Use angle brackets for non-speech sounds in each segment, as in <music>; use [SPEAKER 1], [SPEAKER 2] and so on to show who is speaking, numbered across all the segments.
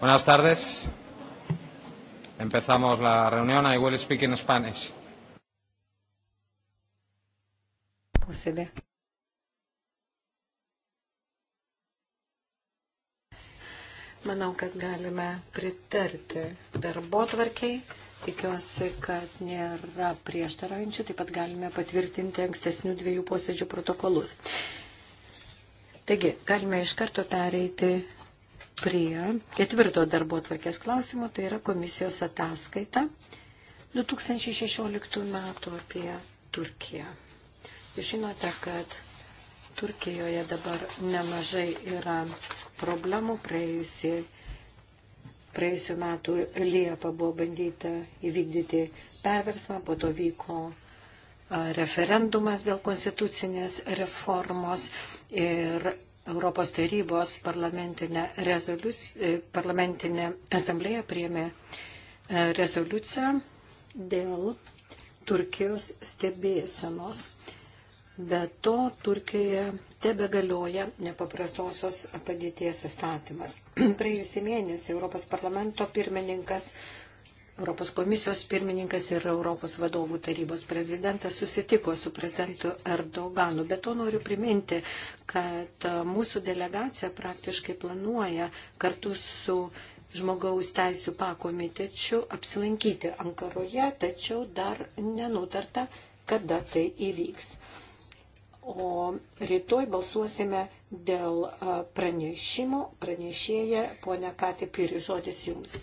[SPEAKER 1] Buenas tardes. Empezamos la reunión. I will speak in
[SPEAKER 2] Spanish.
[SPEAKER 3] Posėdė. Manau, kad galime pritarti darbo tvarkiai. Tikiuosi, kad nėra prieštaraujančių. Taip pat galime patvirtinti ankstesnių dviejų posėdžių protokolus. Taigi, galime iš karto pereiti prie ketvirto darbo atvarkės klausimo, tai yra komisijos ataskaita 2016 metų apie Turkiją. Jūs žinote, kad Turkijoje dabar nemažai yra problemų. Praėjusi, praėjusiu metu Liepa buvo bandyta įvykdyti perversmą, po to vyko referendumas dėl konstitucinės reformos ir Europos tarybos parlamentinė, e, parlamentinė asamblėja priėmė e, rezoliuciją dėl Turkijos stebėsenos. Be to, Turkijoje tebe galioja nepaprastosios padėties įstatymas. <clears throat> Praėjusį mėnesį Europos parlamento pirmininkas Europos komisijos pirmininkas ir Europos vadovų tarybos prezidentas susitiko su prezidentu Erdoganu. Bet to noriu priminti, kad mūsų delegacija praktiškai planuoja kartu su žmogaus teisų pakomitečiu apsilankyti Ankaroje, tačiau dar nenutarta, kada tai įvyks. O rytoj balsuosime dėl pranešimo, pranešėja ponia Katė Piri, žodis jums.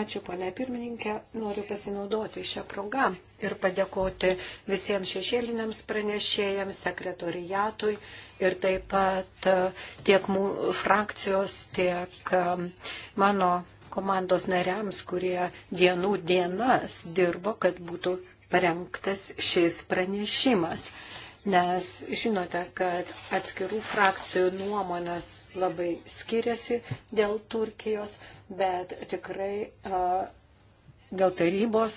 [SPEAKER 3] Ačiū, ponė pirmininkė. Noriu pasinaudoti šią progą ir padėkoti visiems šešėliniams pranešėjams, sekretoriatui ir taip pat e, tiek mūsų frakcijos, tiek e, mano komandos nariams, kurie dienų dienas dirbo, kad būtų parengtas šis pranešimas nes žinote, kad atskirų frakcijų nuomonės labai skiriasi dėl Turkijos, bet tikrai a, dėl tarybos,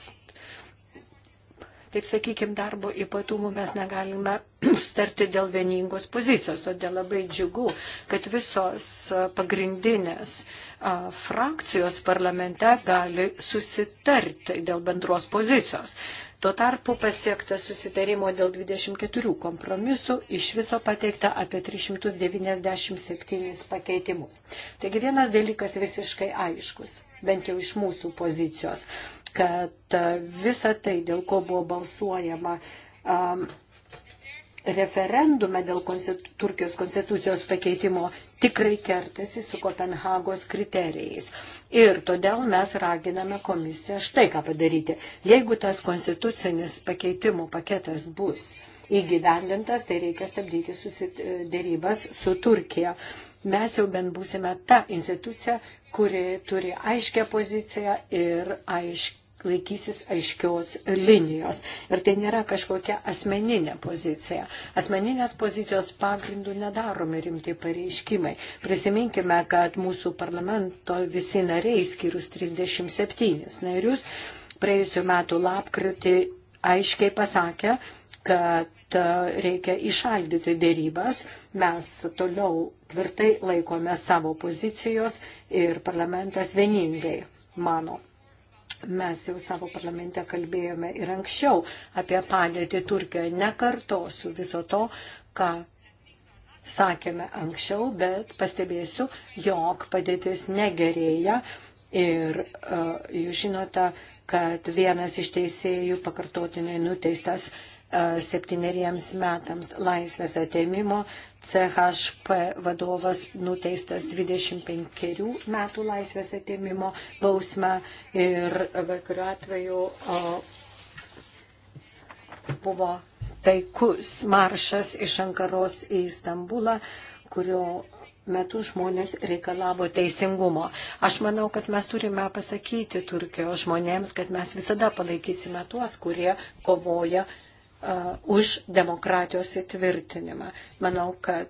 [SPEAKER 3] taip sakykime, darbo ypatumų mes negalime starti <clears throat> dėl vieningos pozicijos, todėl labai džiugu, kad visos pagrindinės a, frakcijos parlamente gali susitarti dėl bendros pozicijos. Tuo tarpu pasiektas susitarimo dėl 24 kompromisų iš viso pateikta apie 397 pakeitimus. Taigi vienas dalykas visiškai aiškus, bent jau iš mūsų pozicijos, kad visa tai, dėl ko buvo balsuojama um, referendume dėl konstitu, Turkijos konstitucijos pakeitimo tikrai kertasi su Kopenhagos kriterijais. Ir todėl mes raginame komisiją štai ką padaryti. Jeigu tas konstitucinis pakeitimų paketas bus įgyvendintas, tai reikia stabdyti dėrybas su Turkija. Mes jau bent būsime ta institucija, kuri turi aiškę poziciją ir aiškę laikysis aiškios linijos. Ir tai nėra kažkokia asmeninė pozicija. Asmeninės pozicijos pagrindų nedaromi rimti pareiškimai. Prisiminkime, kad mūsų parlamento visi nariai, skirius 37 narius, praėjusiu metu lapkritį aiškiai pasakė, kad e, reikia išaldyti dėrybas. Mes toliau tvirtai laikome savo pozicijos ir parlamentas vieningai mano Mes jau savo parlamente kalbėjome ir anksčiau apie padėtį Turkijoje. Nekartosiu viso to, ką sakėme anksčiau, bet pastebėsiu, jog padėtis negerėja. Ir uh, jūs žinote, kad vienas iš teisėjų pakartotinai nuteistas uh, septyneriems metams laisvės atėmimo. CHP vadovas nuteistas 25 metų laisvės atėmimo bausmę ir kuriuo atveju o, buvo taikus maršas iš Ankaros į Stambulą, kurio metu žmonės reikalavo teisingumo. Aš manau, kad mes turime pasakyti Turkijos žmonėms, kad mes visada palaikysime tuos, kurie kovoja už demokratijos įtvirtinimą. Manau, kad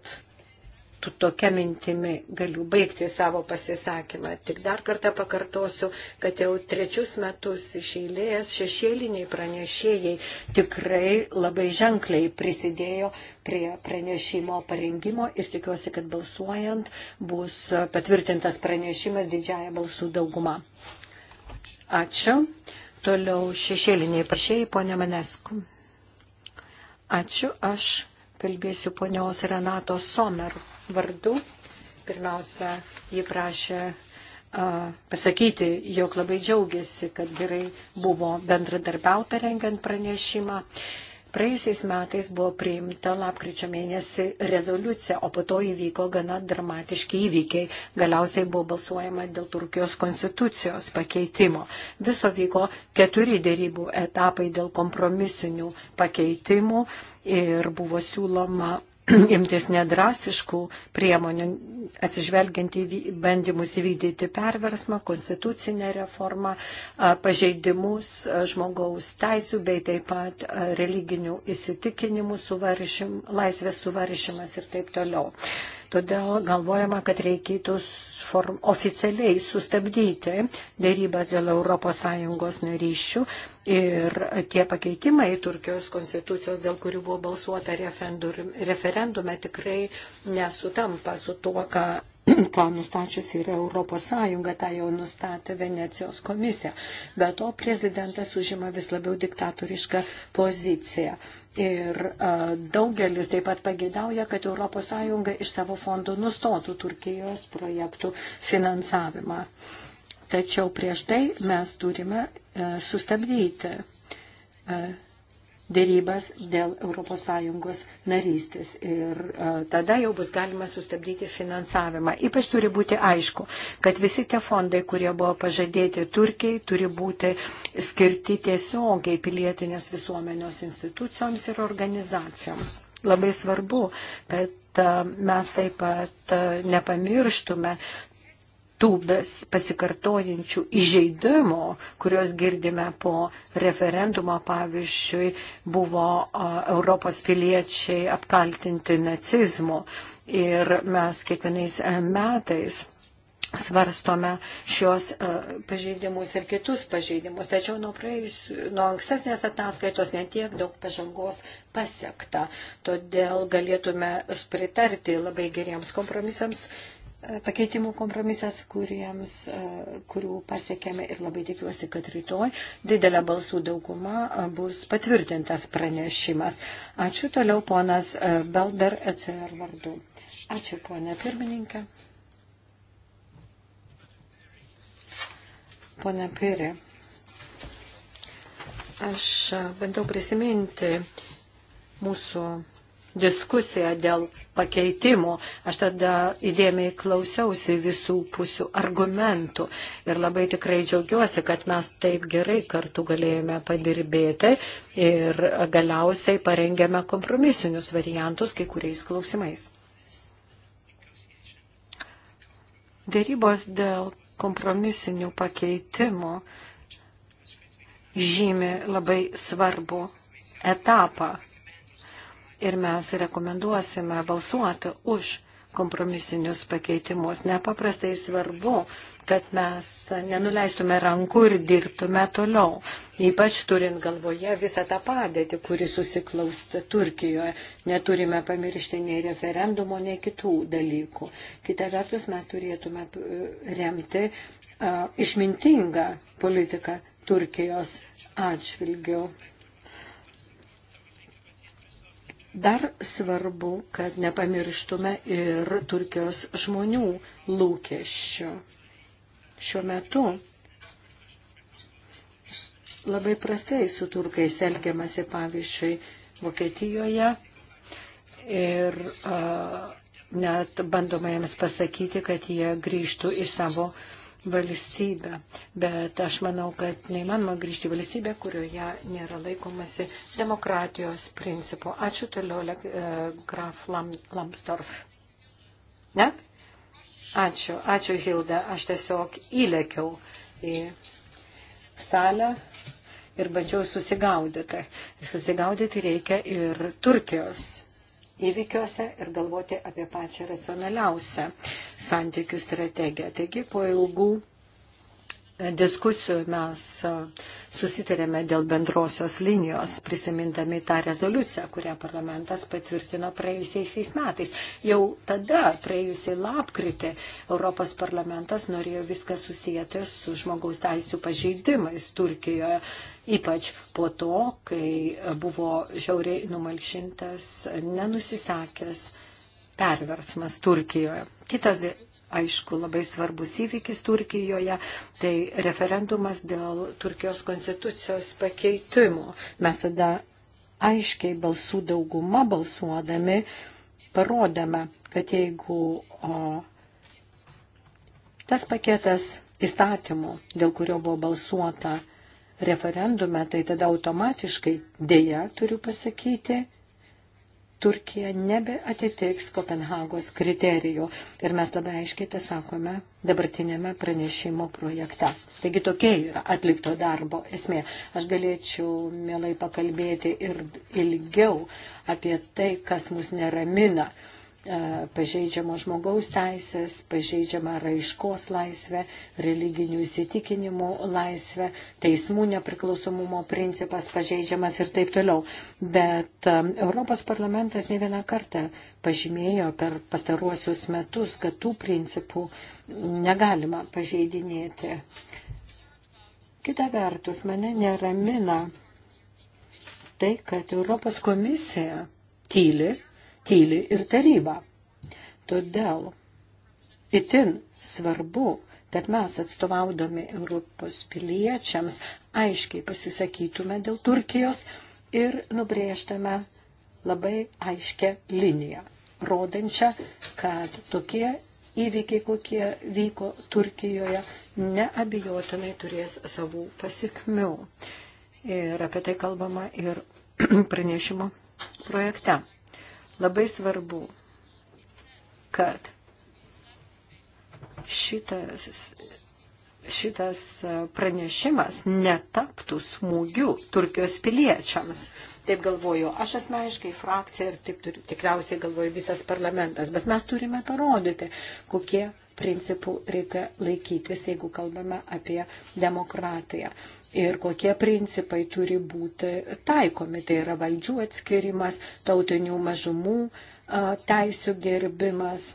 [SPEAKER 3] tu tokia mintimi galiu baigti savo pasisakymą. Tik dar kartą pakartosiu, kad jau trečius metus iš eilės šešėliniai pranešėjai tikrai labai ženkliai prisidėjo prie pranešimo parengimo ir tikiuosi, kad balsuojant bus patvirtintas pranešimas didžiaja balsų dauguma. Ačiū. Toliau šešėliniai prašėjai, ponė Manesku. Ačiū. Aš kalbėsiu ponios Renato Somer vardu. Pirmiausia, ji prašė a, pasakyti, jog labai džiaugiasi, kad gerai buvo bendradarbiauta rengiant pranešimą Praėjusiais metais buvo priimta lapkričio mėnesį rezoliucija, o po to įvyko gana dramatiški įvykiai. Galiausiai buvo balsuojama dėl Turkijos konstitucijos pakeitimo. Viso vyko keturi dėrybų etapai dėl kompromisinių pakeitimų ir buvo siūloma <clears throat> imtis nedrastiškų priemonių, atsižvelgiant į bandymus įvykdyti perversmą, konstitucinę reformą, pažeidimus žmogaus teisų bei taip pat religinių įsitikinimų suvaršym, laisvės suvaršymas ir taip toliau. Todėl galvojama, kad reikėtų form, oficialiai sustabdyti dėrybas dėl ES naryšių ir tie pakeitimai Turkijos konstitucijos, dėl kurių buvo balsuota referendume, tikrai nesutampa su tuo, ką <clears throat> ką nustačius yra Europos Sąjunga, tą jau nustatė Venecijos komisija. Be to, prezidentas užima vis labiau diktatorišką poziciją. Ir daugelis taip pat pagėdauja, kad ES iš savo fondų nustotų Turkijos projektų finansavimą. Tačiau prieš tai mes turime e, sustabdyti e, dėrybas dėl ES narystės. Ir e, tada jau bus galima sustabdyti finansavimą. Ypač turi būti aišku, kad visi tie fondai, kurie buvo pažadėti Turkiai, turi būti skirti tiesiogiai pilietinės visuomenės institucijoms ir organizacijoms. Labai svarbu, kad e, mes taip pat e, nepamirštume tų pasikartojančių įžeidimų, kuriuos girdime po referendumo, pavyzdžiui, buvo Europos piliečiai apkaltinti nacizmu. Ir mes kiekvienais e, metais svarstome šios e, pažeidimus ir kitus pažeidimus. Tačiau nuo, praėjusių, nuo ankstesnės ataskaitos netiek daug pažangos pasiekta. Todėl galėtume pritarti labai geriems kompromisams, pakeitimų kompromisas, kuriems, e, kurių pasiekėme ir labai tikiuosi, kad rytoj didelė balsų dauguma e, bus patvirtintas pranešimas. Ačiū toliau ponas e, Belder ECR vardu. Ačiū ponė pirmininkė. Pone Pirė, aš bandau prisiminti mūsų diskusiją dėl pakeitimų. Aš tada įdėmiai klausiausi visų pusių argumentų ir labai tikrai džiaugiuosi, kad mes taip gerai kartu galėjome padirbėti ir galiausiai parengėme kompromisinius variantus kai kuriais klausimais. Dėrybos dėl kompromisinių pakeitimų žymi labai svarbu etapą ir mes rekomenduosime balsuoti už kompromisinius pakeitimus. Nepaprastai svarbu, kad mes nenuleistume rankų ir dirbtume toliau, ypač turint galvoje visą tą padėtį, kuri susiklausta Turkijoje. Neturime pamiršti nei referendumo, nei kitų dalykų. Kita vertus, mes turėtume e, remti uh, išmintingą politiką Turkijos atžvilgiu. Dar svarbu, kad nepamirštume ir Turkijos žmonių lūkesčių. Šiuo metu labai prastai su turkais elgiamasi, pavyzdžiui, Vokietijoje ir a, net bandoma jiems pasakyti, kad jie grįžtų į savo valstybę, bet aš manau, kad neįmanoma grįžti į valstybę, kurioje nėra laikomasi demokratijos principų. Ačiū toliau, Le, e, Graf Lam, Lamstorf. Ne? Ačiū, ačiū Hilda, aš tiesiog įlėkiau į salę ir bandžiau susigaudyti. Susigaudyti reikia ir Turkijos įvykiuose ir galvoti apie pačią racionaliausią santykių strategiją. Taigi po ilgų diskusijų mes susitarėme dėl bendrosios linijos, prisimindami tą rezoliuciją, kurią parlamentas patvirtino praėjusiais metais. Jau tada, praėjusiai lapkritį, Europos parlamentas norėjo viską susijęti su žmogaus teisų pažeidimais Turkijoje, ypač po to, kai buvo žiauriai numalšintas, nenusisakęs perversmas Turkijoje. Kitas aišku, labai svarbus įvykis Turkijoje, tai referendumas dėl Turkijos konstitucijos pakeitimo. Mes tada aiškiai balsų dauguma balsuodami parodėme, kad jeigu o, tas paketas įstatymų, dėl kurio buvo balsuota referendume, tai tada automatiškai dėja, turiu pasakyti, Turkija nebeatitiks Kopenhagos kriterijų. Ir mes labai aiškiai tą sakome dabartinėme pranešimo projekte. Taigi tokia yra atlikto darbo esmė. Aš galėčiau mielai pakalbėti ir ilgiau apie tai, kas mus neramina. Uh, E, pažeidžiama žmogaus teisės, pažeidžiama raiškos laisvė, religinių įsitikinimų laisvė, teismų nepriklausomumo principas pažeidžiamas ir taip toliau. Bet e, Europos parlamentas ne vieną kartą pažymėjo per pastaruosius metus, kad tų principų negalima pažeidinėti. Kita vertus, mane neramina tai, kad Europos komisija tyli tyli ir taryba. Todėl itin svarbu, kad mes atstovaudami Europos piliečiams aiškiai pasisakytume dėl Turkijos ir nubrėžtame labai aiškę liniją, rodančią, kad tokie įvykiai, kokie vyko Turkijoje, neabijotinai turės savų pasikmių. Ir apie tai kalbama ir <clears throat> pranešimo projekte. Labai svarbu, kad šitas, šitas pranešimas netaptų smūgių Turkijos piliečiams. Taip galvoju, aš asmeniškai frakcija ir taip turiu, tikriausiai galvoju visas parlamentas, bet mes turime parodyti, kokie principų reikia laikytis, jeigu kalbame apie demokratiją ir kokie principai turi būti taikomi. Tai yra valdžių atskirimas, tautinių mažumų teisų gerbimas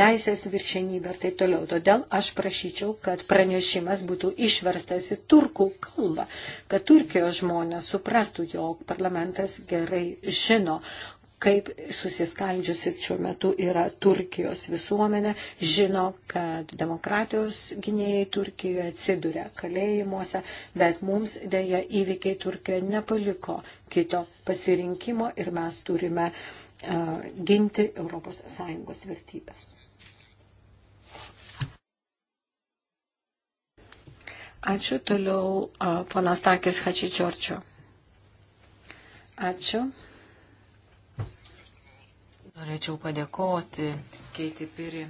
[SPEAKER 3] teisės viršenybė ir taip toliau. Todėl aš prašyčiau, kad pranešimas būtų išverstas į turkų kalbą, kad Turkijos žmonės suprastų, jog parlamentas gerai žino, kaip susiskaldžiusi šiuo metu yra Turkijos visuomenė, žino, kad demokratijos gynėjai Turkijoje atsiduria kalėjimuose, bet mums dėja įvykiai Turkijoje nepaliko kito pasirinkimo ir mes turime uh, ginti ES vertybės. Ačiū toliau, uh, ponas Takis Hačičiorčio. Ačiū.
[SPEAKER 2] Norėčiau padėkoti Keiti Piri.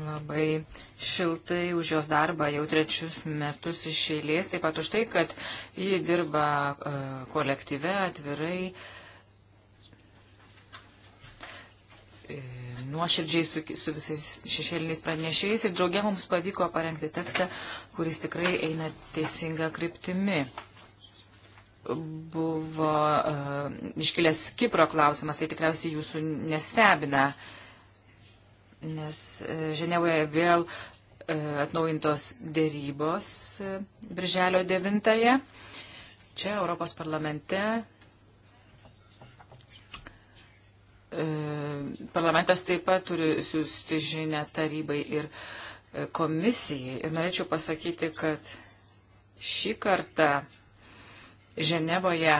[SPEAKER 2] Labai šiltai už jos darbą jau trečius metus iš eilės, taip pat už tai, kad ji dirba e, kolektyve atvirai, e, nuoširdžiai su, su visais šešėliniais pranešėjais ir draugė mums pavyko parengti tekstą, kuris tikrai eina teisinga kryptimi buvo uh, iškilęs Kipro klausimas, tai tikriausiai jūsų nestebina, nes uh, Ženevoje vėl uh, atnaujintos dėrybos uh, Birželio 9-ąją. Čia Europos parlamente parlamentas taip pat turi siūsti žinę tarybai ir komisijai. Ir norėčiau pasakyti, kad šį kartą Ženevoje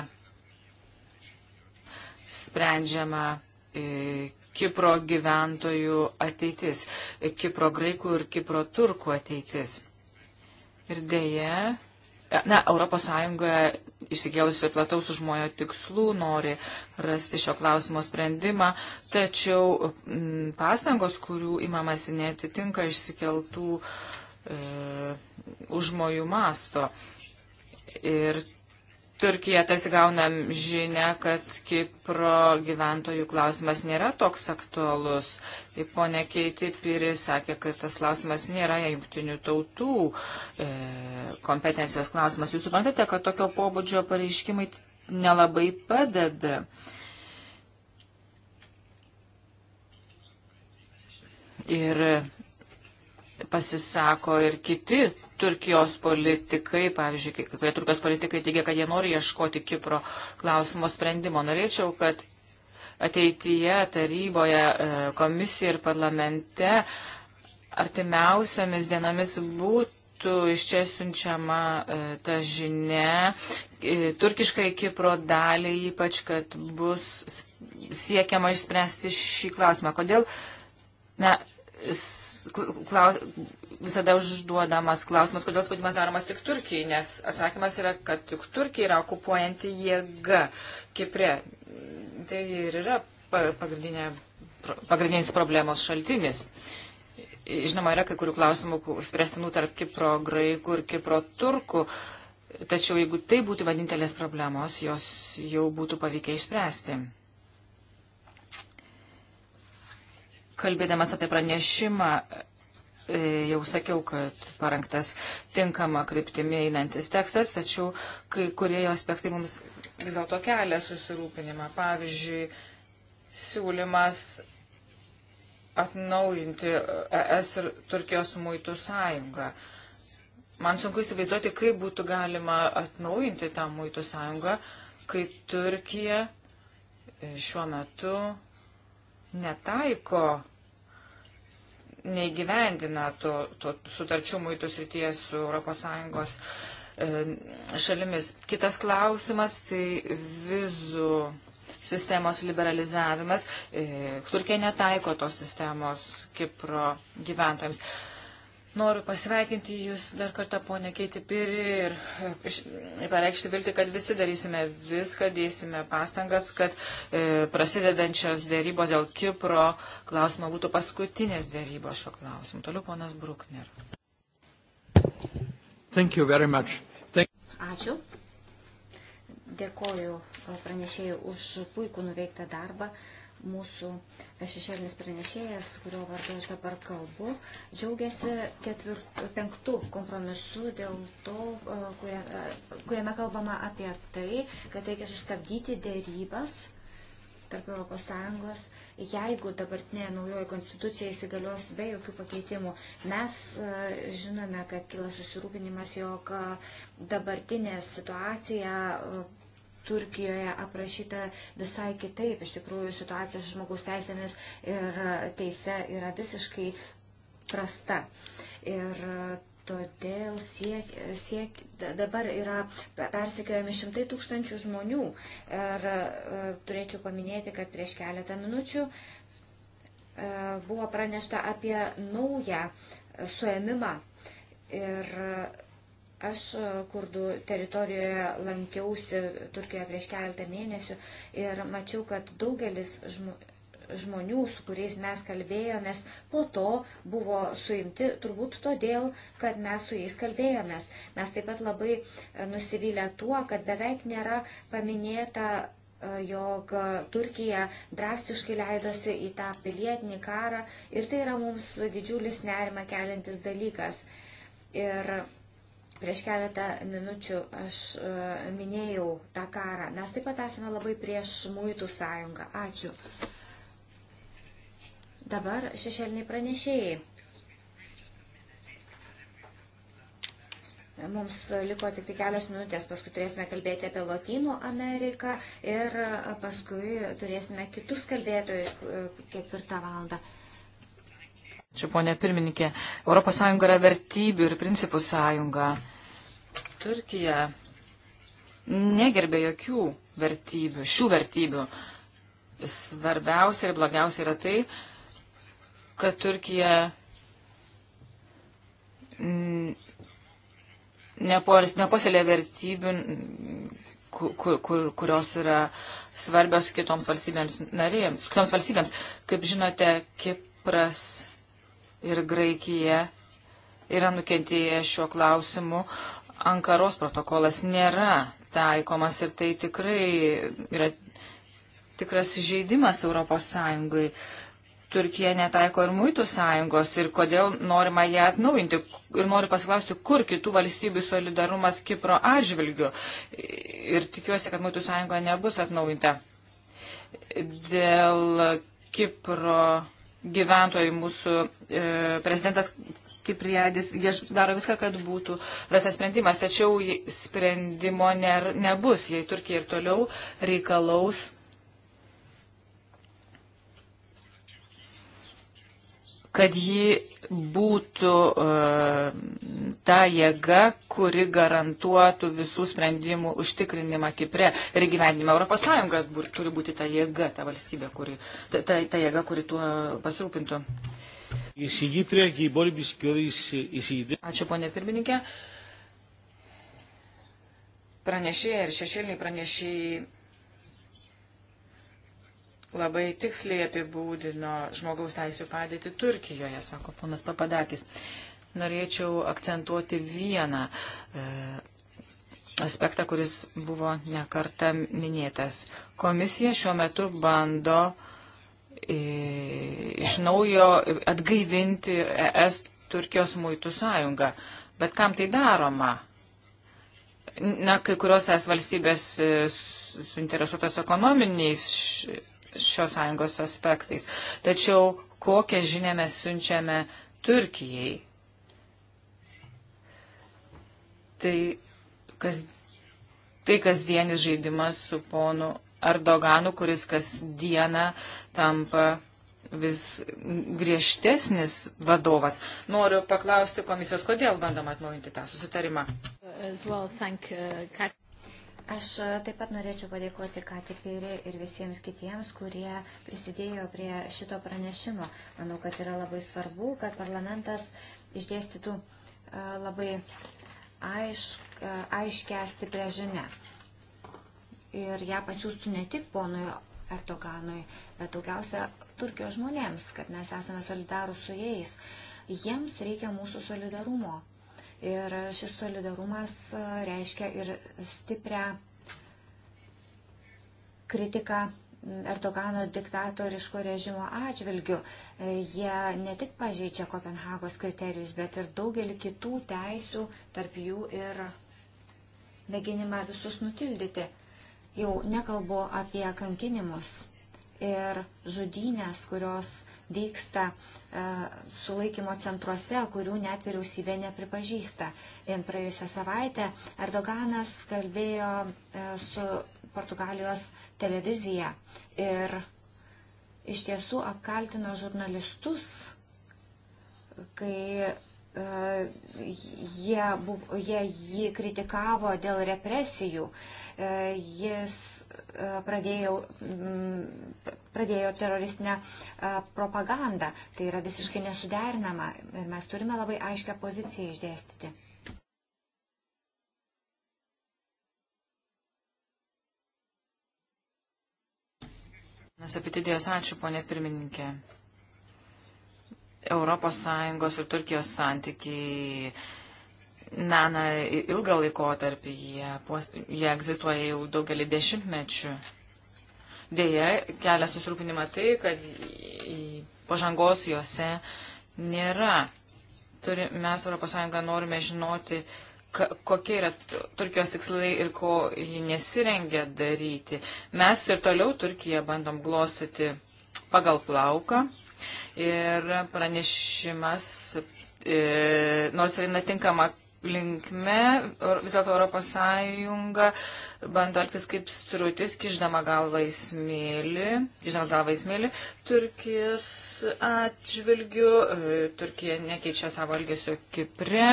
[SPEAKER 2] sprendžiama e, Kipro gyventojų ateitis, e, Kipro graikų ir Kipro turkų ateitis. Ir dėje, e, na, ES išsikėlusi plataus užmojo tikslų, nori rasti šio klausimo sprendimą, tačiau m, pastangos, kurių įmamasi netitinka išsikeltų e, užmojų masto. Ir Turkija tarsi gaunam žinę, kad Kipro gyventojų klausimas nėra toks aktualus. Ir ponė Keiti Piri sakė, kad tas klausimas nėra jungtinių tautų e, kompetencijos klausimas. Jūs suprantate, kad tokio pobūdžio pareiškimai nelabai padeda. Ir pasisako ir kiti Turkijos politikai, pavyzdžiui, kai kurie Turkijos politikai teigia, kad jie nori ieškoti Kipro klausimo sprendimo. Norėčiau, kad ateityje taryboje, e, komisija ir parlamente artimiausiamis dienomis būtų iš čia siunčiama e, ta žinia e, turkiškai Kipro daliai, ypač, kad bus siekiama išspręsti šį klausimą. Kodėl, na, klaus, visada užduodamas klausimas, kodėl spaudimas daromas tik Turkijai, nes atsakymas yra, kad tik Turkija yra okupuojanti jėga Kipre. Tai ir yra pagrindinė, pagrindinis problemos šaltinis. Žinoma, yra kai kurių klausimų spręstinų tarp Kipro graikų ir Kipro turkų, tačiau jeigu tai būtų vienintelės problemos, jos jau būtų pavykę išspręsti. kalbėdamas apie pranešimą, e, jau sakiau, kad parengtas tinkama kryptimi einantis tekstas, tačiau kai kurie jo aspektai mums vis dėlto kelia susirūpinimą. Pavyzdžiui, siūlymas atnaujinti ES ir Turkijos muitų sąjungą. Man sunku įsivaizduoti, kaip būtų galima atnaujinti tą muitų sąjungą, kai Turkija e, šiuo metu netaiko, neįgyvendina to, to sutarčių muitų srityje su ES e, šalimis. Kitas klausimas tai vizų sistemos liberalizavimas. E, Turkija netaiko tos sistemos Kipro gyventojams. Noriu pasveikinti Jūs dar kartą, ponė Keiti Piri, ir, e, ir pareikšti vilti, kad visi darysime viską, dėsime pastangas, kad e, prasidedančios dėrybos dėl Kipro klausimo būtų paskutinės dėrybos
[SPEAKER 1] šio klausimu. Toliau ponas Brukner. Thank you very much. Thank Ačiū. Dėkoju e, pranešėjai už puikų nuveiktą darbą. E, mūsų šešėlinis pranešėjas, kurio vardu aš dabar kalbu, džiaugiasi ketvirt, penktų kompromisu dėl to, e, kuria, e, kuriame kalbama apie tai, kad reikia sustabdyti dėrybas tarp ES, jeigu dabartinė naujoji konstitucija įsigalios be jokių pakeitimų. Mes e, žinome, kad kila susirūpinimas, jog dabartinė situacija Turkijoje aprašyta visai kitaip. Iš tikrųjų, situacija su žmogaus teisėmis ir teise yra visiškai prasta. Ir todėl siek, siek, dabar yra persekiojami šimtai tūkstančių žmonių. Ir e, turėčiau paminėti, kad prieš keletą minučių e, buvo pranešta apie naują suėmimą. Ir Aš e, kurdų teritorijoje lankiausi Turkijoje prieš keletą mėnesių ir mačiau, kad daugelis žmonių, su kuriais mes kalbėjomės, po to buvo suimti turbūt todėl, kad mes su jais kalbėjomės. Mes taip pat labai e, nusivylę tuo, kad beveik nėra paminėta e, jog Turkija drastiškai leidosi į tą pilietinį karą ir tai yra mums didžiulis nerima keliantis dalykas. Ir Prieš keletą minučių aš uh, minėjau tą karą. Mes taip pat esame labai prieš muitų sąjungą. Ačiū. Dabar šešėliniai pranešėjai. Mums liko tik tai kelios minutės, paskui turėsime kalbėti apie Lotynų Ameriką ir paskui turėsime kitus kalbėtojus e, ketvirtą valandą.
[SPEAKER 2] Čia, ponė pirmininkė, ES yra vertybių ir principų sąjunga. Turkija negerbė jokių vertybių, šių vertybių. Svarbiausia ir blogiausia yra tai, kad Turkija nepuoselė vertybių, kur, kur, kurios yra svarbios kitoms valstybėms narėms, kitoms valstybėms. Kaip žinote, Kipras ir Graikija yra nukentėję šiuo klausimu. Ankaros protokolas nėra taikomas ir tai tikrai yra tikras žaidimas Europos Sąjungai. Turkija netaiko ir muitų sąjungos ir kodėl norima ją atnaujinti. Ir noriu pasiklausti, kur kitų valstybių solidarumas Kipro atžvilgiu. Ir tikiuosi, kad muitų sąjunga nebus atnaujinta. Dėl Kipro gyventojai. Mūsų e, prezidentas Kipriadis daro viską, kad būtų rastas sprendimas, tačiau sprendimo ne, nebus, jei Turkija ir toliau reikalaus kad ji būtų uh, ta jėga, kuri garantuotų visų sprendimų užtikrinimą Kipre ir gyvenimą. Europos Sąjunga turi būti ta jėga, ta valstybė, kuri, ta, ta, ta jėga, kuri tuo pasirūpintų. Ačiū, ponė pirmininkė. Pranešėjai ir šešėliniai pranešėjai labai tiksliai apibūdino žmogaus teisų padėtį Turkijoje, sako ponas Papadakis. Norėčiau akcentuoti vieną e, aspektą, kuris buvo nekarta minėtas. Komisija šiuo metu bando e, iš naujo atgaivinti ES Turkijos muitų sąjungą. Bet kam tai daroma? Na, kai kurios es valstybės e, suinteresuotas ekonominiais šios sąjungos aspektais. Tačiau kokią žinę mes siunčiame Turkijai? Tai, kas, tai kasdienis žaidimas su ponu Erdoganu, kuris kasdieną tampa vis griežtesnis vadovas. Noriu paklausti komisijos, kodėl bandoma atnaujinti tą susitarimą.
[SPEAKER 1] Well, thank, uh, Aš e, taip pat norėčiau padėkoti Katipirį ir visiems kitiems, kurie prisidėjo prie šito pranešimo. Manau, kad yra labai svarbu, kad parlamentas išdėstytų e, labai aišk, e, aiškę stiprią žinę. Ir ją pasiūstų ne tik ponui Erdoganui, bet daugiausia Turkijos žmonėms, kad mes esame solidarūs su jais. Jiems reikia mūsų solidarumo Ir šis solidarumas e, reiškia ir stiprią kritiką Erdogano diktatoriško režimo atžvilgiu. E, jie ne tik pažeidžia Kopenhagos kriterijus, bet ir daugelį kitų teisių, tarp jų ir mėginimą visus nutildyti. Jau nekalbu apie kankinimus ir žudynės, kurios uh, vyksta e, sulaikymo centruose, kurių net vyriausybė nepripažįsta. Vien praėjusią savaitę Erdoganas kalbėjo e, su Portugalijos televizija ir iš tiesų apkaltino žurnalistus, kai e, jie, buvo, jie jį kritikavo dėl represijų. Jis pradėjau, mm, pradėjo teroristinę propagandą. Tai yra visiškai nesuderinama ir mes turime labai aiškę poziciją išdėstyti.
[SPEAKER 2] Mes apie idėjos tai ačiū, ponė pirmininkė. Europos Sąjungos ir Turkijos santykiai meną ilgą laikotarpį, jie, jie egzistuoja jau daugelį dešimtmečių. Deja, kelia susirūpinimą tai, kad pažangos juose nėra. Turi, mes ES norime žinoti, ka, kokie yra Turkijos tikslai ir ko ji nesirengia daryti. Mes ir toliau Turkiją bandom glostyti pagal plauką ir pranešimas, e, nors ir netinkama linkme, vis dėlto Europos Sąjunga bando elgtis kaip strutis, kiždama galvą į smėlį, kiždamas galvą į smėlį, Turkijos atžvilgių, e, Turkija nekeičia savo elgesio Kipre,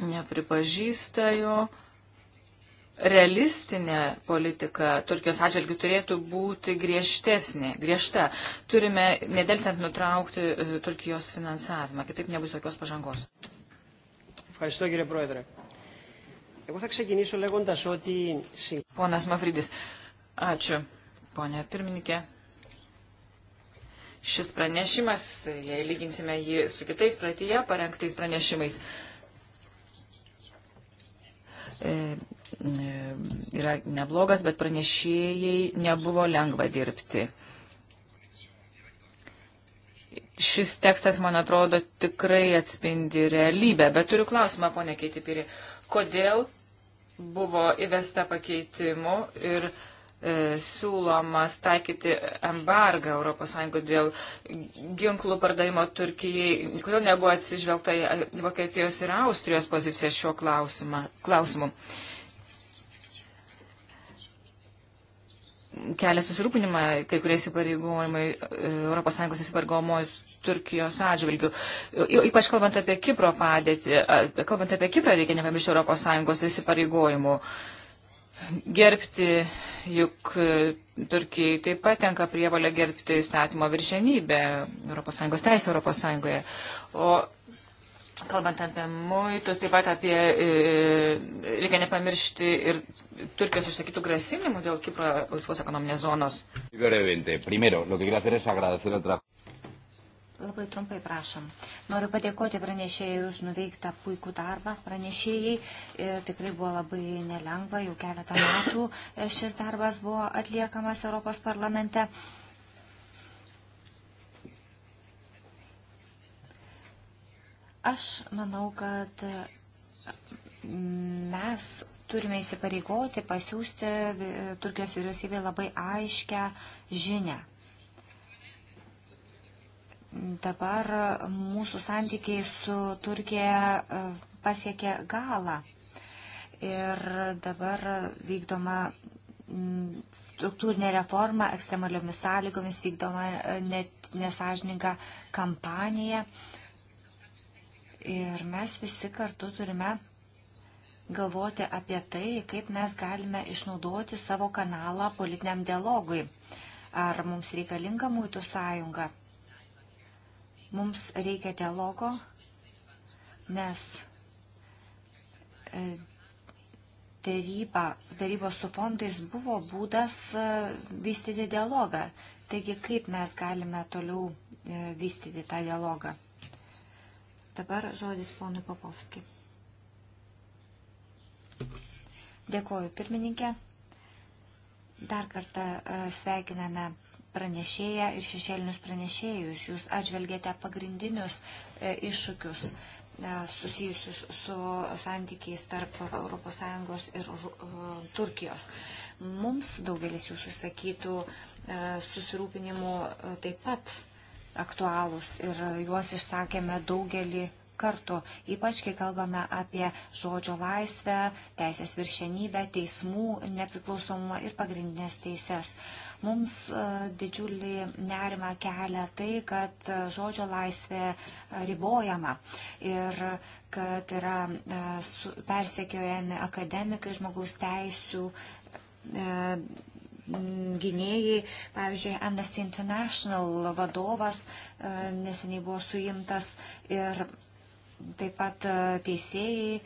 [SPEAKER 2] nepripažįsta jo. Realistinė politika Turkijos atžvilgių turėtų būti griežtesnė, griežta. Turime nedelsiant nutraukti e, Turkijos finansavimą, kitaip nebus jokios pažangos. Ευχαριστώ κύριε Πρόεδρε. Εγώ θα ξεκινήσω λέγοντας ότι... Πόνας Μαυρίδης. Ačiū, ponia pirmininkė. Šis pranešimas, jei lyginsime jį su kitais praeityje parengtais pranešimais, e, e, yra neblogas, bet pranešėjai nebuvo lengva dirbti šis tekstas, man atrodo, tikrai atspindi realybę. Bet turiu klausimą, ponė Keitipiri, kodėl buvo įvesta pakeitimų ir e, siūlomas taikyti embargą ES dėl ginklų pardavimo Turkijai. Kodėl nebuvo atsižvelgta į Vokietijos ir Austrijos poziciją šiuo klausimu? kelia susirūpinimą kai kurie įsipareigojimai e, ES įsipareigojimojus Turkijos atžvilgių. Ypač kalbant apie Kipro padėtį, kalbant apie Kiprą reikia nepamiršti ES įsipareigojimų. Gerbti, juk e, Turkijai taip pat tenka prievalė gerbti įstatymo viršenybę ES teisę ES. O Kalbant apie muitus, taip pat apie, e, e, reikia nepamiršti ir Turkijos išsakytų grasinimų dėl Kipro laisvos ekonominės zonos. Primero,
[SPEAKER 1] Labai trumpai prašom. Noriu padėkoti pranešėjai už nuveiktą puikų darbą. Pranešėjai e, tikrai buvo labai nelengva, jau keletą metų e, šis darbas buvo atliekamas Europos parlamente. Aš manau, kad mm, mes turime įsipareigoti pasiūsti Turkijos vyriausybė labai aiškę žinę dabar mūsų santykiai su Turkija e, pasiekė galą. Ir dabar vykdoma mm, struktūrinė reforma ekstremaliomis sąlygomis, vykdoma e, nesažininga kampanija. Uh, Ir mes visi kartu turime galvoti apie tai, kaip mes galime išnaudoti savo kanalą politiniam dialogui. Ar mums reikalinga mūtų sąjunga? Mums reikia dialogo, nes e, taryba, tarybos su fondais buvo būdas e, vystyti dialogą. Taigi, kaip mes galime toliau e, vystyti tą dialogą? Dabar žodis ponui Popovskiai. Dėkuoju pirmininkė. Dar kartą e, sveikiname pranešėją ir šešėlinius pranešėjus. Jūs atžvelgėte pagrindinius e, iššūkius e, susijusius su santykiais tarp ES ir Turkijos. Mums daugelis jūsų sakytų susirūpinimų taip pat aktualūs ir juos išsakėme daugelį kartų, ypač kai kalbame apie žodžio laisvę, teisės viršenybę, teismų nepriklausomumą ir pagrindinės teises. Mums e, didžiulį nerimą kelia tai, kad žodžio laisvė ribojama ir kad yra e, persekiojami akademikai žmogaus teisų e, Mm, gynėjai. Pavyzdžiui, Amnesty International vadovas e, neseniai buvo suimtas ir taip pat e, teisėjai, e,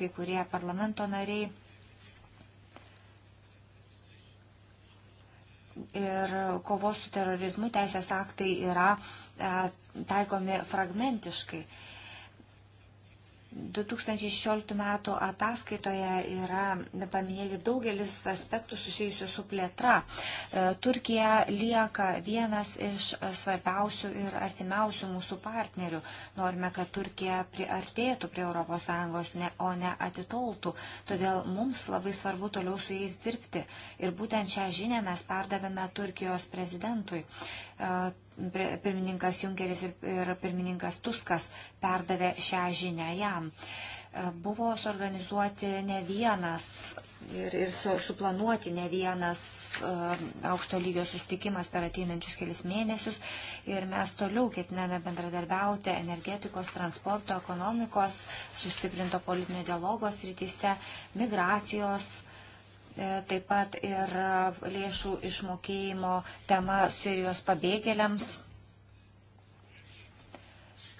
[SPEAKER 1] kai kurie parlamento nariai. Ir kovos su terorizmu teisės aktai yra taikomi fragmentiškai. E, 2016 metų ataskaitoje yra paminėti daugelis aspektų susijusių su plėtra. E, Turkija lieka vienas iš svarbiausių ir artimiausių mūsų partnerių. Norime, kad Turkija priartėtų prie ES, o ne atitoltų. Todėl mums labai svarbu toliau su jais dirbti. Ir būtent šią žinę mes perdavėme Turkijos prezidentui pirmininkas Junkeris ir pirmininkas Tuskas perdavė šią žinę jam. Buvo suorganizuoti ne vienas ir, ir su, suplanuoti ne vienas uh, aukšto lygio sustikimas per ateinančius kelias mėnesius. Ir mes toliau ketiname bendradarbiauti energetikos, transporto, ekonomikos, sustiprinto politinio dialogos rytise, migracijos E, taip pat ir e, lėšų išmokėjimo tema Sirijos pabėgėliams,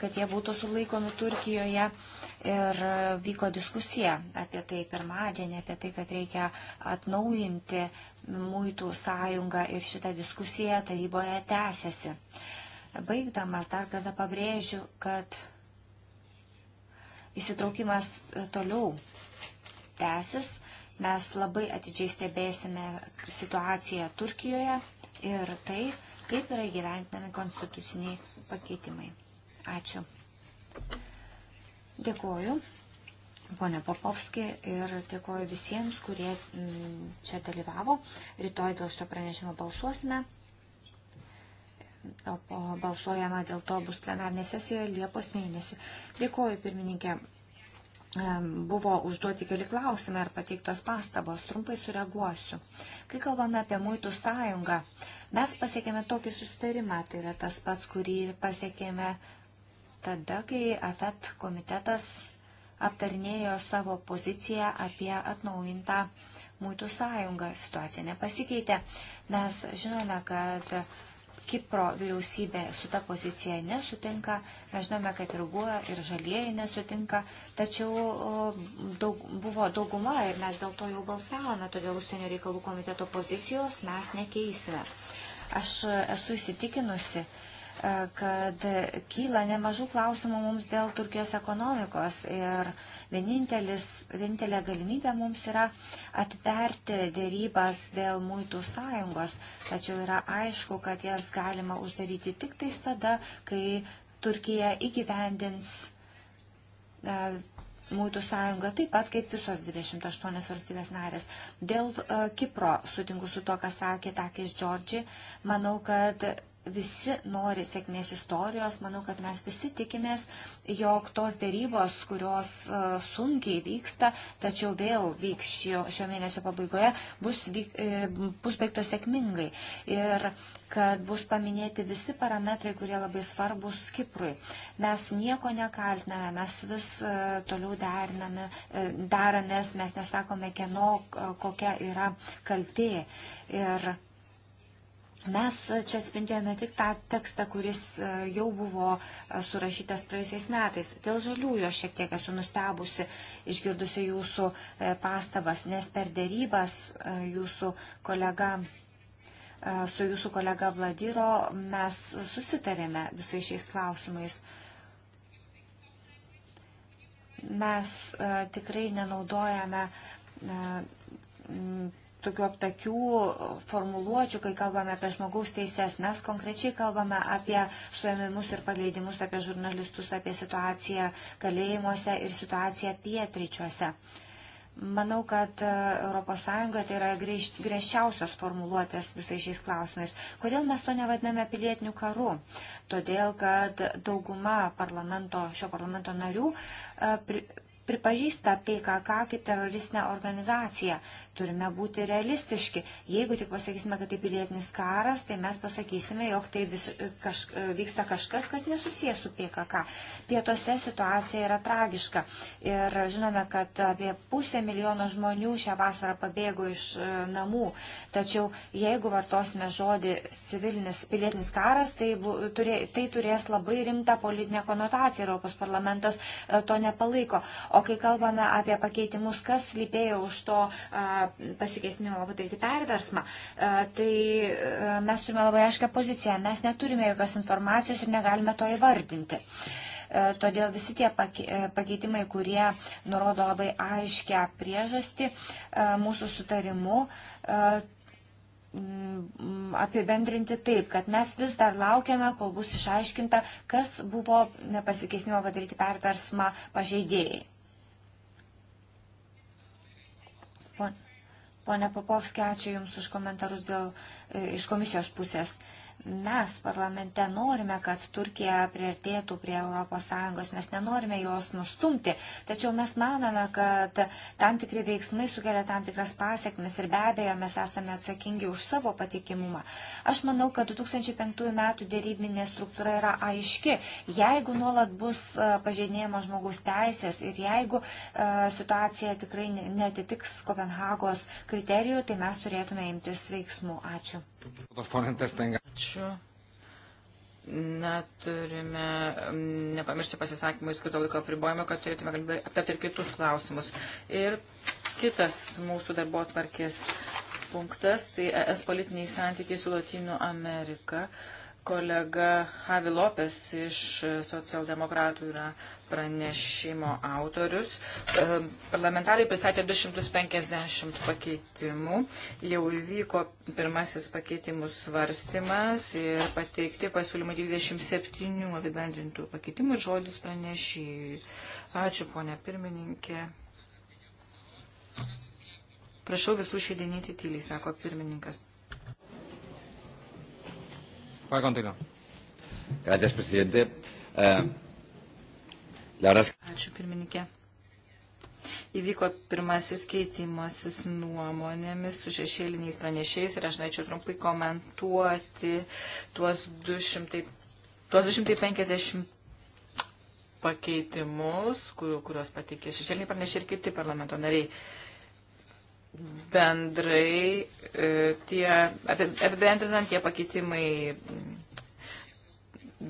[SPEAKER 1] kad jie būtų sulaikomi Turkijoje. Ir e, vyko diskusija apie tai pirmadienį, apie tai, kad reikia atnaujinti muitų sąjungą ir šitą diskusiją taryboje tęsiasi. Baigdamas dar kartą pabrėžiu, kad įsitraukimas toliau tęsis Mes labai atidžiai stebėsime situaciją Turkijoje ir tai, kaip yra įgyventinami konstituciniai pakeitimai. Ačiū. Dėkuoju, ponė Popovski, ir dėkuoju visiems, kurie mm, čia dalyvavo. Rytoj dėl šito pranešimo balsuosime. O balsuojama dėl to bus plenarnė sesijoje Liepos mėnesį. Dėkuoju, pirmininkė buvo užduoti keli klausimai ir pateiktos pastabos. Trumpai sureaguosiu. Kai kalbame apie muitų sąjungą, mes pasiekėme tokį susitarimą, tai yra tas pats, kurį pasiekėme tada, kai AFET komitetas aptarnėjo savo poziciją apie atnaujintą muitų sąjungą. Situacija nepasikeitė. Mes žinome, kad Kipro vyriausybė su ta pozicija nesutinka. Mes žinome, kad ir GUE, ir žalieji nesutinka, tačiau daug, buvo dauguma ir mes dėl to jau balsavome, todėl užsienio reikalų komiteto pozicijos mes nekeisime. Aš esu įsitikinusi, e, kad kyla nemažų klausimų mums dėl Turkijos ekonomikos ir uh, Vienintelė galimybė mums yra atverti dėrybas dėl muitų sąjungos, tačiau yra aišku, kad jas galima uždaryti tik tais tada, kai Turkija įgyvendins e, Mūtų sąjunga taip pat kaip visos 28 valstybės narės. Dėl uh, Kipro sutinku su to, ką sakė Takis Džordži, manau, kad visi nori sėkmės istorijos, manau, kad mes visi tikimės, jog tos dėrybos, kurios e, sunkiai vyksta, tačiau vėl vyks šio, šio mėnesio pabaigoje, bus, vyk, e, bus baigtos sėkmingai ir kad bus paminėti visi parametrai, kurie labai svarbus Kiprui. Mes nieko nekaltiname, mes vis e, toliau deriname, daramės, mes nesakome, kieno kokia yra kaltė. Ir Mes čia atspindėjome tik tą tekstą, kuris e, jau buvo e, surašytas praėjusiais metais. Dėl žaliųjų aš šiek tiek esu nustebusi išgirdusi jūsų e, pastabas, nes per dėrybas jūsų kolega, su jūsų kolega Vladiro mes susitarėme visais šiais klausimais mes tikrai nenaudojame tokių aptakių formuluočių, kai kalbame apie žmogaus teises. Mes konkrečiai kalbame apie suėmimus ir paleidimus, apie žurnalistus, apie situaciją kalėjimuose ir situaciją pietryčiuose. Manau, kad ES tai yra griežčiausios formuluotės visais šiais klausimais. Kodėl mes to nevadiname pilietiniu karu? Todėl, kad dauguma parlamento, šio parlamento narių e, pri, pripažįsta PKK kaip teroristinę organizaciją. Turime būti realistiški. Jeigu tik pasakysime, kad tai pilietinis karas, tai mes pasakysime, jog tai vis, kaž, vyksta kažkas, kas nesusijęs su PKK. Pietose situacija yra tragiška. Ir žinome, kad apie pusę milijono žmonių šią vasarą pabėgo iš e, namų. Tačiau jeigu vartosime žodį civilinis pilietinis karas, tai, bu, turė, tai turės labai rimtą politinę konotaciją. Europos parlamentas e, to nepalaiko. O kai kalbame apie pakeitimus, kas slypėjo už to a, e, pasikėsinimo padaryti perversmą, e, tai e, mes turime labai aiškę poziciją, mes neturime jokios informacijos ir negalime to įvardinti. E, todėl visi tie pakeitimai, kurie nurodo labai aiškę priežastį mūsų sutarimu, apibendrinti taip, kad mes vis dar laukiame, kol bus išaiškinta, kas buvo pasikeisnimo padaryti perversmą pažeidėjai. Pone Popovskė, ačiū Jums už komentarus dėl, e, iš komisijos pusės mes parlamente norime, kad Turkija priartėtų prie ES, mes nenorime jos nustumti, tačiau mes manome, kad tam tikri veiksmai sukelia tam tikras pasiekmes ir be abejo mes esame atsakingi už savo patikimumą. Aš manau, kad 2005 metų dėrybinė struktūra yra aiški. Jeigu nuolat bus e, pažeidinėjama žmogus teisės ir jeigu e, situacija tikrai netitiks Kopenhagos kriterijų, tai mes turėtume imtis veiksmų. Ačiū.
[SPEAKER 2] Ačiū. Na, turime nepamiršti pasisakymų įskirto laiko apribojimo, kad turėtume aptarti ir kitus klausimus. Ir kitas mūsų darbo atvarkės punktas, tai ES politiniai santykiai su Latino Amerika. Uh, Kolega Havi Lopes iš socialdemokratų yra pranešimo autorius. E, parlamentarai pristatė 250 pakeitimų. Jau įvyko pirmasis pakeitimų svarstymas ir pateikti pasiūlymai 27 apibendrintų pakeitimų ir žodis pranešėjui. Ačiū, ponia pirmininkė. Prašau visų šėdinėti tyliai, sako pirmininkas.
[SPEAKER 1] Puede continuar. Gracias, presidente. Uh, eh, Laras.
[SPEAKER 2] Ačiū, pirmininkė. Įvyko pirmasis keitimasis nuomonėmis su šešėliniais pranešėjais ir aš norėčiau trumpai komentuoti tuos 200, tuos 250 pakeitimus, kur, kuriuos pateikė šešėliniai pranešėjai ir kaip tai parlamento nariai. Uh, bendrai e, tie, apibendrinant tie pakeitimai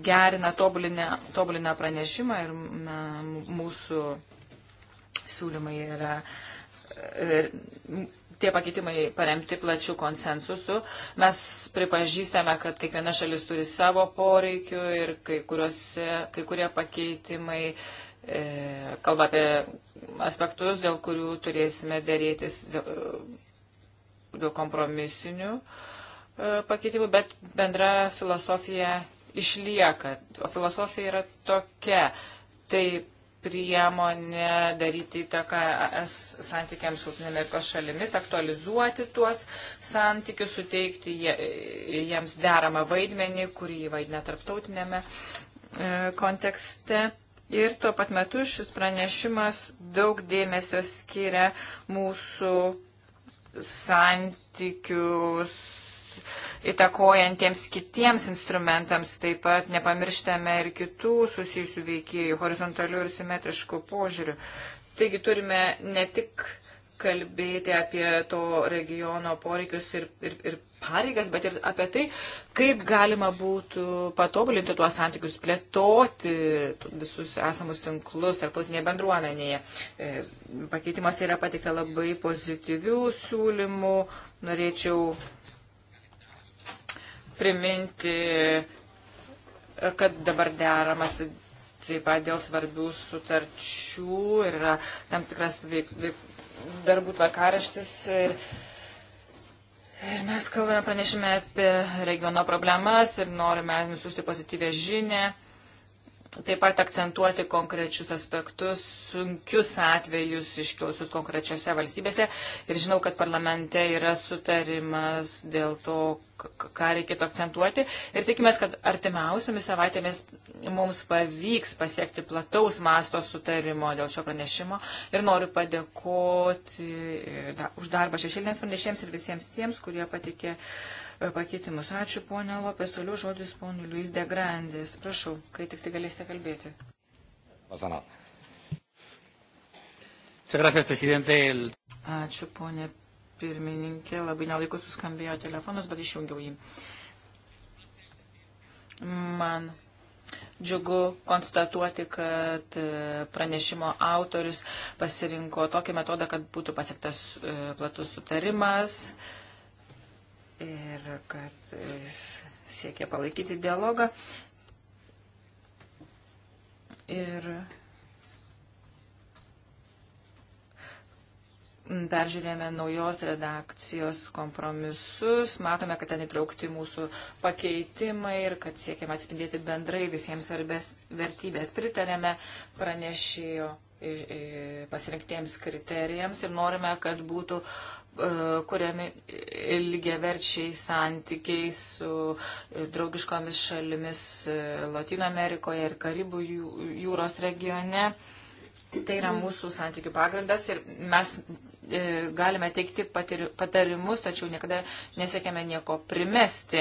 [SPEAKER 2] gerina tobulinę, tobulinę pranešimą ir mūsų siūlymai yra. Ir e, tie pakeitimai paremti plačių konsensusu. Mes pripažįstame, kad kiekviena šalis turi savo poreikių ir kai, kuriuose, kai kurie pakeitimai uh, E, kalba apie aspektus, dėl kurių turėsime dėrėtis dėl e, kompromisinių e, pakeitimų, bet bendra filosofija išlieka. O filosofija yra tokia. Tai priemonė daryti įtaką es santykiams su Amerikos šalimis, aktualizuoti tuos santykius, suteikti jie, jiems deramą vaidmenį, kurį vaidina tarptautinėme kontekste. Ir tuo pat metu šis pranešimas daug dėmesio skiria mūsų santykius įtakojantiems kitiems instrumentams. Taip pat nepamirštame ir kitų susijusių veikėjų, horizontalių ir simetriškų požiūrių. Taigi turime ne tik kalbėti apie to regiono poreikius ir, ir, ir pareigas, bet ir apie tai, kaip galima būtų patobulinti tuos santykius, plėtoti visus esamus tinklus tarptautinėje bendruomenėje. E, pakeitimas yra patikta labai pozityvių siūlymų. Norėčiau priminti, kad dabar deramasi taip pat dėl svarbių sutarčių ir yra tam tikras veik, veik, darbų tvarkaraštis. Ir, Ir mes kalbame pranešime apie regiono problemas ir norime nusiųsti pozityvę žinę taip pat akcentuoti konkrečius aspektus, sunkius atvejus iškilusius konkrečiose valstybėse. Ir žinau, kad parlamente yra sutarimas dėl to, ką reikėtų akcentuoti. Ir tikimės, kad artimiausiamis savaitėmis mums pavyks pasiekti plataus masto sutarimo dėl šio pranešimo. Ir noriu padėkoti da, už darbą šešėlinės pranešėjams ir visiems tiems, kurie patikė uh, pakeitimus. Ačiū, ponė Lopės. Toliau žodis ponui Luis de Grandis. Prašau, kai tik tai galėsite kalbėti. Ačiū, ponė pirmininkė. Labai nelaikus suskambėjo telefonas, bet išjungiau jį. Man džiugu konstatuoti, kad e, pranešimo autorius pasirinko tokį metodą, kad būtų pasiektas e, platus sutarimas. Uh, ir kad jis siekia palaikyti dialogą. Ir peržiūrėjome naujos redakcijos kompromisus, matome, kad ten įtraukti mūsų pakeitimai ir kad siekiame atspindėti bendrai visiems svarbės vertybės. Pritarėme pranešėjo pasirinktiems kriterijams ir norime, kad būtų e, kuriami lygiaverčiai santykiai su e, draugiškomis šalimis e, Latino Amerikoje ir Karibų jūros regione. Tai yra mūsų santykių pagrindas ir mes galime teikti patarimus, tačiau niekada nesiekėme nieko primesti.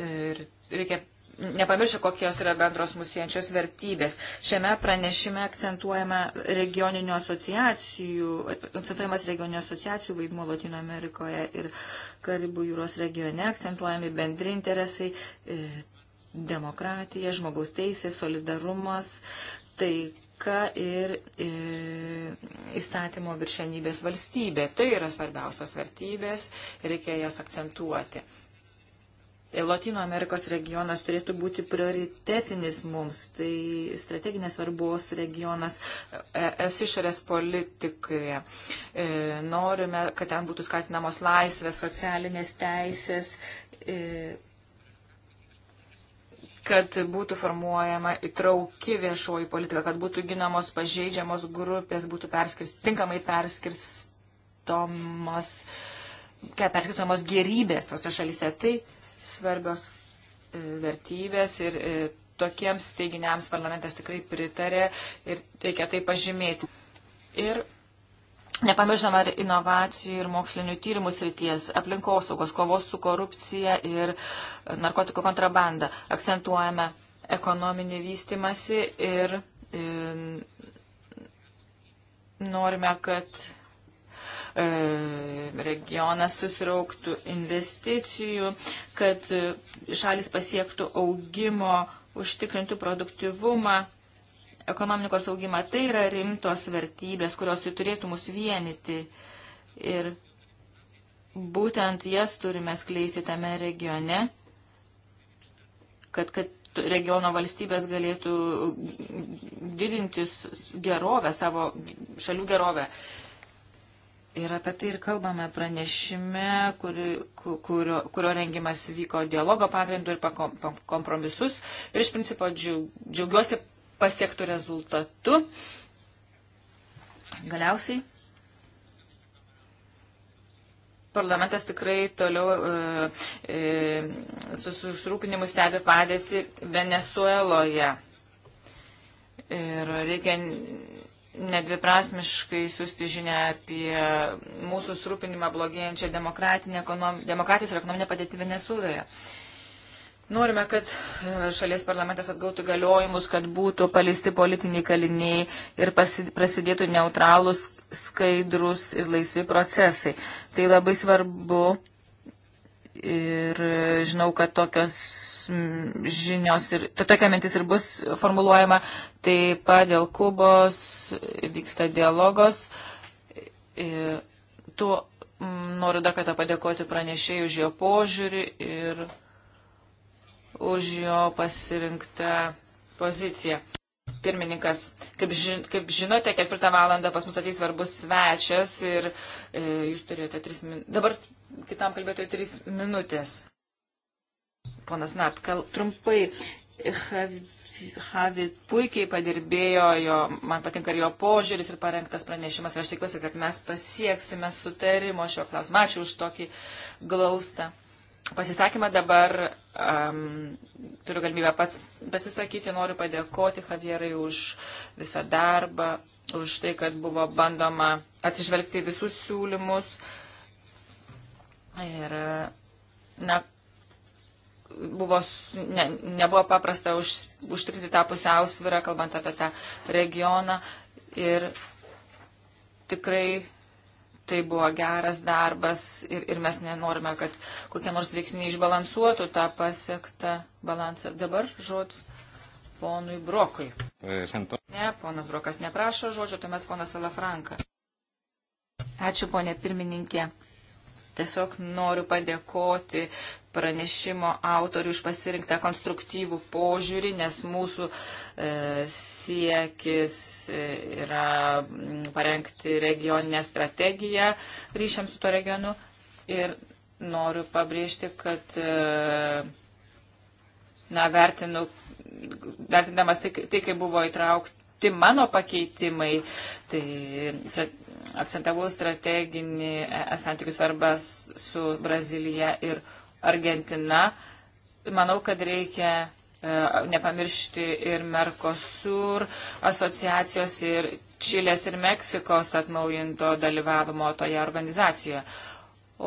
[SPEAKER 2] Ir reikia nepamiršiu, kokios yra bendros musiejančios vertybės. Šiame pranešime akcentuojama regioninių asociacijų, akcentuojamas regioninių asociacijų vaidmuo Latino Amerikoje ir Karibų jūros regione, akcentuojami bendri interesai, e, demokratija, žmogaus teisės, solidarumas, taika ir e, įstatymo viršenybės valstybė. Tai yra svarbiausios vertybės ir reikia jas akcentuoti. Latino Amerikos regionas turėtų būti prioritetinis mums, tai strateginės svarbos regionas e, es išorės politikoje. Norime, kad ten būtų skatinamos laisvės, socialinės teisės e, kad būtų formuojama įtrauki viešoji politika, kad būtų ginamos pažeidžiamos grupės, būtų perskirst, tinkamai perskirstomas, perskirstomas gerybės tose šalyse. Tai svarbios e, vertybės ir e, tokiems teiginiams parlamentas tikrai pritarė ir reikia tai pažymėti. Ir nepamirštama ir inovacijų ir mokslinių tyrimų srities, aplinkosaugos, kovos su korupcija ir narkotikų kontrabanda. Akcentuojame ekonominį vystimasi ir, ir e, norime, kad E, regionas susirauktų investicijų, kad e, šalis pasiektų augimo, užtikrintų produktivumą, ekonomikos augimą. Tai yra rimtos vertybės, kurios turėtų mus vienyti. Ir būtent jas turime skleisti tame regione, kad, kad regiono valstybės galėtų didinti gerovę, savo šalių gerovę. Ir apie tai ir kalbame pranešime, kuri, kurio, kurio rengimas vyko dialogo pagrindu ir kompromisus. Ir iš principo džiaugiuosi pasiektų rezultatų. Galiausiai parlamentas tikrai toliau e, e, susirūpinimu stebi padėti Venezueloje. Ir reikia nedviprasmiškai siūsti žinę apie mūsų surūpinimą blogėjančią ekonom, demokratijos ir ekonominę padėtį Venezuelėje. Norime, kad e, šalies parlamentas atgautų galiojimus, kad būtų palisti politiniai kaliniai ir prasidėtų neutralūs, skaidrus ir laisvi procesai. Tai labai svarbu ir e, žinau, kad tokios Mm, žinios ir to, tokia mintis ir bus formuluojama. Taip pat dėl Kubos vyksta dialogos. Tuo mm, noriu dar kartą padėkoti pranešėjai už jo požiūrį ir už jo pasirinktą poziciją. Pirmininkas, kaip, žin, kaip žinote, ketvirtą valandą pas mus ateis svarbus svečias ir e, jūs turėjote tris minutės. Dabar kitam kalbėtojui tris minutės. Ponas Nart, kal, trumpai, Javi puikiai padirbėjo, jo, man patinka ir jo požiūris ir parengtas pranešimas ir aš tikiuosi, kad mes pasieksime sutarimo šio klausimo. Ačiū už tokį glaustą pasisakymą. Dabar um, turiu galimybę pats pasisakyti, noriu padėkoti Javierai už visą darbą, už tai, kad buvo bandoma atsižvelgti visus siūlymus. Ir, na, buvo, ne, nebuvo paprasta už, užtikrinti tą pusiausvyrą, kalbant apie tą regioną. Ir tikrai tai buvo geras darbas ir, ir mes nenorime, kad kokie nors veiksniai išbalansuotų tą pasiektą balansą. Dabar žodis ponui Brokui.
[SPEAKER 3] Ne,
[SPEAKER 2] ponas Brokas neprašo žodžio, tuomet ponas Alafranka. Ačiū, ponė pirmininkė. Tiesiog noriu padėkoti pranešimo autorių už pasirinktą konstruktyvų požiūrį, nes mūsų e, siekis e, yra parengti regioninę strategiją ryšiam su to regionu. Ir noriu pabrėžti, kad e, na, vertinu, vertindamas tai, tai, kai buvo įtraukti mano pakeitimai, tai akcentavau strateginį e, e, santykių svarbą su Brazilyje ir Argentina. Manau, kad reikia e, nepamiršti ir Mercosur asociacijos ir Čilės ir Meksikos atnaujinto dalyvavimo toje organizacijoje.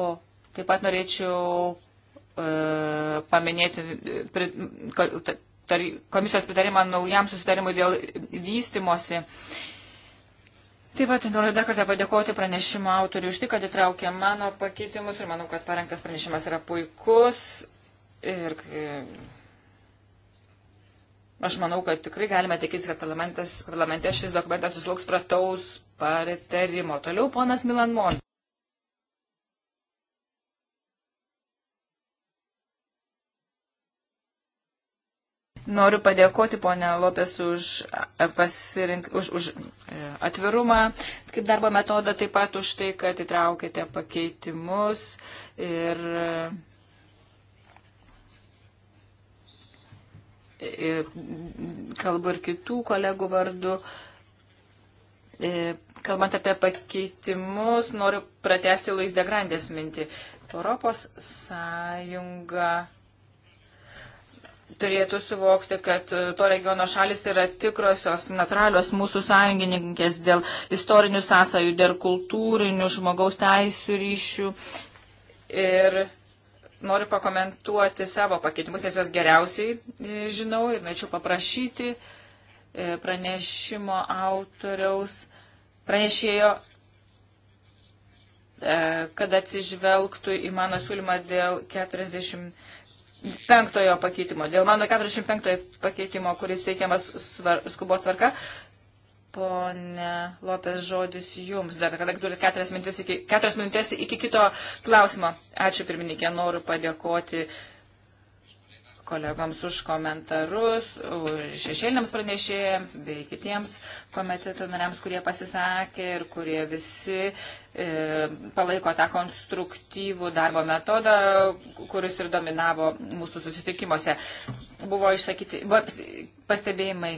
[SPEAKER 2] O taip pat norėčiau e, paminėti pri, komisijos pritarimą naujam susitarimui dėl vystimosi Taip pat noriu dar kartą padėkoti pranešimo autoriui už tai, kad įtraukė mano pakeitimus ir manau, kad parengtas pranešimas yra puikus. Ir e, aš manau, kad tikrai galime tikėtis, kad parlamente šis dokumentas susilauks prataus paritarimo. Toliau ponas Milan Mon. Noriu padėkoti ponė Lopes už, e, pasirink, už, už e, atvirumą, kaip darbo metodą, taip pat už tai, kad įtraukėte pakeitimus ir, ir e, kalbu ir kitų kolegų vardu. Kalbant apie pakeitimus, noriu pratesti Luis de Grandės mintį. Europos Sąjunga turėtų suvokti, kad e, to regiono šalis yra tikrosios natūralios mūsų sąjungininkės dėl istorinių sąsajų, dėl kultūrinių žmogaus teisų ryšių. Ir noriu pakomentuoti savo pakeitimus, nes juos geriausiai e, žinau ir norėčiau paprašyti e, pranešimo autoriaus, pranešėjo, kad atsižvelgtų į mano siūlymą dėl 40 penktojo pakeitimo. Dėl mano 45 pakeitimo, kuris teikiamas svar, skubos tvarka, ponė Lopės žodis jums, dar kadangi turite keturias minutės iki, keturias minutės iki kito klausimo. Ačiū pirmininkė, noriu padėkoti uh, kolegoms už komentarus, už šešėliniams pranešėjams bei kitiems komiteto nariams, kurie pasisakė ir kurie visi e, palaiko tą konstruktyvų darbo metodą, kuris ir dominavo mūsų susitikimuose. Buvo išsakyti buvo pastebėjimai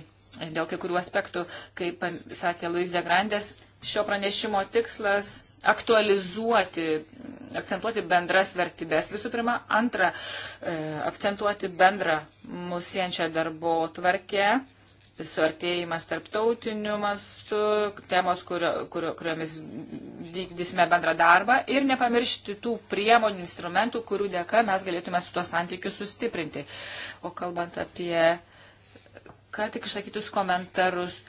[SPEAKER 2] dėl kai kurių aspektų, kaip sakė Luis de Grandes, šio pranešimo tikslas aktualizuoti, akcentuoti bendras vertybės. Visų pirma, antra, e, akcentuoti bendrą mūsų sienčią darbo tvarkę suartėjimas tarptautiniu mastu, temos, kurio, kurio, kuriomis vykdysime bendrą darbą ir nepamiršti tų priemonių, instrumentų, kurių dėka mes galėtume su tuo santykiu sustiprinti. O kalbant apie, ką tik išsakytus komentarus,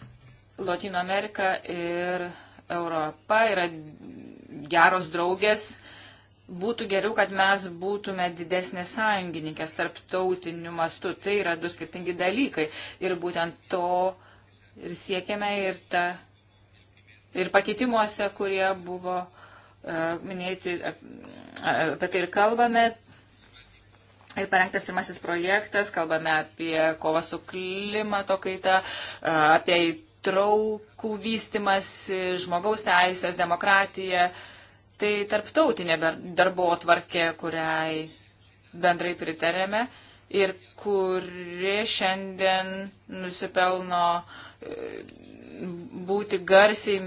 [SPEAKER 2] Latino Amerika ir Europa yra geros draugės, būtų geriau, kad mes būtume didesnės sąjungininkės tarptautiniu mastu. Tai yra du skirtingi dalykai. Ir būtent to ir siekiame ir, ta, ir pakeitimuose, kurie buvo uh, minėti, e, e, apie tai ir kalbame. Ir parengtas pirmasis projektas, kalbame apie kovą su klimato kaita, uh, apie traukų vystimas, žmogaus teisės, demokratija. Tai tarptautinė darbo atvarkė, kuriai bendrai pritarėme ir kuri šiandien nusipelno e, būti garsiai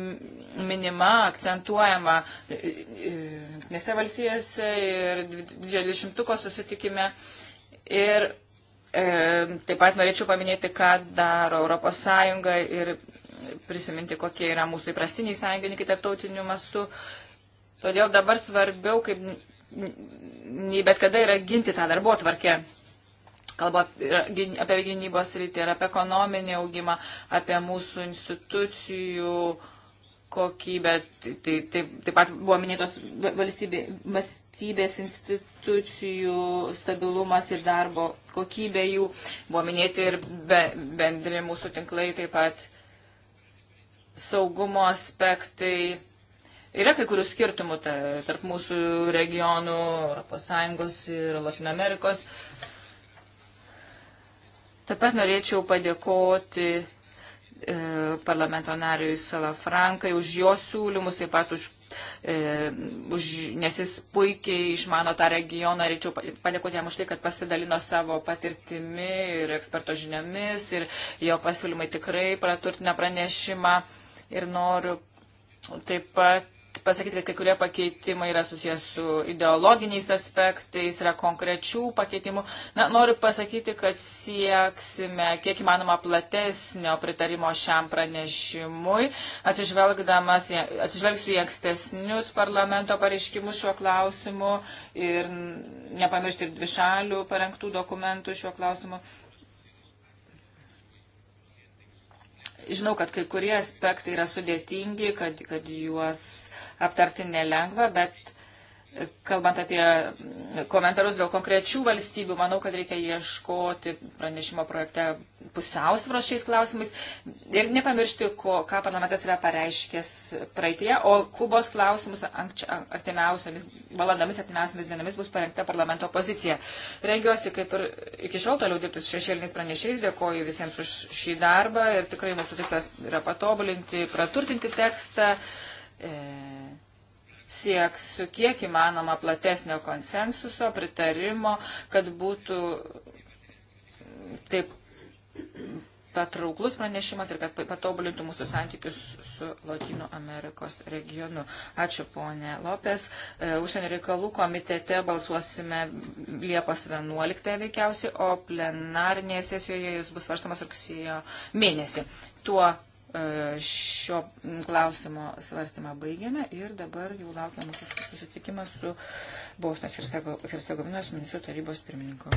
[SPEAKER 2] minima, akcentuojama e, e, Junktinėse valstijose ir 20-tuko susitikime. Ir e, taip pat norėčiau paminėti, ką daro ES ir prisiminti, kokie yra mūsų įprastiniai sąjungininkai tarptautiniu mastu. Todėl dabar svarbiau, kaip nei bet kada yra ginti tą darbo tvarkę. Kalba apie gynybos rytį ir apie ekonominį augimą, apie mūsų institucijų kokybę. Tai, tai, taip pat buvo minėtos valstybė, valstybės institucijų stabilumas ir darbo kokybė jų. Buvo minėti ir be, bendri mūsų tinklai taip pat. Uh, saugumo aspektai. Yra kai kurių skirtumų tarp mūsų regionų, ES ir Latino Amerikos. Taip pat norėčiau padėkoti e, parlamento nariui Salafrankai už jo siūlymus, taip pat už, e, už, nes jis puikiai išmano tą regioną, reičiau padėkoti jam už tai, kad pasidalino savo patirtimi ir eksperto žiniomis ir jo pasiūlymai tikrai praturtina pranešimą. E, ir noriu taip pat pasakyti, kad kai kurie pakeitimai yra susijęs su ideologiniais aspektais, yra konkrečių pakeitimų. Na, noriu pasakyti, kad sieksime kiek įmanoma platesnio pritarimo šiam pranešimui, atsižvelgsiu į ankstesnius parlamento pareiškimus šiuo klausimu ir nepamiršti ir dvišalių parengtų dokumentų šiuo klausimu. Žinau, kad kai kurie aspektai yra sudėtingi, kad, kad juos aptarti nelengva, bet Kalbant apie komentarus dėl konkrečių valstybių, manau, kad reikia ieškoti pranešimo projekte pusiausvros šiais klausimais ir nepamiršti, ko, ką parlamentas yra pareiškęs praeitie, o Kubos klausimus artimiausiamis valandomis, artimiausiamis dienomis bus parengta parlamento pozicija. Rengiuosi kaip ir iki šiol toliau dirbti su šešėliniais pranešiais, dėkoju visiems už šį darbą ir tikrai mūsų tikslas yra patobulinti, praturtinti tekstą. E, sieksiu kiek įmanoma platesnio konsensuso, pritarimo, kad būtų taip patrauklus pranešimas ir kad patobulintų mūsų santykius su Latino Amerikos regionu. Ačiū, ponė Lopes. E, užsienio reikalų komitete balsuosime Liepos 11 veikiausiai, o plenarnėje sesijoje jis bus svarstamas rugsėjo mėnesį. Tuo E, šio klausimo svarstymą baigėme ir dabar jau laukia mūsų susitikimas su Bausnės ir Hercegovinos ministrų tarybos pirmininku.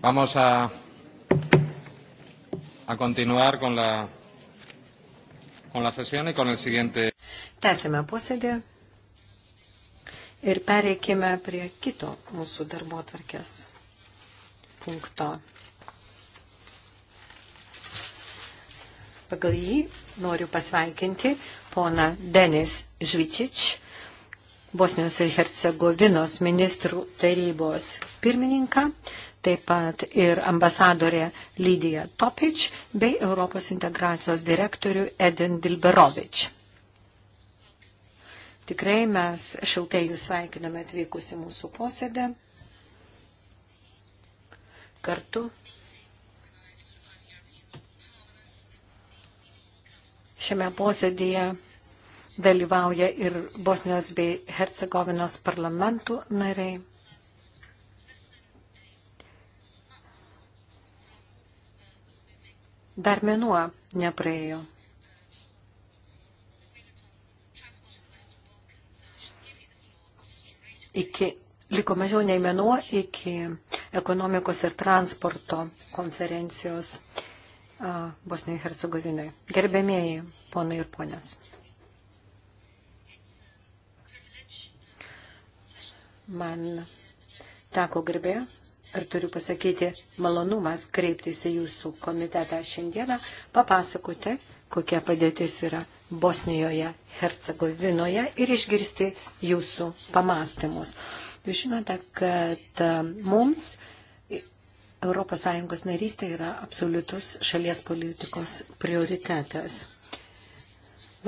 [SPEAKER 3] Vamos a,
[SPEAKER 1] a continuar con la, con la sesión y con el siguiente.
[SPEAKER 3] Tęsime posėdį ir pereikime prie kito mūsų darbo atvarkės punkto. Pagal jį noriu pasveikinti pona Denis Žvičič, Bosnijos ir Hercegovinos ministrų tarybos pirmininką taip pat ir ambasadorė Lydija Topič bei Europos integracijos direktorių Edin Dilberovič. Tikrai mes šiltai jūs sveikiname atvykusi mūsų posėdė. Kartu šiame posėdėje dalyvauja ir Bosnijos bei Hercegovinos parlamentų nariai. Dar mėnuo nepraėjo. Iki, liko mažiau nei mėnuo iki ekonomikos ir transporto konferencijos Bosnijoje Hercegovinoje. Gerbėmėjai, ponai ir ponės. Man teko garbė ir turiu pasakyti, malonumas kreiptis į jūsų komitetą šiandieną, papasakote, kokia padėtis yra Bosnijoje, Hercegovinoje ir išgirsti jūsų pamastymus. Jūs žinote, kad e, mums ES narystė yra absoliutus šalies politikos prioritetas.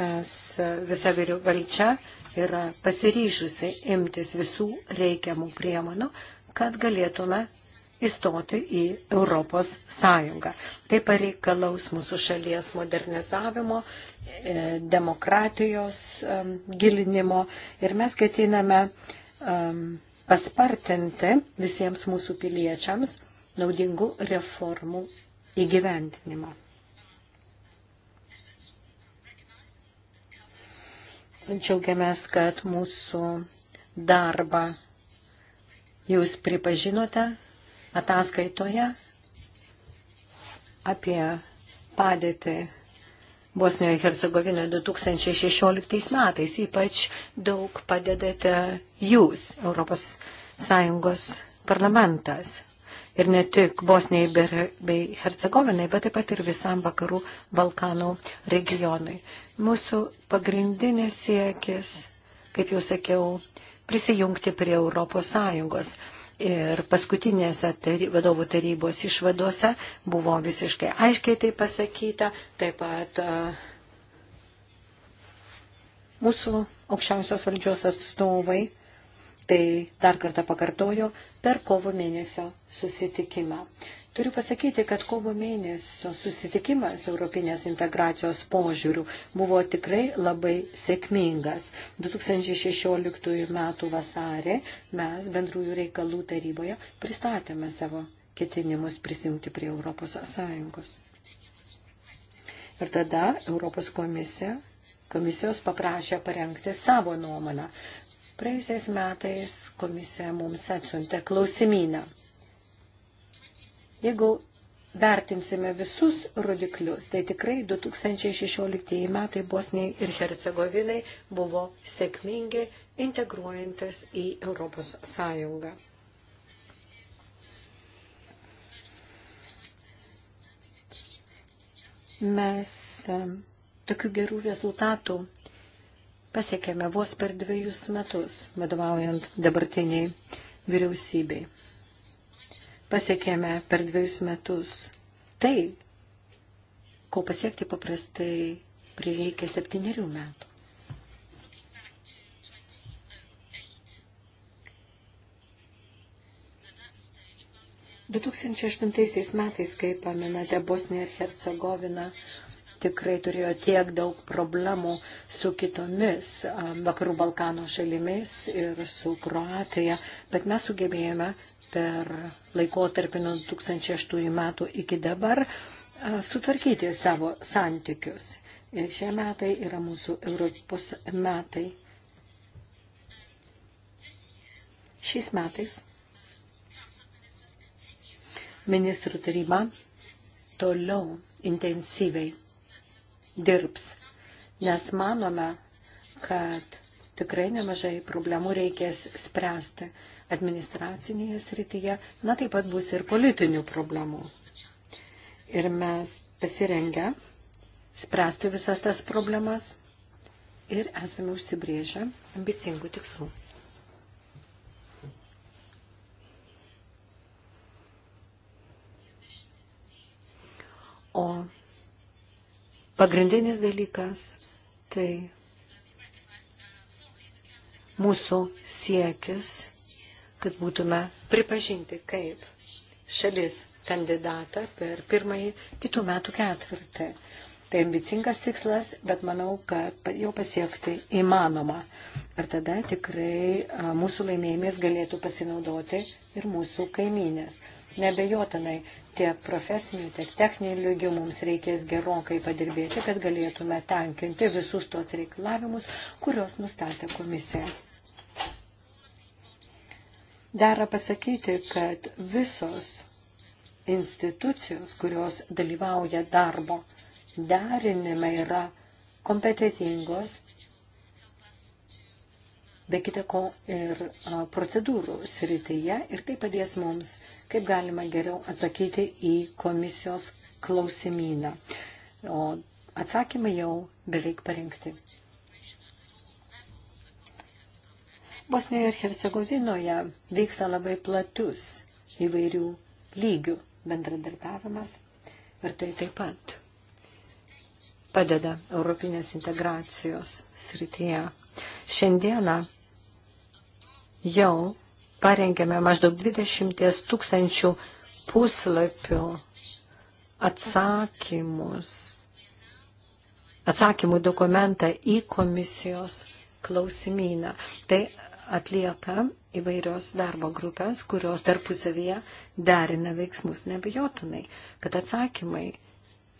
[SPEAKER 3] Mes e, visa valdžia yra pasiryžusi imtis visų reikiamų priemonų, kad galėtume įstoti į Europos Sąjungą. Tai pareikalaus mūsų šalies modernizavimo, e, demokratijos e, gilinimo ir mes ketiname e, paspartinti visiems mūsų piliečiams naudingų reformų įgyvendinimą. Džiaugiamės, kad mūsų darbą Jūs pripažinote ataskaitoje apie padėtį Bosnijoje Hercegovinoje 2016 metais. Ypač daug padedate jūs, Europos Sąjungos parlamentas. Ir ne tik Bosnijai bei Hercegovinai, bet taip pat ir visam vakarų Balkanų regionui. Mūsų pagrindinės siekis, kaip jau sakiau, prisijungti prie ES. Ir paskutinėse tary, vadovų tarybos išvadose buvo visiškai aiškiai tai pasakyta. Taip pat e, mūsų aukščiausios valdžios atstovai tai dar kartą pakartojo per kovo mėnesio susitikimą. Turiu pasakyti, kad kovo mėnesio susitikimas Europinės integracijos požiūrių buvo tikrai labai sėkmingas. 2016 m. vasarį mes bendrųjų reikalų taryboje pristatėme savo ketinimus prisimti prie Europos Sąjungos. Ir tada Europos komisija, komisijos paprašė parengti savo nuomonę. Praėjusiais metais komisija mums atsiuntė klausimyną Jeigu vertinsime visus rodiklius, tai tikrai 2016 metai Bosniai ir Hercegovinai buvo sėkmingi integruojantis į Europos Sąjungą. Mes tokių gerų rezultatų pasiekėme vos per dviejus metus, vadovaujant dabartiniai vyriausybei pasiekėme per dviejus metus. Tai, ko pasiekti paprastai prireikia septyniarių metų. Du 2008 metais, kai paminate Bosniją ir Hercegoviną, tikrai turėjo tiek daug problemų su kitomis Vakarų Balkano šalimis ir su Kroatija, bet mes sugebėjome per laikotarpį nuo 2008 metų iki dabar sutvarkyti savo santykius. Ir šie metai yra mūsų Europos metai. Šiais metais ministrų taryba toliau intensyviai dirbs, nes manome, kad tikrai nemažai problemų reikės spręsti administracinėje srityje, na taip pat bus ir politinių problemų. Ir mes pasirengę spręsti visas tas problemas ir esame užsibrėžę ambicingų tikslų. O pagrindinis dalykas tai mūsų siekis kad būtume pripažinti kaip šalis kandidatą per pirmąjį kitų metų ketvirtį. Tai ambicingas tikslas, bet manau, kad jau pasiekti įmanoma. Ir tada tikrai mūsų laimėjimės galėtų pasinaudoti ir mūsų kaimynės. Nebejotinai tiek profesinių, tiek techninių lygių mums reikės gerokai padirbėti, kad galėtume tenkinti visus tos reikalavimus, kuriuos nustatė komisija. Dera pasakyti, kad visos institucijos, kurios dalyvauja darbo derinime, yra kompetitingos, be kita ko ir procedūrų srityje ir tai padės mums, kaip galima geriau atsakyti į komisijos klausimyną. O atsakymai jau beveik parengti. Bosnijoje ir Hercegovinoje vyksta labai platus įvairių lygių bendradarbiavimas ir tai taip pat padeda Europinės integracijos srityje. Šiandieną jau parengėme maždaug 20 tūkstančių puslapių atsakymus, atsakymų dokumentą į komisijos klausimyną. Tai atlieka įvairios darbo grupės, kurios tarpusavyje derina veiksmus. Nebijotinai, kad atsakymai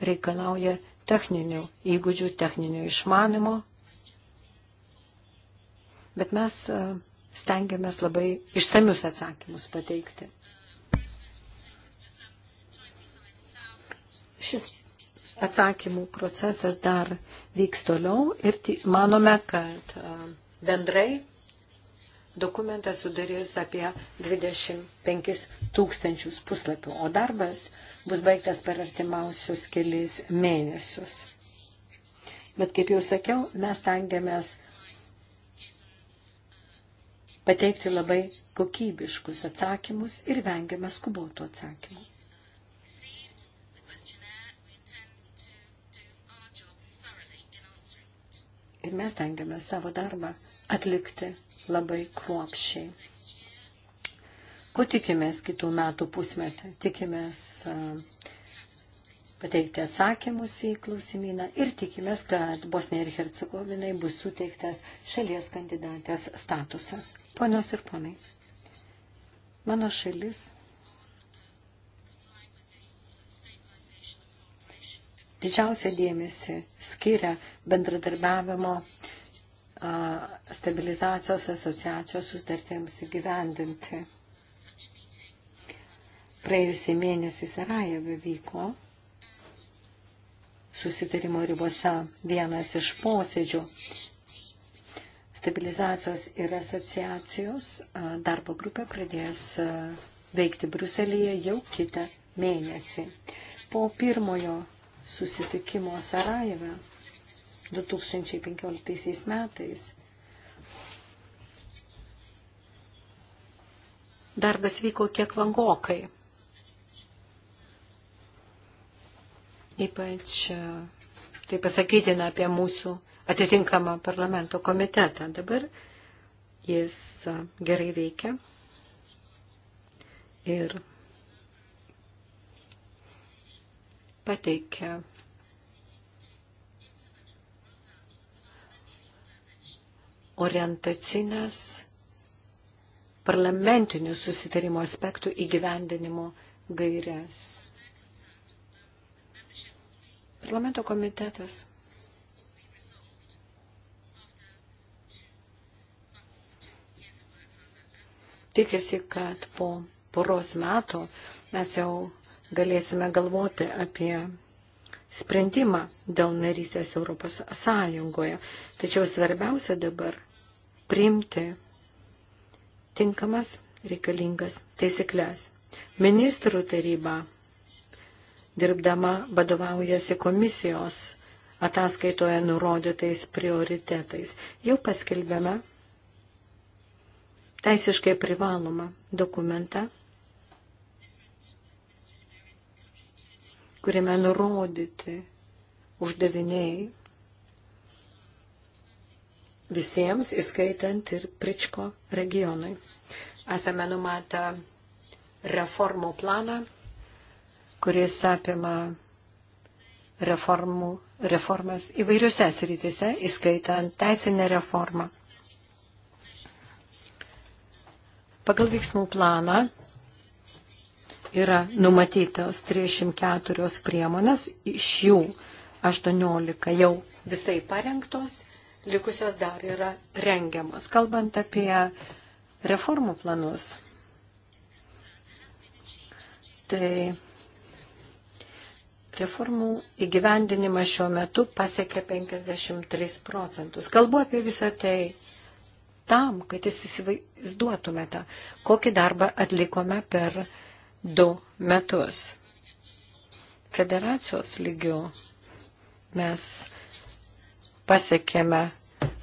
[SPEAKER 3] reikalauja techninių įgūdžių, techninio išmanimo, bet mes e, stengiamės labai išsamius atsakymus pateikti. Šis atsakymų procesas dar vyks toliau ir manome, kad e, bendrai Dokumentas sudarys apie 25 tūkstančius puslapių, o darbas bus baigtas per artimiausius keliais mėnesius. Bet kaip jau sakiau, mes tengiamės pateikti labai kokybiškus atsakymus ir vengiame skubotų atsakymų. Ir mes tengiame savo darbą atlikti labai kruopšiai. Ko tikimės kitų metų pusmetį? Tikimės e, pateikti atsakymus į klausimyną ir tikimės, kad Bosnija ir Hercegovinai bus suteiktas šalies kandidatės statusas. Ponios ir ponai, mano šalis didžiausia dėmesį skiria bendradarbiavimo stabilizacijos asociacijos sutartėms įgyvendinti. Praėjusį mėnesį Sarajeve vyko susitarimo ribose vienas iš posėdžių stabilizacijos ir asociacijos darbo grupė pradės veikti Bruselėje jau kitą mėnesį. Po pirmojo susitikimo Sarajeve 2015 metais. Darbas vyko kiek vangokai. Ypač e, tai pasakytina apie mūsų atitinkamą parlamento komitetą. Dabar jis e, gerai veikia ir pateikia orientacinės parlamentinių susitarimo aspektų įgyvendinimo gairias. Parlamento komitetas tikisi, kad po poros metų mes jau galėsime galvoti apie sprendimą dėl narystės Europos Sąjungoje. Tačiau svarbiausia dabar priimti tinkamas reikalingas taisyklės. Ministrų taryba, dirbdama vadovaujasi komisijos ataskaitoje nurodytais prioritetais. Jau paskelbėme teisiškai privalomą dokumentą, kuriame nurodyti uždaviniai visiems, įskaitant ir Pričko regionui. Esame numatę reformų planą, kuris apima reformų, reformas įvairiuose srityse, įskaitant teisinę reformą. Pagal veiksmų planą yra numatytos 34 priemonės, iš jų 18 jau visai parengtos likusios dar yra rengiamos. Kalbant apie reformų planus, tai reformų įgyvendinimas šiuo metu pasiekė 53 procentus. Kalbu apie visą tai tam, kad jūs įsivaizduotumėte, kokį darbą atlikome per du metus. Federacijos lygių mes pasiekėme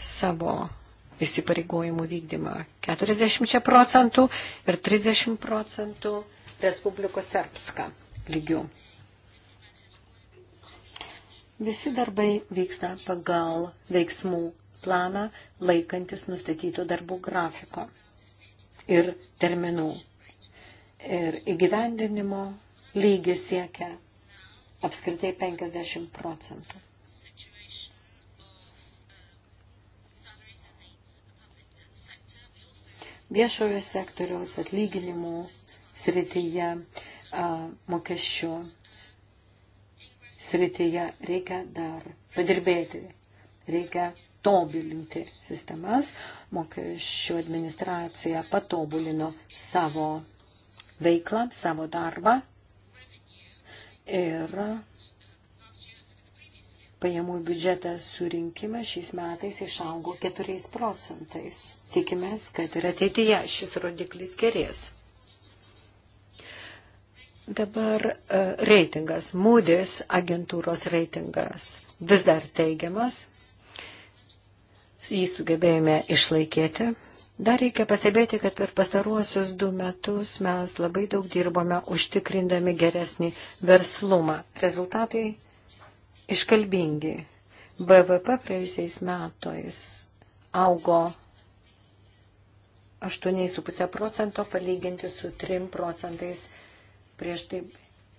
[SPEAKER 3] savo įsipareigojimų vykdymą 40 procentų ir 30 procentų Respublikos Serbska lygių. Visi darbai vyksta pagal veiksmų planą, laikantis nustatytų darbų grafiko ir terminų. Ir įgyvendinimo lygis siekia apskritai 50 procentų. viešojo sektoriaus atlyginimų srityje, mokesčių srityje reikia dar padirbėti, reikia tobulinti sistemas. Mokesčių administracija patobulino savo veiklą, savo darbą ir pajamų biudžetą surinkimas šiais metais išaugo 4 procentais. Tikimės, kad ir ateityje šis rodiklis gerės. Dabar e, reitingas, Moody's agentūros reitingas vis dar teigiamas, jį sugebėjome išlaikyti. Dar reikia pastebėti, kad per pastaruosius du metus mes labai daug dirbome užtikrindami geresnį verslumą. Rezultatai iškalbingi. BVP praėjusiais metais augo 8,5 procento palyginti su 3 procentais prieš tai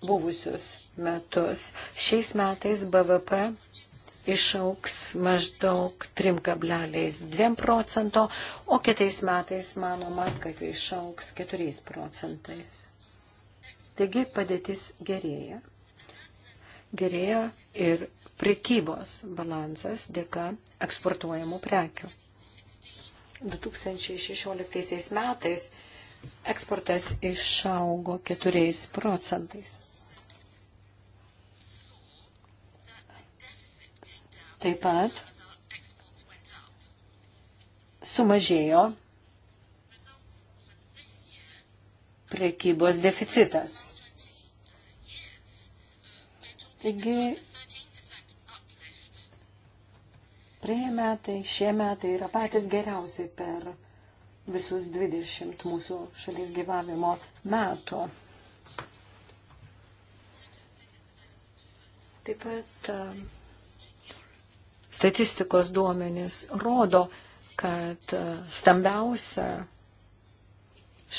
[SPEAKER 3] buvusius metus. Šiais metais BVP išauks maždaug 3,2 procento, o kitais metais manoma, kad išauks 4 procentais. Taigi padėtis gerėja gerėja ir prekybos balansas dėka eksportuojamų prekių. 2016 metais eksportas išaugo 4 procentais. Taip pat sumažėjo prekybos deficitas. Taigi, praėję metai, šie metai yra patys geriausi per visus 20 mūsų šalies gyvavimo metų. Taip pat e, statistikos duomenys rodo, kad e, stambiausia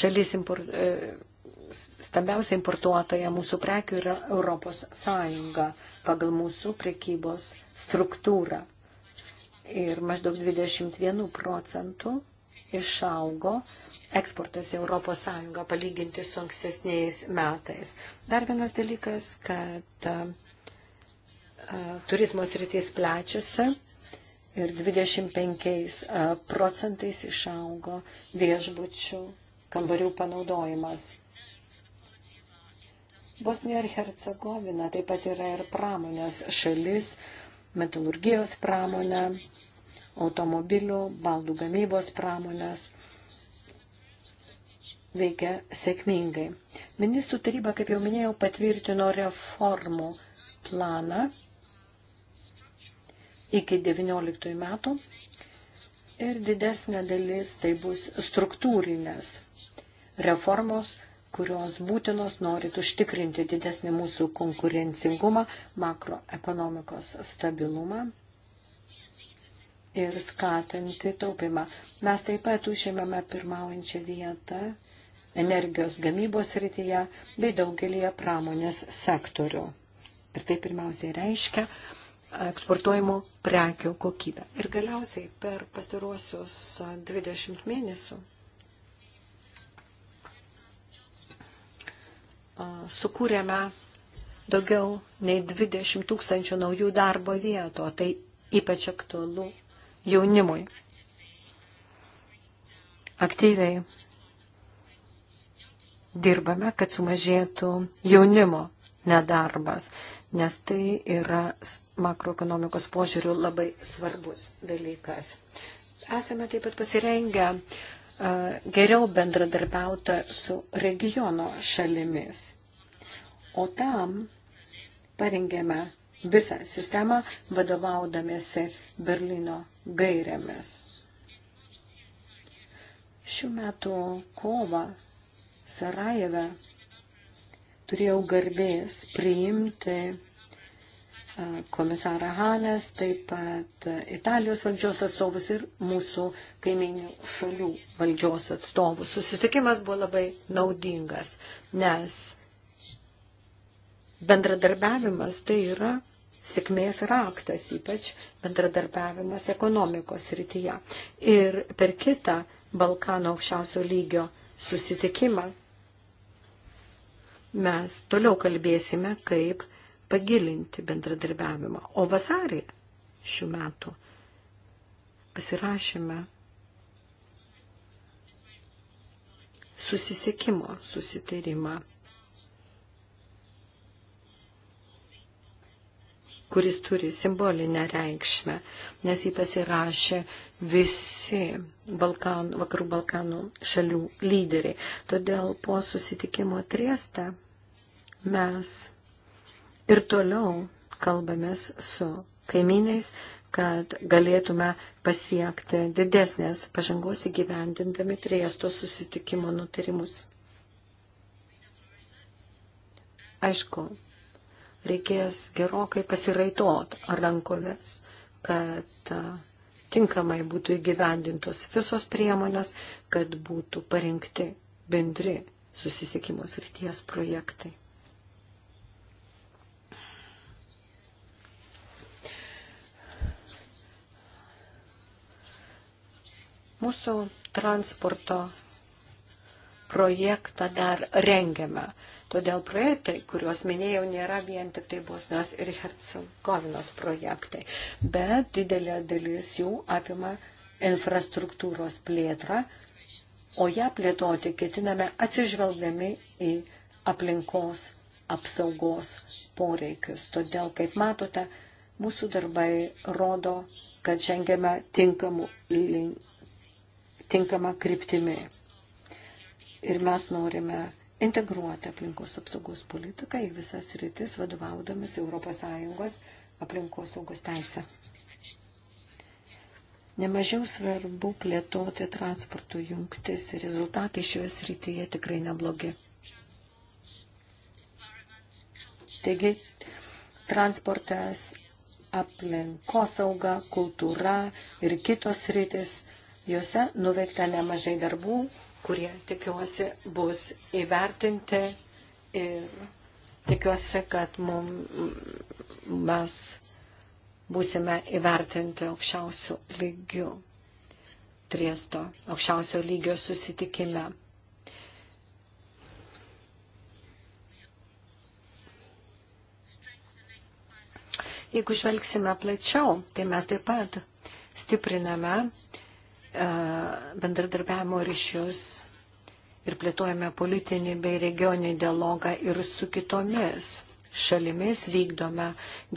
[SPEAKER 3] šalis import, e, stambiausia importuotoja mūsų prekių yra Europos Sąjunga pagal mūsų prekybos struktūrą. Ir maždaug 21 procentų išaugo eksportas į Europos Sąjungą palyginti su ankstesniais metais. Dar vienas dalykas, kad a, e, a, turizmo sritys plečiasi ir 25 e, procentais išaugo viešbučių kambarių panaudojimas. Bosnija ir Hercegovina taip pat yra ir pramonės šalis, metalurgijos pramonė, automobilių, baldų gamybos pramonės veikia sėkmingai. Ministrų taryba, kaip jau minėjau, patvirtino reformų planą iki 19 metų ir didesnė dalis tai bus struktūrinės reformos, kurios būtinos norit užtikrinti didesnį mūsų konkurencingumą, makroekonomikos stabilumą ir skatinti taupimą. Mes taip pat užėmėme pirmaujančią vietą energijos gamybos rytyje bei daugelįje pramonės sektorių. Ir tai pirmiausiai reiškia eksportuojamų prekių kokybę. Ir galiausiai per pastaruosius 20 mėnesių sukūrėme daugiau nei 20 tūkstančių naujų darbo vietų, o tai ypač aktualu jaunimui. Aktyviai dirbame, kad sumažėtų jaunimo nedarbas, nes tai yra makroekonomikos požiūrių labai svarbus dalykas. Esame taip pat pasirengę E, geriau bendradarbiauta su regiono šalimis. O tam parengėme visą sistemą vadovaudamėsi Berlyno gairėmis. Šių metų kovą Sarajeve turėjau garbės priimti komisarą Hanes, taip pat Italijos valdžios atstovus ir mūsų kaiminių šalių valdžios atstovus. Susitikimas buvo labai naudingas, nes bendradarbiavimas tai yra sėkmės raktas, ypač bendradarbiavimas ekonomikos rytyje. Ir per kitą Balkano aukščiausio lygio susitikimą mes toliau kalbėsime, kaip pagilinti bendradarbiavimą. O vasarį šių metų pasirašėme susisiekimo susitarimą, kuris turi simbolinę reikšmę, nes jį pasirašė visi Balkan, vakarų Balkanų šalių lyderiai. Todėl po susitikimo triestą mes ir toliau kalbamės su kaimynais, kad galėtume pasiekti didesnės pažangos įgyvendindami triesto susitikimo nutarimus. Aišku, reikės gerokai pasiraitot rankovės, kad tinkamai būtų įgyvendintos visos priemonės, kad būtų parinkti bendri susisiekimo srities projektai. Mūsų transporto projektą dar rengiame. Todėl projektai, kuriuos minėjau, nėra vien tik tai Bosnios ir Hercegovinos projektai, bet didelė dalis jų apima infrastruktūros plėtrą, o ją plėtoti ketiname atsižvelgdami į aplinkos apsaugos poreikius. Todėl, kaip matote, mūsų darbai rodo, kad žengėme tinkamų link tinkama kryptimi. Ir mes norime integruoti aplinkos apsaugos politiką į visas rytis, vadovaudamis ES aplinkos saugos teisę. Nemažiau svarbu plėtoti transporto jungtis ir rezultatai šioje srityje tikrai neblogi. Taigi, transportas, aplinkosauga, kultūra ir kitos rytis – Juose nuveikta nemažai darbų, kurie tikiuosi bus įvertinti ir tikiuosi, kad mum, mes būsime įvertinti aukščiausių lygių triesto, aukščiausio lygio susitikime. Jeigu žvelgsime plačiau, tai mes taip pat stipriname E, bendradarbiavimo ryšius ir plėtojame politinį bei regioninį dialogą ir su kitomis šalimis vykdome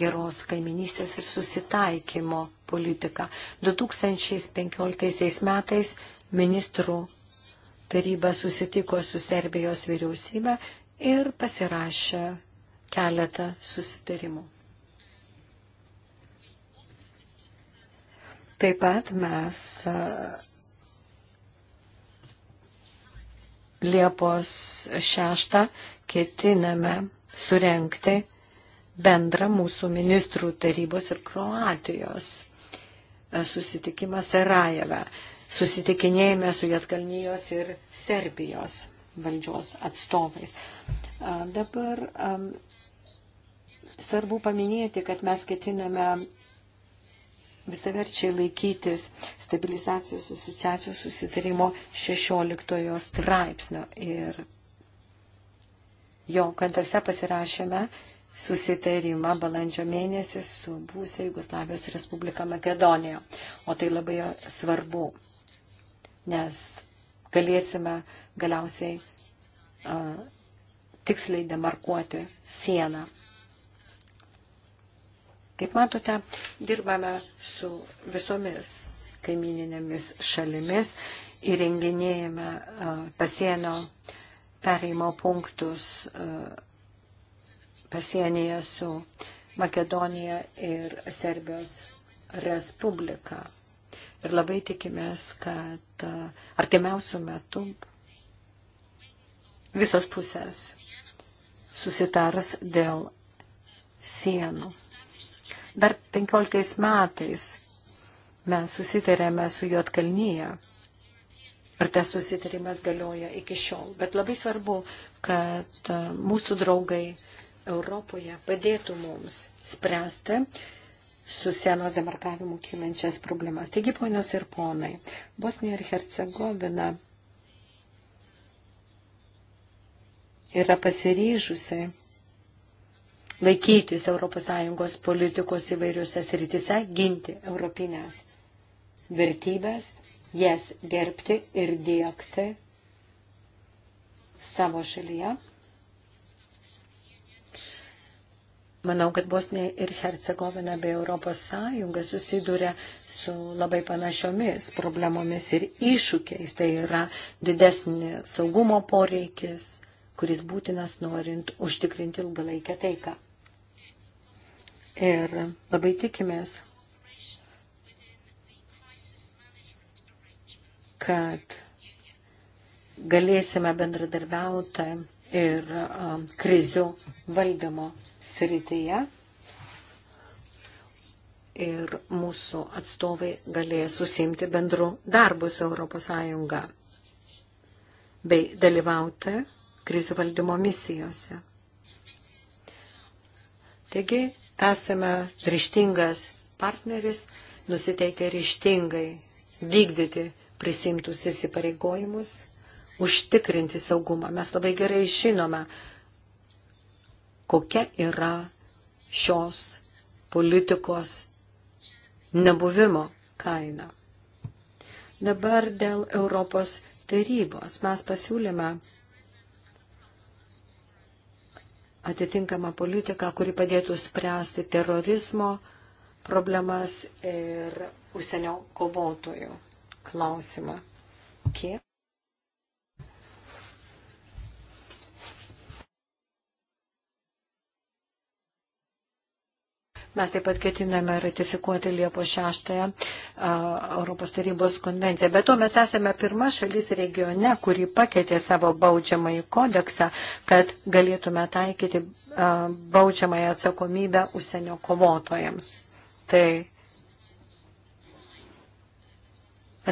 [SPEAKER 3] geros kaiminystės ir susitaikymo politiką. 2015 metais ministrų taryba susitiko su Serbijos vyriausybė ir pasirašė keletą susitarimų. Taip pat mes e, Liepos 6 ketiname surenkti bendrą mūsų ministrų tarybos ir Kroatijos e, susitikimą Sarajeve. Susitikinėjame su Jatkalnyjos ir Serbijos valdžios atstovais. E, dabar svarbu paminėti, kad mes ketiname visaverčiai laikytis stabilizacijos asociacijos susitarimo 16 straipsnio. Ir jo kantose pasirašėme susitarimą balandžio mėnesį su būsė Jugoslavijos Respublika Makedonija. O tai labai svarbu, nes galėsime galiausiai a, tiksliai demarkuoti sieną Kaip matote, dirbame su visomis kaimininėmis šalimis, įrenginėjame pasienio pereimo punktus pasienyje su Makedonija ir Serbijos Respublika. Ir labai tikimės, kad artimiausių metų visos pusės susitars dėl sienų. Dar 15 metais mes susitarėme su Jotkalnyje. Ir tas susitarimas galioja iki šiol. Bet labai svarbu, kad e, mūsų draugai Europoje padėtų mums spręsti su senos demarkavimu kylančias problemas. Taigi, ponios ir ponai, Bosnija ir Hercegovina yra pasiryžusi laikytis ES politikos įvairiuose srityse, ginti europinės vertybės, jas gerbti ir dėkti savo šalyje. Manau, kad Bosnija ir Hercegovina bei Europos Sąjunga susiduria su labai panašiomis problemomis ir iššūkiais. Tai yra didesnė saugumo poreikis, kuris būtinas norint užtikrinti ilgalaikę taiką. Ir labai tikimės, kad galėsime bendradarbiauti ir krizių valdymo srityje. Ir mūsų atstovai galės susimti bendrų darbų su ES bei dalyvauti krizių valdymo misijose. Taigi, Esame ryštingas partneris, nusiteikę ryštingai vykdyti prisimtus įsipareigojimus, užtikrinti saugumą. Mes labai gerai žinome, kokia yra šios politikos nebuvimo kaina. Dabar dėl Europos tarybos mes pasiūlėme atitinkamą politiką, kuri padėtų spręsti terorizmo problemas ir užsienio kovotojų klausimą. Kiek? Mes taip pat ketiname ratifikuoti Liepo 6 Europos tarybos konvenciją. Bet to mes esame pirma šalis regione, kuri pakeitė savo baudžiamąjį kodeksą, kad galėtume taikyti baudžiamąją atsakomybę užsienio kovotojams. Tai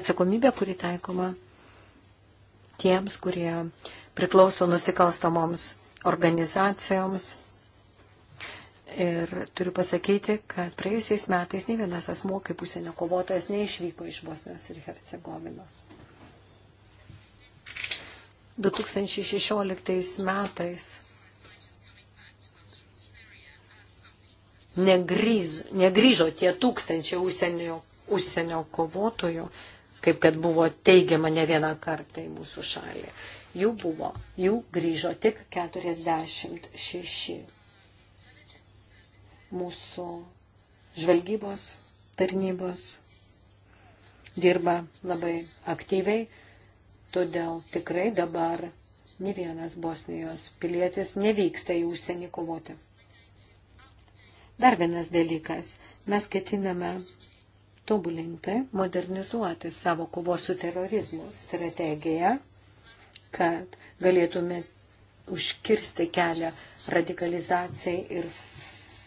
[SPEAKER 3] atsakomybė, kuri taikoma tiems, kurie priklauso nusikalstamoms organizacijoms Ir turiu pasakyti, kad praėjusiais metais nei vienas asmo kaip užsienio kovotojas neišvyko iš Bosnijos ir Hercegovinos. 2016 metais negryž, negryžo tie tūkstančiai užsienio, užsienio kovotojų, kaip kad buvo teigiama ne vieną kartą į mūsų šalį. Jų buvo, jų grįžo tik 46 mūsų žvalgybos tarnybos dirba labai aktyviai, todėl tikrai dabar ne vienas Bosnijos pilietis nevyksta į užsienį kovoti. Dar vienas dalykas. Mes ketiname tobulinti, modernizuoti savo kovos su terorizmu strategiją, kad galėtume užkirsti kelią radikalizacijai ir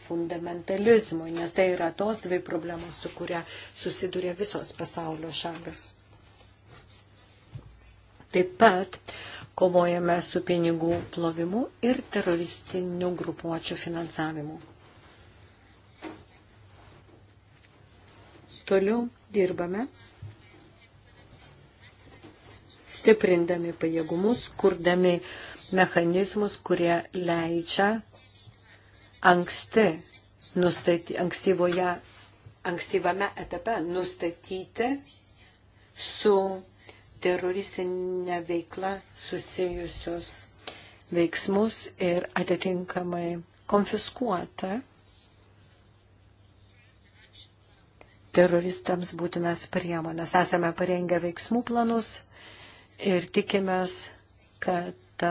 [SPEAKER 3] fundamentalizmui, nes tai yra tos dvi problemos, su kuria susiduria visos pasaulio šalis. Taip pat kovojame su pinigų plovimu ir teroristinių grupuočių finansavimu. Toliau dirbame, stiprindami pajėgumus, kurdami mechanizmus, kurie leidžia anksti, nustaty, ankstyvoje, ankstyvame etape nustatyti su teroristinė veikla susijusius veiksmus ir atitinkamai konfiskuoti teroristams būtinas priemonės. Esame parengę veiksmų planus ir tikimės, kad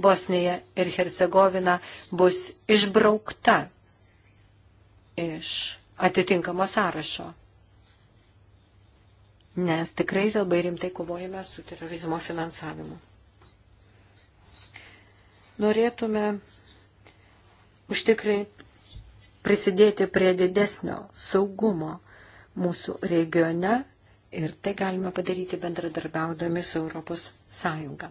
[SPEAKER 3] Bosnija ir Hercegovina bus išbraukta iš atitinkamo sąrašo. Nes tikrai labai rimtai kovojame su terorizmo finansavimu. Norėtume užtikrinti prisidėti prie didesnio saugumo mūsų regione ir tai galime padaryti bendradarbiaudami su Europos Sąjunga.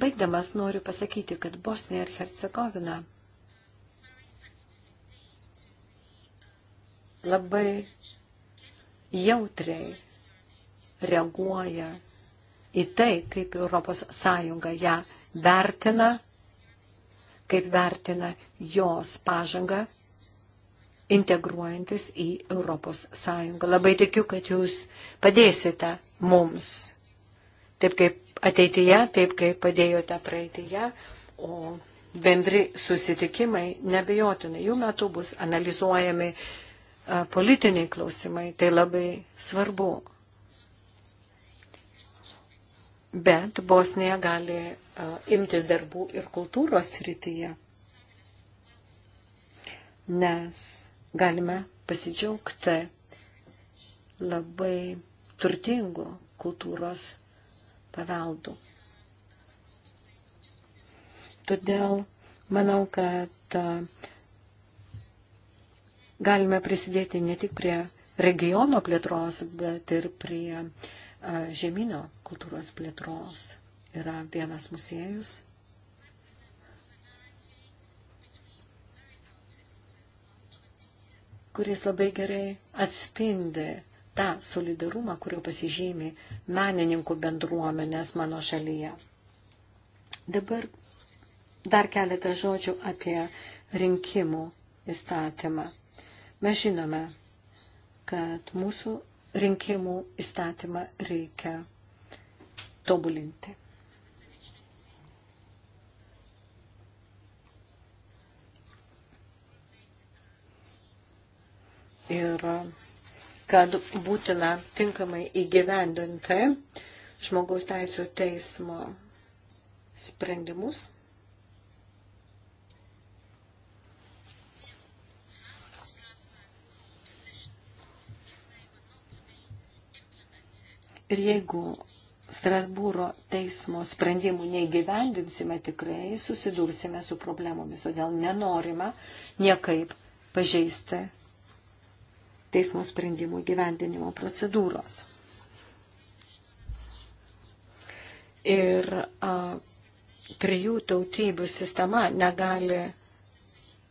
[SPEAKER 3] Baigdamas noriu pasakyti, kad Bosnija ir Hercegovina labai jautriai reaguoja į tai, kaip Europos Sąjunga ją vertina, kaip vertina jos pažangą integruojantis į Europos Sąjungą. Labai tikiu, kad jūs padėsite mums, taip kaip ateityje, taip kaip padėjote praeitįje, o bendri susitikimai nebejotinai. Jų metu bus analizuojami politiniai klausimai, tai labai svarbu. Bet Bosnija gali imtis darbų ir kultūros srityje, nes galime pasidžiaugti labai turtingu kultūros paveldų. Todėl manau, kad e, galime prisidėti ne tik prie regiono plėtros, bet ir prie e, žemino kultūros plėtros. Yra vienas muziejus. kuris labai gerai atspindi tą solidarumą, kurio pasižymi menininkų bendruomenės mano šalyje. Dabar dar keletą žodžių apie rinkimų įstatymą. Mes žinome, kad mūsų rinkimų įstatymą reikia tobulinti. Ir kad būtina tinkamai įgyvendinti žmogaus teisų teismo sprendimus. Ir jeigu Strasbūro teismo sprendimų neįgyvendinsime, tikrai susidursime su problemomis, todėl nenorima niekaip pažeisti teismo sprendimų gyvendinimo procedūros. Ir a, trijų tautybių sistema negali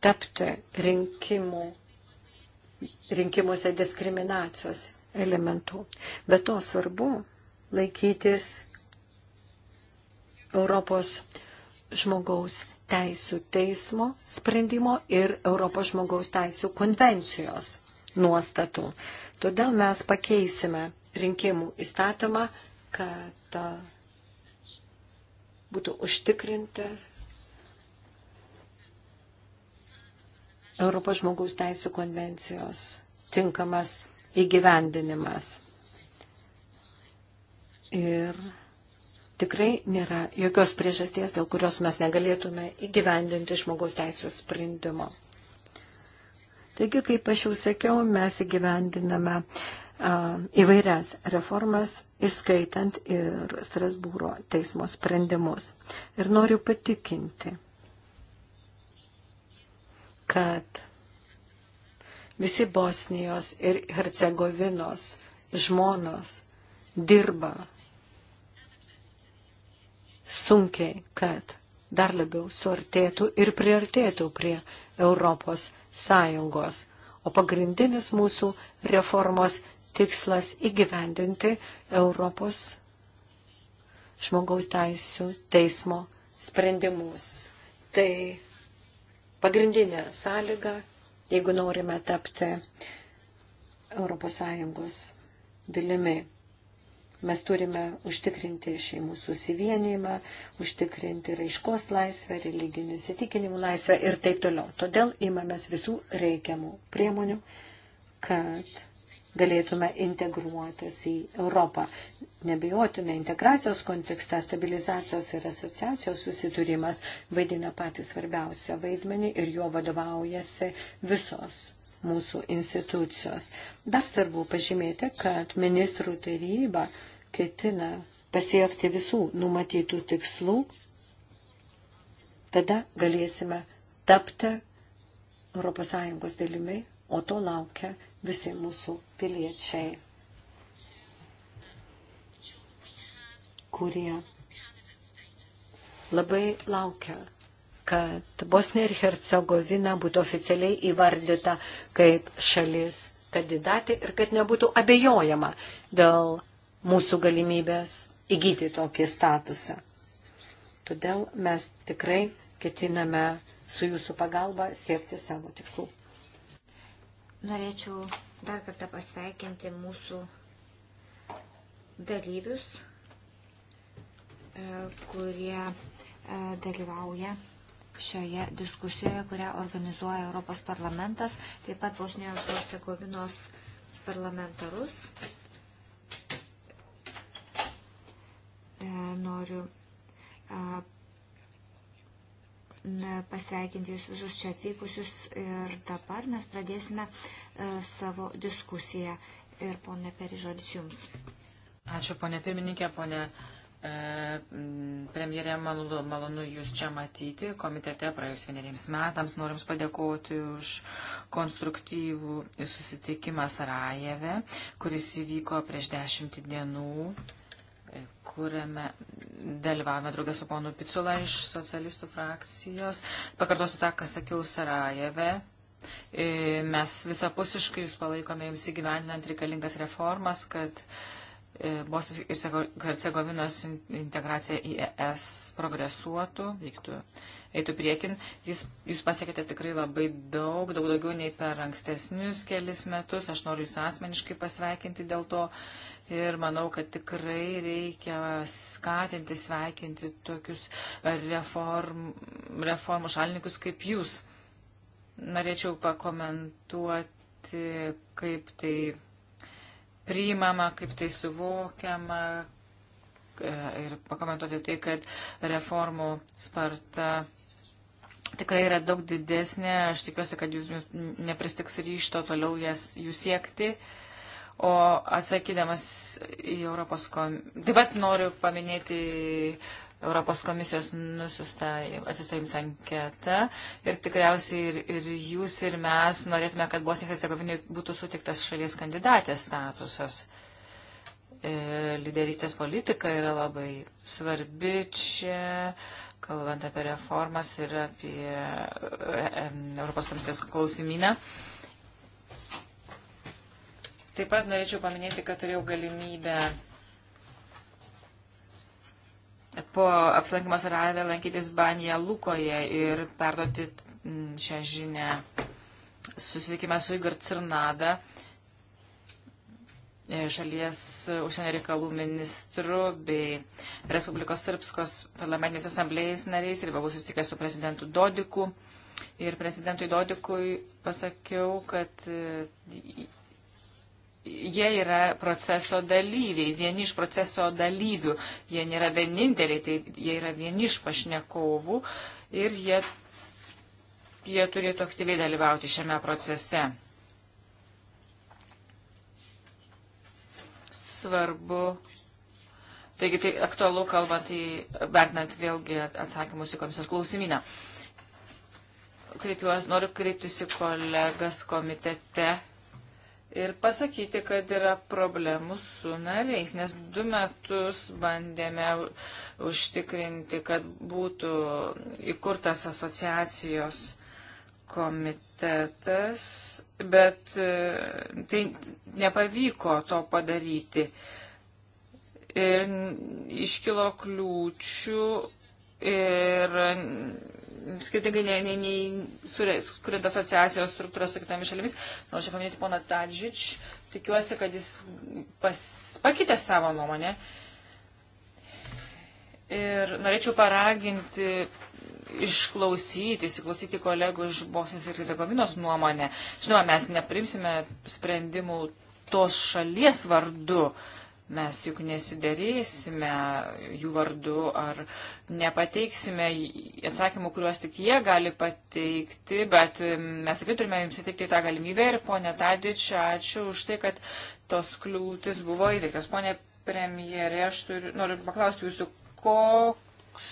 [SPEAKER 3] tapti rinkimų, rinkimuose diskriminacijos elementų. Bet to svarbu laikytis Europos žmogaus teisų teismo sprendimo ir Europos žmogaus teisų konvencijos nuostatų. Todėl mes pakeisime rinkimų įstatymą, kad būtų užtikrinti Europos žmogaus teisų konvencijos tinkamas įgyvendinimas. Ir tikrai nėra jokios priežasties, dėl kurios mes negalėtume įgyvendinti žmogaus teisų sprendimo. Taigi, kaip aš jau sakiau, mes įgyvendiname įvairias reformas, įskaitant ir Strasbūro teismo sprendimus. Ir noriu patikinti, kad visi Bosnijos ir Hercegovinos žmonos dirba sunkiai, kad dar labiau suartėtų ir priartėtų prie Europos sąjungos, o pagrindinis mūsų reformos tikslas įgyvendinti Europos žmogaus teisų teismo sprendimus. Tai pagrindinė sąlyga, jeigu norime tapti ES dalimi. Mes turime užtikrinti šeimų susivienimą, užtikrinti raiškos laisvę, religinių įsitikinimų laisvę ir taip toliau. Todėl imamės visų reikiamų priemonių, kad galėtume integruotis į Europą. Nebijotina integracijos kontekste stabilizacijos ir asociacijos susitūrimas vaidina patį svarbiausią vaidmenį ir juo vadovaujasi visos mūsų institucijos. Dar svarbu pažymėti, kad ministrų taryba ketina pasiekti visų numatytų tikslų, tada galėsime tapti ES dalimi, o to laukia visi mūsų piliečiai, kurie labai laukia, kad Bosnija ir Hercegovina būtų oficialiai įvardyta kaip šalis kandidatė ir kad nebūtų abejojama dėl mūsų galimybės įgyti tokį statusą. Todėl mes tikrai ketiname su jūsų pagalba siekti savo tikslų.
[SPEAKER 1] Norėčiau dar kartą pasveikinti mūsų dalyvius, e, kurie e, dalyvauja šioje diskusijoje, kurią organizuoja Europos parlamentas, taip pat Bosnijos ir Hercegovinos parlamentarus E, noriu e, pasveikinti jūs visus čia atvykusius ir dabar mes pradėsime e, savo diskusiją. Ir ponė Peri, žodis jums.
[SPEAKER 2] Ačiū, ponė pirmininkė, ponė e, premjerė, malonu, malonu jūs čia matyti. Komitete praėjus vieneriems metams noriu jums padėkoti už konstruktyvų susitikimą Sarajeve, kuris įvyko prieš dešimtį dienų kuriame dalyvavome draugės su ponu Picula iš socialistų frakcijos. Pakartosiu tą, ką sakiau Sarajeve. E, mes visapusiškai jūs palaikome jums įgyvendinant reikalingas reformas, kad e, Bosnijos ir Hercegovinos integracija į ES progresuotų, vyktų, eitų priekin. Jis, jūs pasiekėte tikrai labai daug, daug daugiau nei per ankstesnius kelis metus. Aš noriu jūs asmeniškai pasveikinti dėl to. E, Ir manau, kad tikrai reikia skatinti, sveikinti tokius reform, reformų šalininkus kaip jūs. Norėčiau pakomentuoti, kaip tai priimama, kaip tai suvokiama e, ir pakomentuoti tai, kad reformų sparta tikrai yra daug didesnė. Aš tikiuosi, kad jūs nepristiks ryšto toliau jas jų siekti. Uh, O atsakydamas į Europos komisiją, taip pat noriu paminėti Europos komisijos nusistavimus anketą ir tikriausiai ir, ir jūs ir mes norėtume, kad Bosnija Hercegovinai būtų sutiktas šalies kandidatės statusas. E, lyderystės politika yra labai svarbi čia, kalbant apie reformas ir apie e, e, Europos komisijos klausimyną. E, Taip pat norėčiau paminėti, kad turėjau galimybę po apsilankimo Sarajeve lankytis Banija Lukoje ir perduoti mm, šią žinę susitikime su Igor Cirnada, e, šalies užsienio reikalų ministru bei Respublikos Sirpskos parlamentinės asamblėjais nariais ir buvau susitikęs su prezidentu Dodiku. Ir prezidentui Dodikui pasakiau, kad e, jie yra proceso dalyviai, vieni iš proceso dalyvių. Jie nėra vieninteliai, tai jie yra vieni iš pašnekovų ir jie, jie turėtų aktyviai dalyvauti šiame procese. Svarbu. Taigi tai aktualu kalbant, vertinant vėlgi atsakymus į komisijos klausimyną. Kreipiuosi, noriu kreiptis į kolegas komitete ir pasakyti, kad yra problemų su nariais, nes du metus bandėme užtikrinti, kad būtų įkurtas asociacijos komitetas, bet e, tai nepavyko to padaryti. Ir iškilo kliūčių ir skirtingai nei, nei, nei skurėda asociacijos struktūros su kitomis šalimis. Noriu čia paminėti poną Tadžič, tikiuosi, kad jis pas, pakeitė savo nuomonę. Ir norėčiau paraginti išklausyti, įsiklausyti kolegų iš Bosnijos ir Hercegovinos nuomonę. Žinoma, mes neprimsime sprendimų tos šalies vardu. Uh, Mes juk nesiderėsime jų vardu ar nepateiksime atsakymų, kuriuos tik jie gali pateikti, bet mes tikrai turime jums suteikti tą galimybę ir ponė Tadič, ačiū už tai, kad tos kliūtis buvo įveiktas. Pone premjerė, aš turiu, noriu paklausti jūsų, koks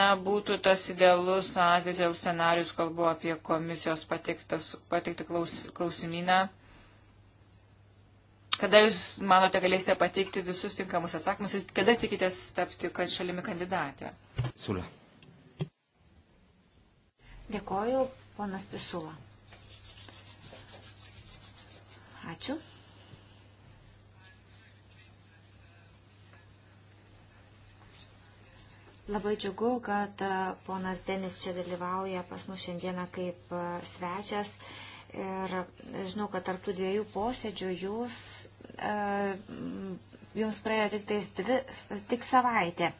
[SPEAKER 2] na, būtų tas idealus atvejs jau scenarius, kalbu apie komisijos pateiktą klaus, klausimyną. Kada jūs, manote, galėsite pateikti visus tinkamus atsakymus ir kada tikitės tapti šalimi kandidatė?
[SPEAKER 3] Sula.
[SPEAKER 1] Dėkoju, ponas Pisula. Ačiū. Labai džiugu, kad ponas Denis čia dalyvauja pas mus šiandieną kaip svečias. Uh, Ir žinau, kad tarptų dviejų posėdžių jūs, e, jums praėjo tik, tais dvi, tik savaitė.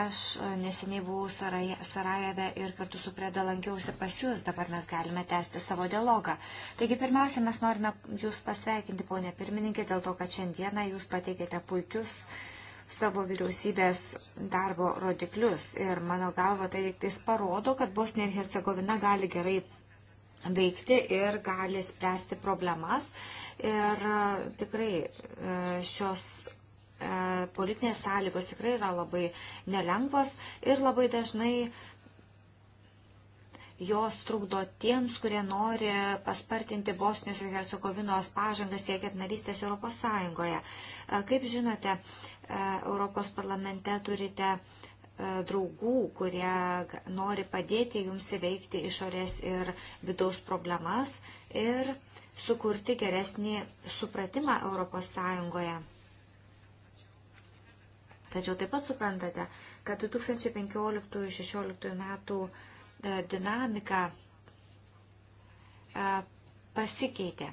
[SPEAKER 1] Aš neseniai buvau Sarajeve ir kartu su Preda lankiausi pas jūs, dabar mes galime tęsti savo dialogą. Taigi pirmiausia, mes norime jūs pasveikinti, ponė pirmininkė, dėl to, kad šiandieną jūs pateikėte puikius savo vyriausybės darbo rodiklius. Ir mano galva tai tik tais parodo, kad Bosnija ir Hercegovina gali gerai veikti ir gali spręsti problemas. Ir e, tikrai e, šios e, politinės sąlygos tikrai yra labai nelengvos ir labai dažnai jos trukdo tiems, kurie nori paspartinti Bosnijos ir Hercegovinos pažangą siekiant narystės Europos Sąjungoje. Kaip žinote, Europos parlamente turite E, draugų, kurie nori padėti jums įveikti išorės ir vidaus problemas ir sukurti geresnį supratimą ES. Tačiau taip pat suprantate, kad 2015-2016 metų e, dinamika e, pasikeitė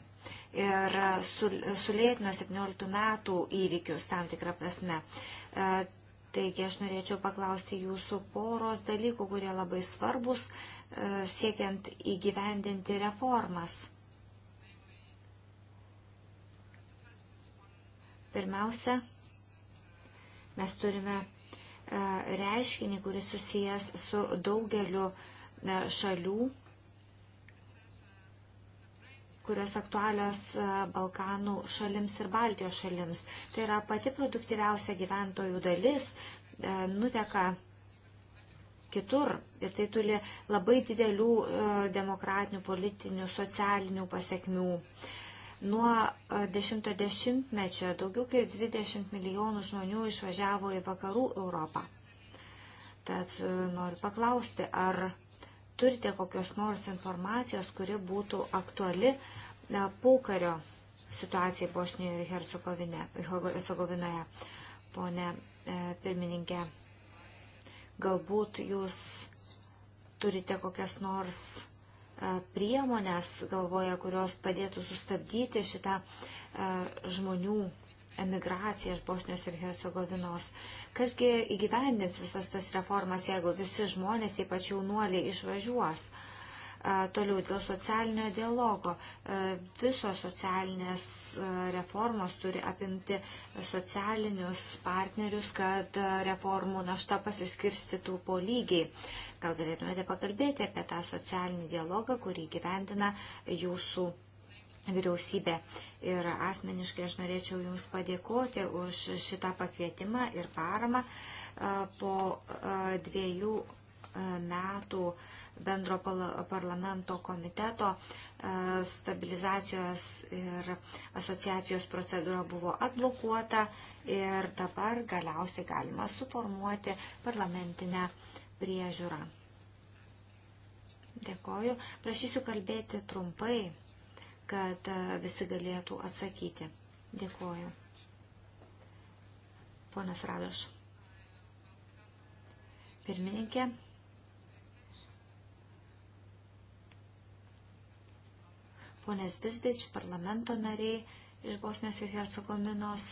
[SPEAKER 1] ir sulėtino 17 metų įvykius tam tikrą prasme. Taigi aš norėčiau paklausti jūsų poros dalykų, kurie labai svarbus e, siekiant įgyvendinti reformas. Pirmiausia, mes turime e, reiškinį, kuris susijęs su daugeliu e, šalių kurios aktualios e, Balkanų šalims ir Baltijos šalims. Tai yra pati produktyviausia gyventojų dalis, e, nuteka kitur ir tai turi labai didelių e, demokratinių, politinių, socialinių pasiekmių. Nuo 10-mečio daugiau kaip 20 milijonų žmonių išvažiavo į vakarų Europą. Tad noriu paklausti, ar turite kokios nors informacijos, kuri būtų aktuali e, pūkario situacijai Bosnijoje ir Hercegovinoje, ponė e, pirmininkė. Galbūt jūs turite kokias nors e, priemonės galvoje, kurios padėtų sustabdyti šitą žmonių emigraciją iš Bosnijos ir Hercegovinos. Kasgi įgyvendins visas tas reformas, jeigu visi žmonės, ypač jaunuoliai, išvažiuos? E, toliau dėl socialinio dialogo. E, visos socialinės e, reformos turi apimti socialinius partnerius, kad reformų našta pasiskirstytų po lygiai. Gal galėtumėte pakalbėti apie tą socialinį dialogą, kurį gyvendina jūsų vyriausybė. Ir asmeniškai aš norėčiau Jums padėkoti už šitą pakvietimą ir paramą e, po e, dviejų e, metų bendro parlamento komiteto stabilizacijos ir asociacijos procedūra buvo atblokuota ir dabar galiausiai galima suformuoti parlamentinę priežiūrą. Dėkoju. Prašysiu kalbėti trumpai kad e, visi galėtų atsakyti. Dėkuoju. Ponas Radoš. Pirmininkė. Ponės Bizdič, parlamento nariai iš Bosnijos ir Hercegovinos.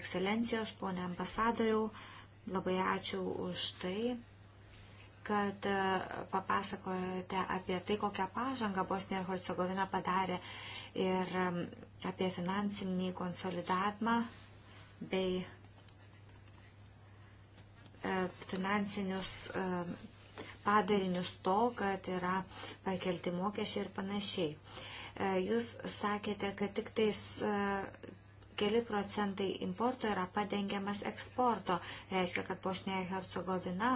[SPEAKER 1] Ekscelencijos, ponė ambasadoriau, labai ačiū už tai, kad e, papasakojote apie tai, kokią pažangą Bosnija ir Hercegovina padarė ir apie finansinį konsolidavimą bei e, finansinius e, padarinius to, kad yra pakelti mokesčiai ir panašiai. Jūs sakėte, kad tik tais keli procentai importo yra padengiamas eksporto. Reiškia, kad Bosnija ir Hercegovina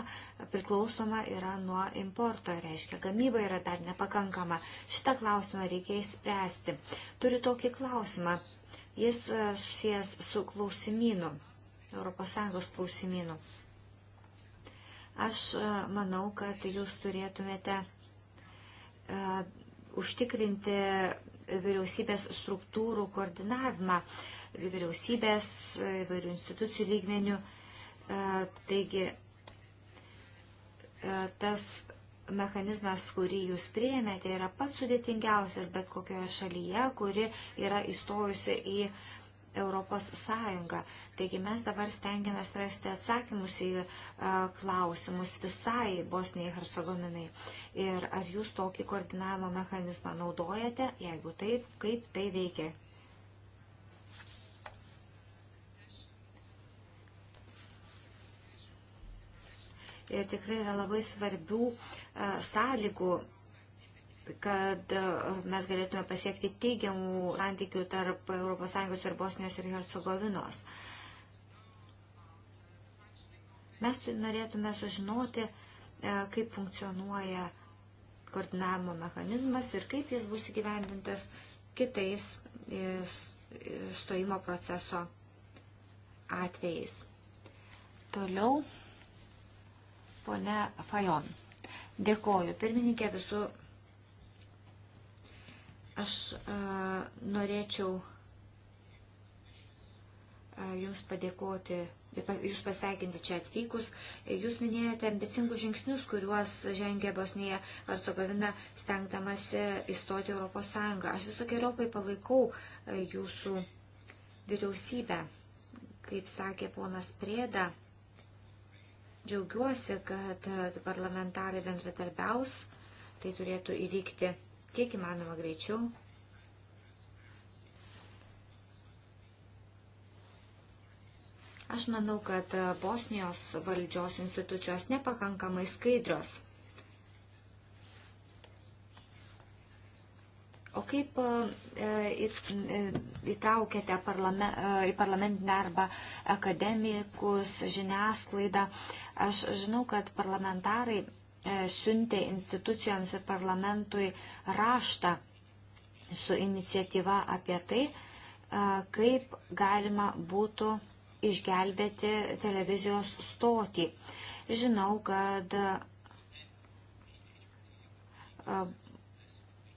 [SPEAKER 1] priklausoma yra nuo importo. Reiškia, gamyba yra dar nepakankama. Šitą klausimą reikia išspręsti. Turiu tokį klausimą. Jis e, susijęs su klausimynu, ES klausimynu. Aš e, manau, kad jūs turėtumėte uh, užtikrinti vyriausybės struktūrų koordinavimą. Uh, vyriausybės, įvairių institucijų lygmenių. E, taigi e, tas mechanizmas, kurį jūs priėmėte, yra pats sudėtingiausias bet kokioje šalyje, kuri yra įstojusi į Europos Sąjungą. Taigi mes dabar stengiamės rasti atsakymus į e, klausimus visai Bosnijai Hercegovinai. Ir ar jūs tokį koordinavimo mechanizmą naudojate? Jeigu taip, kaip tai veikia? ir tikrai yra labai svarbių sąlygų kad mes galėtume pasiekti teigiamų santykių tarp ES ir Bosnijos ir Hercegovinos. Mes norėtume sužinoti, kaip funkcionuoja koordinavimo mechanizmas ir kaip jis bus įgyvendintas kitais e, e, stojimo proceso atvejais. Toliau Pone Fajon. Dėkoju. Pirmininkė visų. Aš a, e, norėčiau a, e, Jums padėkoti ir Jūs pasveikinti čia atvykus. Jūs minėjote ambicingus žingsnius, kuriuos žengė Bosnija Arcegovina, stengdamasi įstoti Europos Sąjungą. Aš visokiojopai palaikau e, Jūsų vyriausybę, kaip sakė ponas Prėda. Džiaugiuosi, kad uh, parlamentarai bendradarbiaus, tai turėtų įvykti kiek įmanoma greičiau. Aš manau, kad uh, Bosnijos valdžios institucijos nepakankamai skaidrios. O kaip e, e, įtraukėte parlament, e, į parlamentinį darbą akademikus, žiniasklaidą? Aš žinau, kad parlamentarai siuntė institucijoms ir parlamentui raštą su iniciatyva apie tai, kaip galima būtų išgelbėti televizijos stotį. Žinau, kad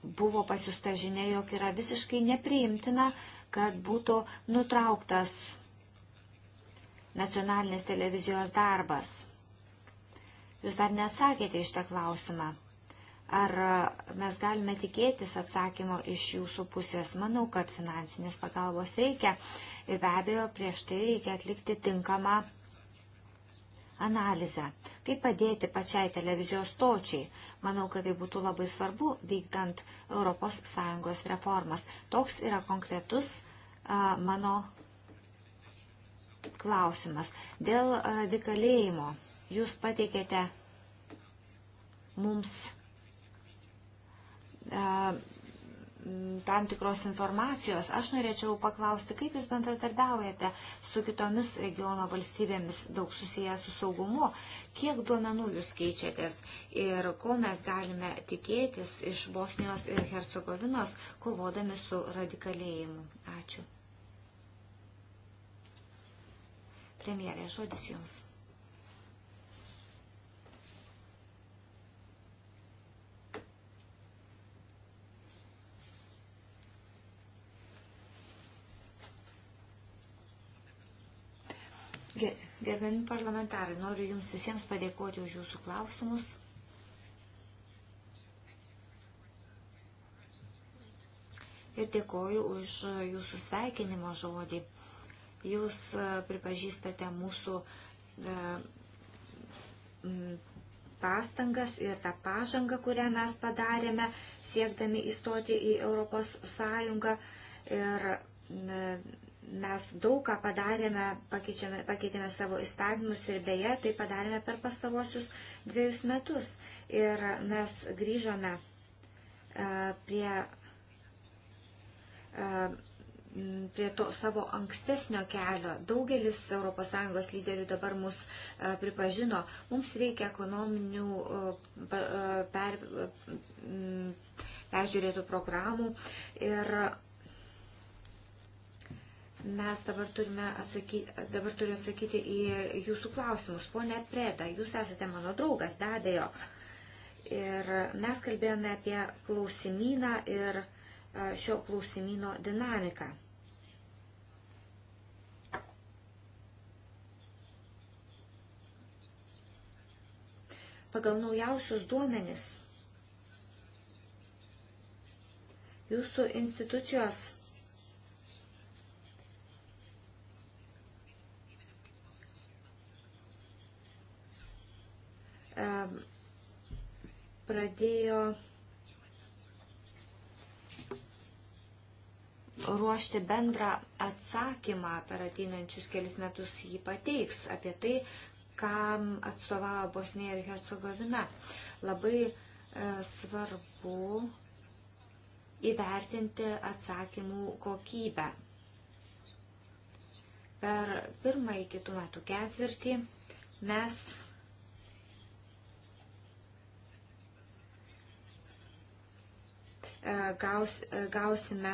[SPEAKER 1] buvo pasiusta žinia, jog yra visiškai nepriimtina, kad būtų nutrauktas nacionalinės televizijos darbas. Jūs dar neatsakėte iš tą klausimą. Ar mes galime tikėtis atsakymo iš jūsų pusės? Manau, kad finansinės pagalbos reikia ir be abejo prieš tai reikia atlikti tinkamą analizę, kaip padėti pačiai televizijos stočiai. Manau, kad tai būtų labai svarbu vykdant ES reformas. Toks yra konkretus a, mano klausimas. Dėl radikalėjimo jūs pateikėte mums tam tikros informacijos. Aš norėčiau paklausti, kaip jūs bendradarbiaujate su kitomis regiono valstybėmis, daug susiję su saugumu, kiek duomenų jūs keičiatės ir ko mes galime tikėtis iš Bosnijos ir Hercegovinos, kovodami su radikalėjimu. Ačiū. Premjerė, žodis jums. Gerbiami parlamentarai, noriu Jums visiems padėkoti už Jūsų klausimus. Ir dėkoju už Jūsų sveikinimo žodį. Jūs e, pripažįstate mūsų e, pastangas ir tą pažangą, kurią mes padarėme, siekdami įstoti į Europos Sąjungą. Ir mes daug ką padarėme, pakeitėme savo įstatymus ir beje, tai padarėme per pastavosius dviejus metus. Ir mes grįžome e, prie, e, prie to savo ankstesnio kelio. Daugelis ES lyderių dabar mus e, pripažino, mums reikia ekonominių per, peržiūrėtų programų. Ir Mes dabar, turime atsakyti, dabar turiu atsakyti į jūsų klausimus. Pone Preda, jūs esate mano draugas, be abejo. Ir mes kalbėjome apie klausimyną ir e, šio klausimyno dinamiką. Pagal naujausius duomenis, jūsų institucijos pradėjo ruošti bendrą atsakymą per ateinančius kelis metus jį pateiks apie tai, kam atstovavo Bosnija ir Hercegovina. Labai e, svarbu įvertinti atsakymų kokybę. Per pirmąjį kitų metų ketvirtį mes E, gaus, e, gausime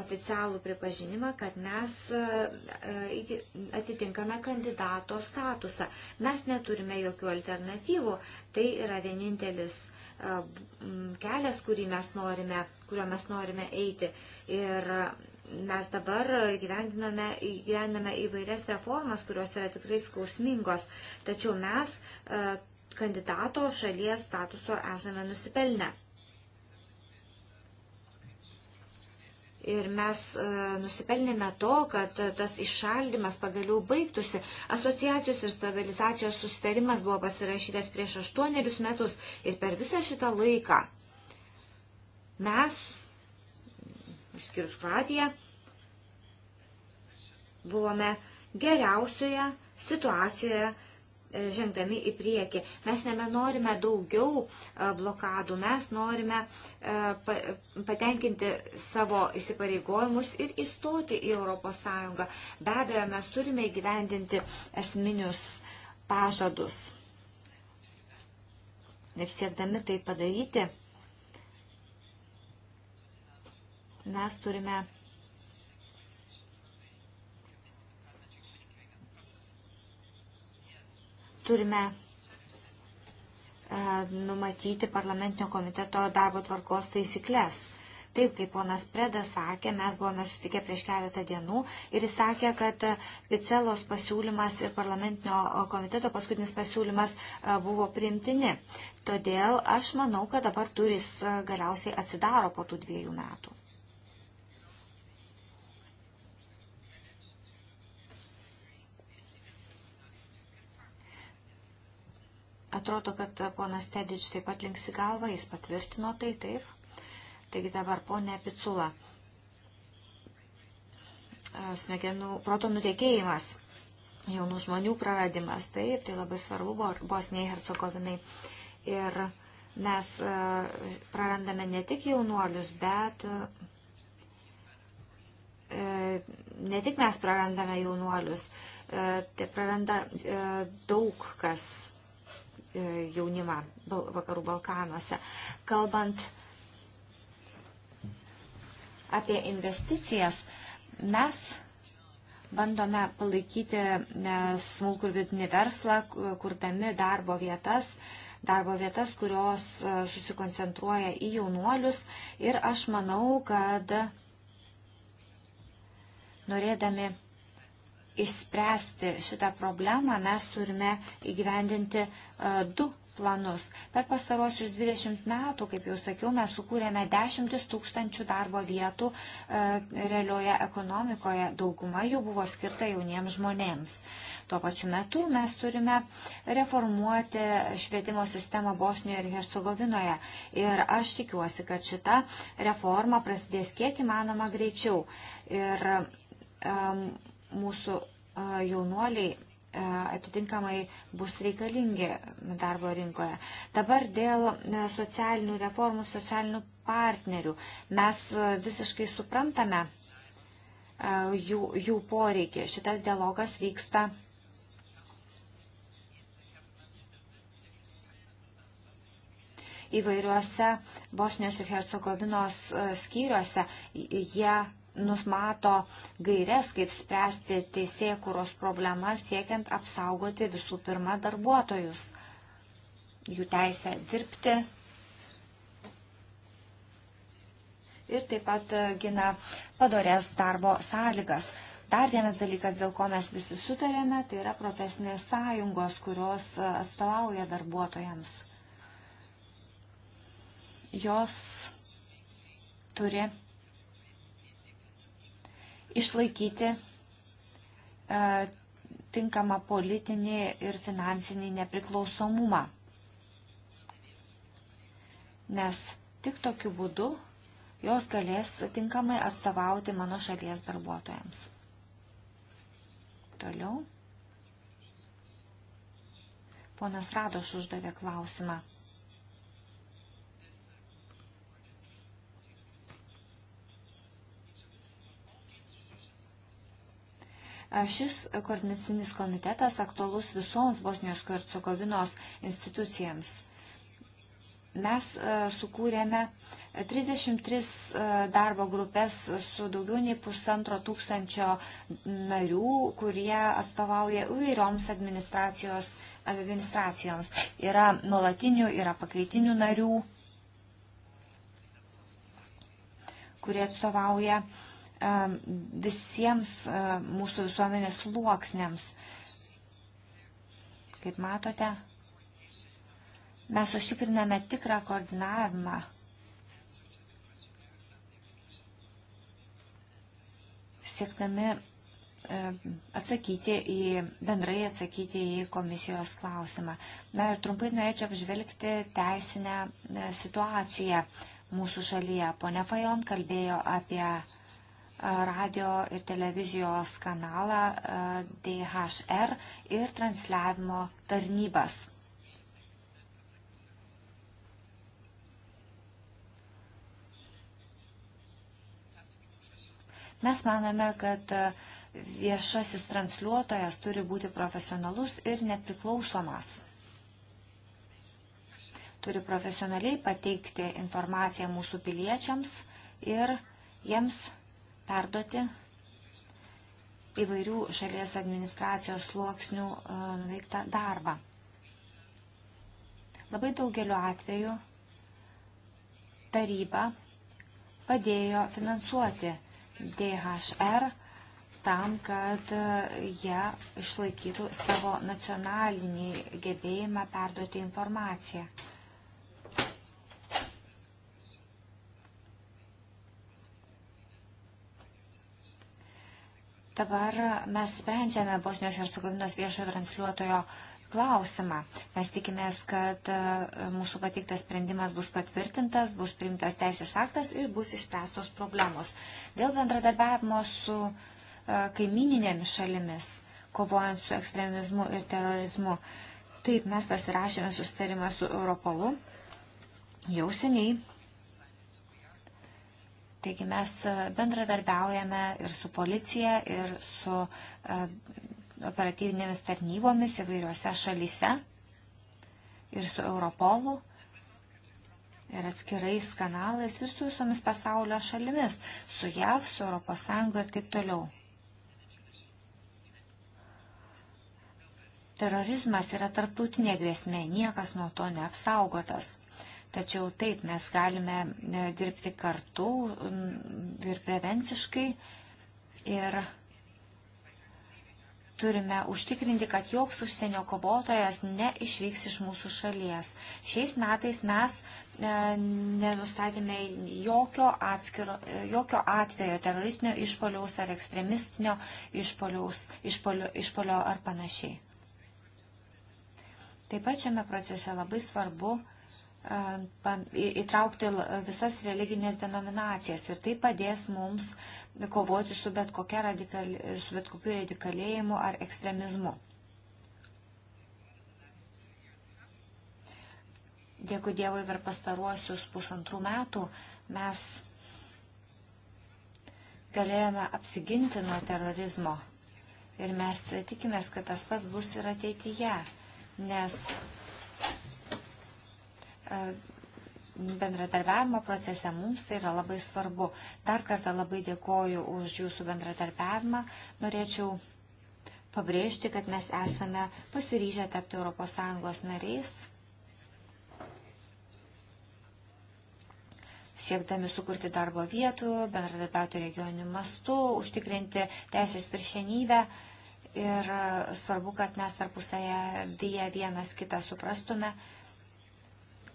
[SPEAKER 1] oficialų pripažinimą, kad mes e, atitinkame kandidato statusą. Mes neturime jokių alternatyvų. Tai yra vienintelis kelias, kurį mes norime, kuriuo mes norime eiti. Ir mes dabar gyvendiname, gyvendiname įvairias reformas, kurios yra tikrai skausmingos, tačiau mes kandidato šalies statuso esame nusipelnę. Ir mes e, nusipelnėme to, kad tas iššaldimas pagaliau baigtųsi. Asociacijos ir stabilizacijos sustarimas buvo pasirašytas prieš aštuonerius metus ir per visą šitą laiką mes, išskyrus Kroatiją, buvome geriausioje situacijoje E, žengdami į priekį. Mes nebenorime daugiau e, blokadų, mes norime e, patenkinti savo įsipareigojimus ir įstoti į ES. Be abejo, mes turime įgyvendinti esminius pažadus. Ir siekdami tai padaryti, mes turime turime e, numatyti parlamentinio komiteto darbo tvarkos taisyklės. Taip, kaip ponas Preda sakė, mes buvome sutikę prieš keletą dienų ir jis sakė, kad Picelos pasiūlymas ir parlamentinio komiteto paskutinis pasiūlymas e, buvo primtini. Todėl aš manau, kad dabar turis e, galiausiai atsidaro po tų dviejų metų. Atrodo, kad ponas Tedič taip pat linksi galvą, jis patvirtino tai, taip. Taigi dabar ponė Picula. Smegenų, proto nutekėjimas, jaunų žmonių praradimas, taip, tai labai svarbu Bosniai Hercegovinai. Ir mes prarandame ne tik jaunuolius, bet e, ne tik mes prarandame jaunuolius, tai praranda daug kas E, jaunimą Vakarų Balkanuose. Kalbant apie investicijas, mes bandome palaikyti e, smulkų ir vidutinį verslą, kurdami darbo vietas, darbo vietas, kurios e, susikoncentruoja į jaunuolius. Ir aš manau, kad norėdami išspręsti šitą problemą, mes turime įgyvendinti e, du planus. Per pastarosius 20 metų, kaip jau sakiau, mes sukūrėme dešimtis tūkstančių darbo vietų e, realioje ekonomikoje. Dauguma jų buvo skirta jauniems žmonėms. Tuo pačiu metu mes turime reformuoti švietimo sistemą Bosnijoje ir Hercegovinoje. Ir aš tikiuosi, kad šita reforma prasidės kiek įmanoma greičiau. Ir, um, e, mūsų jaunuoliai atitinkamai bus reikalingi darbo rinkoje. Dabar dėl socialinių reformų, socialinių partnerių. Mes visiškai suprantame jų, jų poreikį. Šitas dialogas vyksta. Įvairiuose Bosnijos ir Hercegovinos skyriuose jie nusmato gairias, kaip spręsti teisėkūros problemas, siekiant apsaugoti visų pirma darbuotojus, jų teisę dirbti ir taip pat e, gina padorės darbo sąlygas. Dar vienas dalykas, dėl ko mes visi sutarėme, tai yra profesinės sąjungos, kurios e, atstovauja darbuotojams. Jos turi išlaikyti e, tinkamą politinį ir finansinį nepriklausomumą. Nes tik tokiu būdu jos galės tinkamai atstovauti mano šalies darbuotojams. Toliau. Ponas Radoš uždavė klausimą. Šis koordinacinis komitetas aktualus visoms Bosnijos ir Hercegovinos institucijams. Mes e, sukūrėme 33 e, darbo grupės su daugiau nei pusantro tūkstančio narių, kurie atstovauja įvairioms administracijos, administracijoms. Yra nuolatinių, yra pakaitinių narių, kurie atstovauja uh, Um, visiems uh, mūsų visuomenės sluoksniams. Kaip matote, mes užtikriname tikrą koordinavimą. Siekdami uh, atsakyti į, bendrai atsakyti į komisijos klausimą. Na ir trumpai norėčiau apžvelgti teisinę uh, situaciją mūsų šalyje. Pone Fajon kalbėjo apie radio ir televizijos kanalą e, DHR ir transliavimo tarnybas. Mes manome, kad viešasis transliuotojas turi būti profesionalus ir nepriklausomas. Turi profesionaliai pateikti informaciją mūsų piliečiams ir jiems perduoti įvairių šalies administracijos sluoksnių e, nuveiktą darbą. Labai daugeliu atveju taryba padėjo finansuoti DHR tam, kad e, jie išlaikytų savo nacionalinį gebėjimą perduoti informaciją. Dabar mes sprendžiame Bosnijos Hercegovinos viešojo transliuotojo klausimą. Mes tikimės, kad e, mūsų pateiktas sprendimas bus patvirtintas, bus priimtas teisės aktas ir bus išspręstos problemos. Dėl bendradarbiavimo su e, kaimininėmis šalimis, kovojant su ekstremizmu ir terorizmu. Taip, mes pasirašėme susitarimą su Europolu jau seniai Taigi mes e, bendradarbiaujame ir su policija, ir su e, operatyvinėmis tarnybomis įvairiuose šalyse, ir su Europolu, ir atskirais kanalais, ir su visomis pasaulio šalimis, su JAV, su ES ir taip toliau. Terorizmas yra tarptautinė grėsmė, niekas nuo to neapsaugotas. Tačiau taip, mes galime e, dirbti kartu ir prevenciškai ir turime užtikrinti, kad joks užsienio kovotojas neišvyks iš mūsų šalies. Šiais metais mes e, nenustatėme jokio, atskiro, e, jokio atvejo teroristinio išpoliaus ar ekstremistinio išpoliaus, išpolio, išpolio ar panašiai. Taip pat šiame procese labai svarbu įtraukti visas religinės denominacijas ir tai padės mums kovoti su bet, radikali, su bet kokiu radikalėjimu ar ekstremizmu. Dėkui Dievui per pastaruosius pusantrų metų mes galėjome apsiginti nuo terorizmo ir mes tikimės, kad tas pats bus ir ateityje, nes bendradarbiavimo procese mums tai yra labai svarbu. Dar kartą labai dėkoju už jūsų bendradarbiavimą. Norėčiau pabrėžti, kad mes esame pasiryžę tapti ES nariais, siekdami sukurti darbo vietų, bendradarbiauti regioniniu mastu, užtikrinti teisės viršenybę. Ir e, svarbu, kad mes tarpusąje dėje vienas kitą suprastume.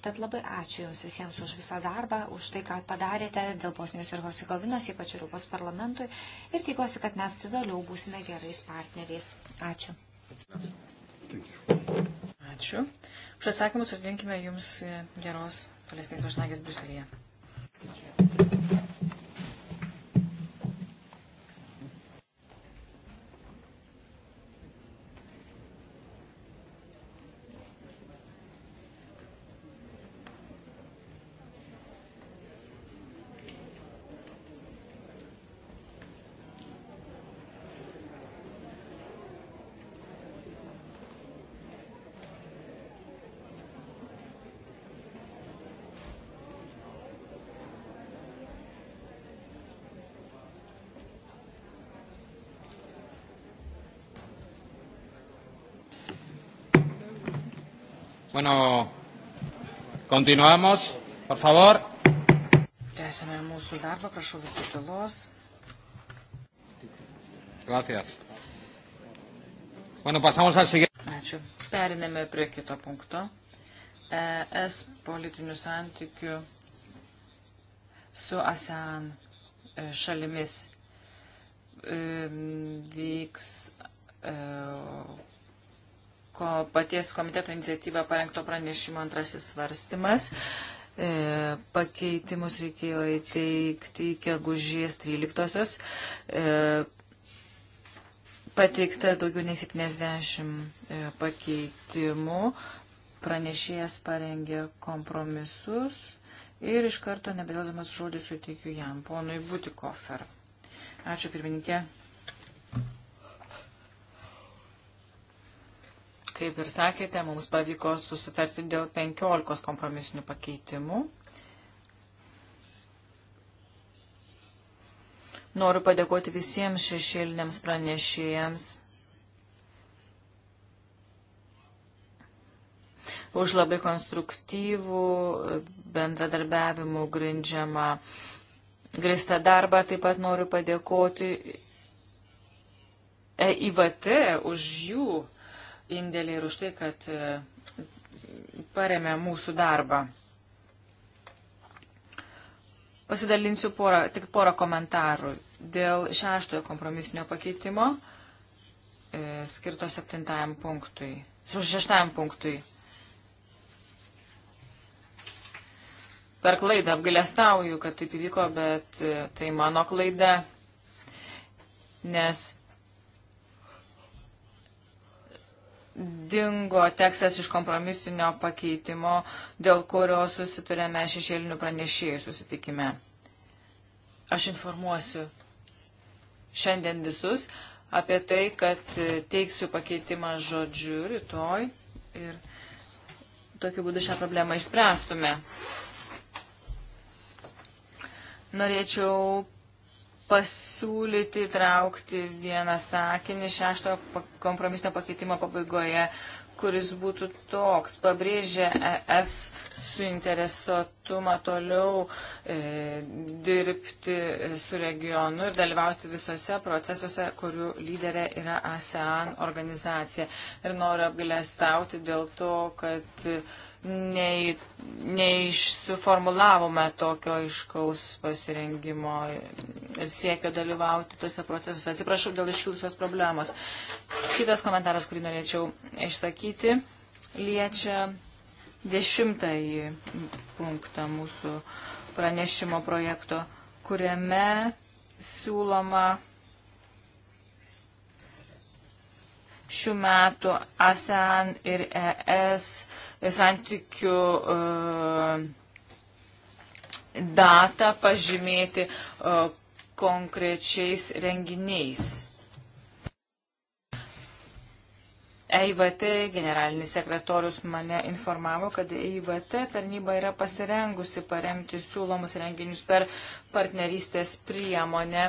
[SPEAKER 1] Tad labai ačiū Jums visiems už visą darbą, už tai, ką padarėte dėl Bosnijos ir Hercegovinos, ypač Europos parlamentui. Ir tikiuosi, kad mes toliau būsime gerais partneriais. Ačiū. Ačiū. Už atsakymus ir linkime Jums geros tolesnės vašnagės
[SPEAKER 2] Bruselėje. Thank you.
[SPEAKER 3] Bueno, continuamos, por
[SPEAKER 2] favor. Tęsime mūsų darbą, prašau visų tylos. Gracias. Bueno, pasamos al siguiente. Ačiū. Perinėme prie kito punkto. ES politinių santykių su ASEAN e, šalimis e, vyks e, ko paties komiteto iniciatyvą parengto pranešimo antrasis svarstymas. E, pakeitimus reikėjo įteikti iki gegužės 13-osios. E, pateikta daugiau nei 70 e, pakeitimų. Pranešėjas parengė kompromisus ir iš karto nebedėlzamas žodį suteikiu jam, ponui Butikofer. Ačiū pirmininkė. Kaip ir sakėte, mums pavyko susitarti dėl 15 kompromisinių pakeitimų. Noriu padėkoti visiems šešėliniams pranešėjams už labai konstruktyvų bendradarbiavimų grindžiamą gristą darbą. Taip pat noriu padėkoti EIVT už jų indėlį ir už tai, kad e, paremė mūsų darbą. Pasidalinsiu porą, tik porą komentarų dėl šeštojo kompromisinio pakeitimo e, skirto septintajam punktui. Šeštajam punktui. Per klaidą apgailestauju, kad taip įvyko, bet e, tai mano klaida, nes dingo tekstas iš kompromisinio pakeitimo, dėl kurio susiturėme šešėlinių pranešėjų susitikime. Aš informuosiu šiandien visus apie tai, kad e, teiksiu pakeitimą žodžiu rytoj ir tokiu būdu šią problemą išspręstume. Norėčiau pasiūlyti traukti vieną sakinį šešto kompromisinio pakeitimo pabaigoje, kuris būtų toks, pabrėžė ES suinteresuotumą toliau e, dirbti e, su regionu ir dalyvauti visose procesuose, kurių lyderė yra ASEAN organizacija. Ir noriu apgailestauti dėl to, kad e, nei, neišsiformulavome tokio iškaus pasirengimo ir siekio dalyvauti tose procesuose. Atsiprašau dėl iškilusios problemos. Kitas komentaras, kurį norėčiau išsakyti, liečia dešimtąjį punktą mūsų pranešimo projekto, kuriame siūloma šių metų ASEAN ir ES santykių e, datą pažymėti e, konkrečiais renginiais. EIVT generalinis sekretorius mane informavo, kad EIVT tarnyba yra pasirengusi paremti siūlomus renginius per partnerystės priemonę,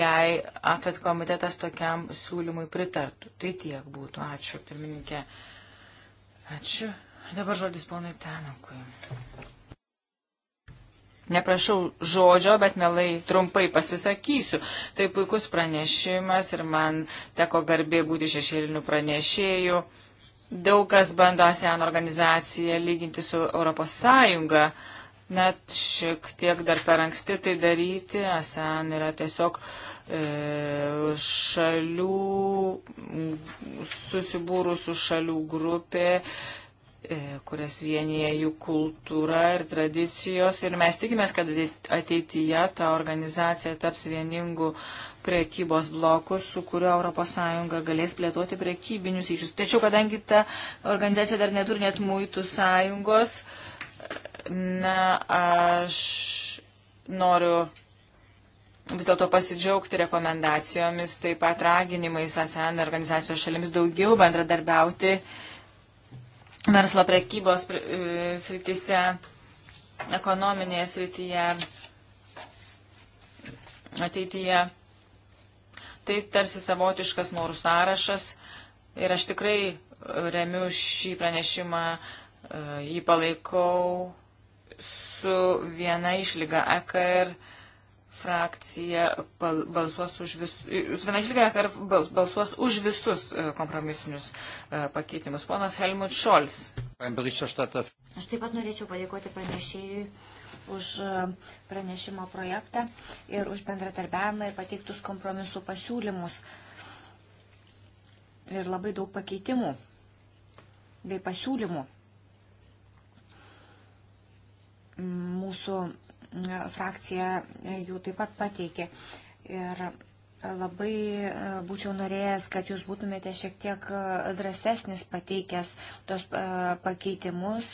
[SPEAKER 2] jei AFET komitetas tokiam siūlymui pritartų. Tai tiek būtų. Ačiū, pirmininkė. Ačiū. Dabar žodis ponui Tenokui. Neprašau žodžio, bet mielai trumpai pasisakysiu. Tai puikus pranešimas ir man teko garbė būti šešėlinių pranešėjų. Daug kas bando ASEAN organizaciją lyginti su Europos Sąjunga. Net šiek tiek dar per anksti tai daryti. ASEAN yra tiesiog e, šalių, susibūrusių šalių grupė. E, E, kurias vienyje jų kultūra ir tradicijos. Ir mes tikimės, kad ateityje ta organizacija taps vieningų priekybos blokus, su kuriuo ES galės plėtoti priekybinius ryšius. Tačiau, kadangi ta organizacija dar neturi net muitų sąjungos, na, aš noriu vis dėlto pasidžiaugti rekomendacijomis, taip pat raginimais ASEAN organizacijos šalims daugiau bendradarbiauti verslo prekybos e, srityse, ekonominėje srityje ateityje. Tai tarsi savotiškas norų sąrašas ir aš tikrai remiu šį pranešimą, e, jį palaikau su viena išlyga EKR frakcija e balsuos už visus, viena išlyga EKR balsuos už visus kompromisinius E, pakeitimus. Ponas Helmut Šols. Aš
[SPEAKER 1] taip pat norėčiau padėkoti pranešėjui už e, pranešimo projektą ir už bendratarbiavimą ir pateiktus kompromisų pasiūlymus ir labai daug pakeitimų bei pasiūlymų. Mūsų e, frakcija jų taip pat pateikė. Ir Labai e, būčiau norėjęs, kad jūs būtumėte šiek tiek e, drąsesnis pateikęs tos e, pakeitimus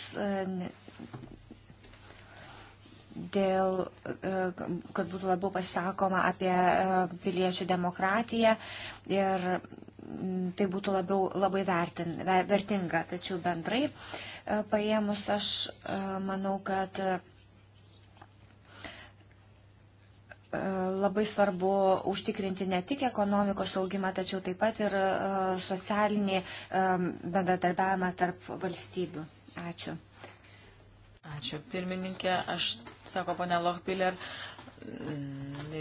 [SPEAKER 1] dėl, kad būtų labiau pasakoma apie piliečių demokratiją ir tai būtų labiau labai vertin, vertinga. Tačiau bendrai paėmus aš manau, kad E, labai svarbu užtikrinti ne tik ekonomikos augimą, tačiau taip pat ir e, socialinį e, bendradarbiavimą tarp valstybių. Ačiū. Ačiū, pirmininkė. Aš,
[SPEAKER 2] sako ponė Lochbiller,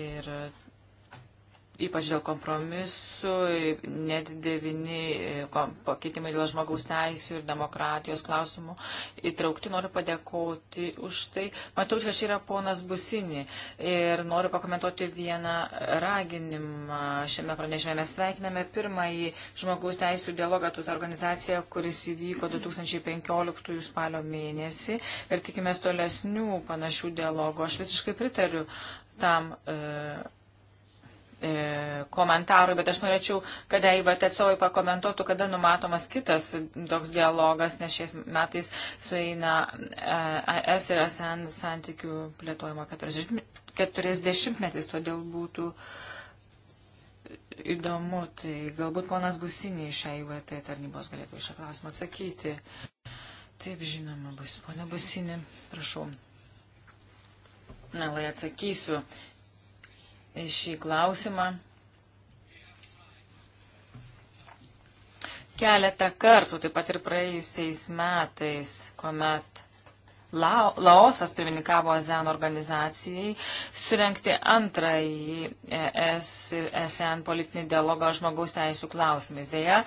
[SPEAKER 2] ir ypač dėl kompromisų, net devyni e, pakeitimai dėl žmogaus teisų ir demokratijos klausimų įtraukti. Noriu padėkoti už tai. Matau, kad čia yra ponas Busini ir noriu pakomentuoti vieną raginimą. Šiame pranešime mes sveikiname pirmąjį žmogaus teisų dialogą tūs organizaciją, kuris įvyko 2015 spalio mėnesį ir tikimės tolesnių panašių dialogų. Aš visiškai pritariu tam. E, E, komentarui, bet aš norėčiau, kad EIVT atsovai pakomentuotų, kada numatomas kitas toks dialogas, nes šiais metais sueina e, ES ir SN santykių plėtojimo 40 metais, todėl būtų įdomu, tai galbūt ponas Gusinė iš EIVT tarnybos galėtų šią klausimą atsakyti. Taip, žinoma, bus. Pone Businė, prašau. Melai atsakysiu šį klausimą. Keletą kartų, taip pat ir praėjusiais metais, kuomet La Laosas pirmininkavo ASEAN organizacijai, surenkti antrąjį ES ir ASEAN e politinį dialogą žmogaus teisų klausimais. Deja,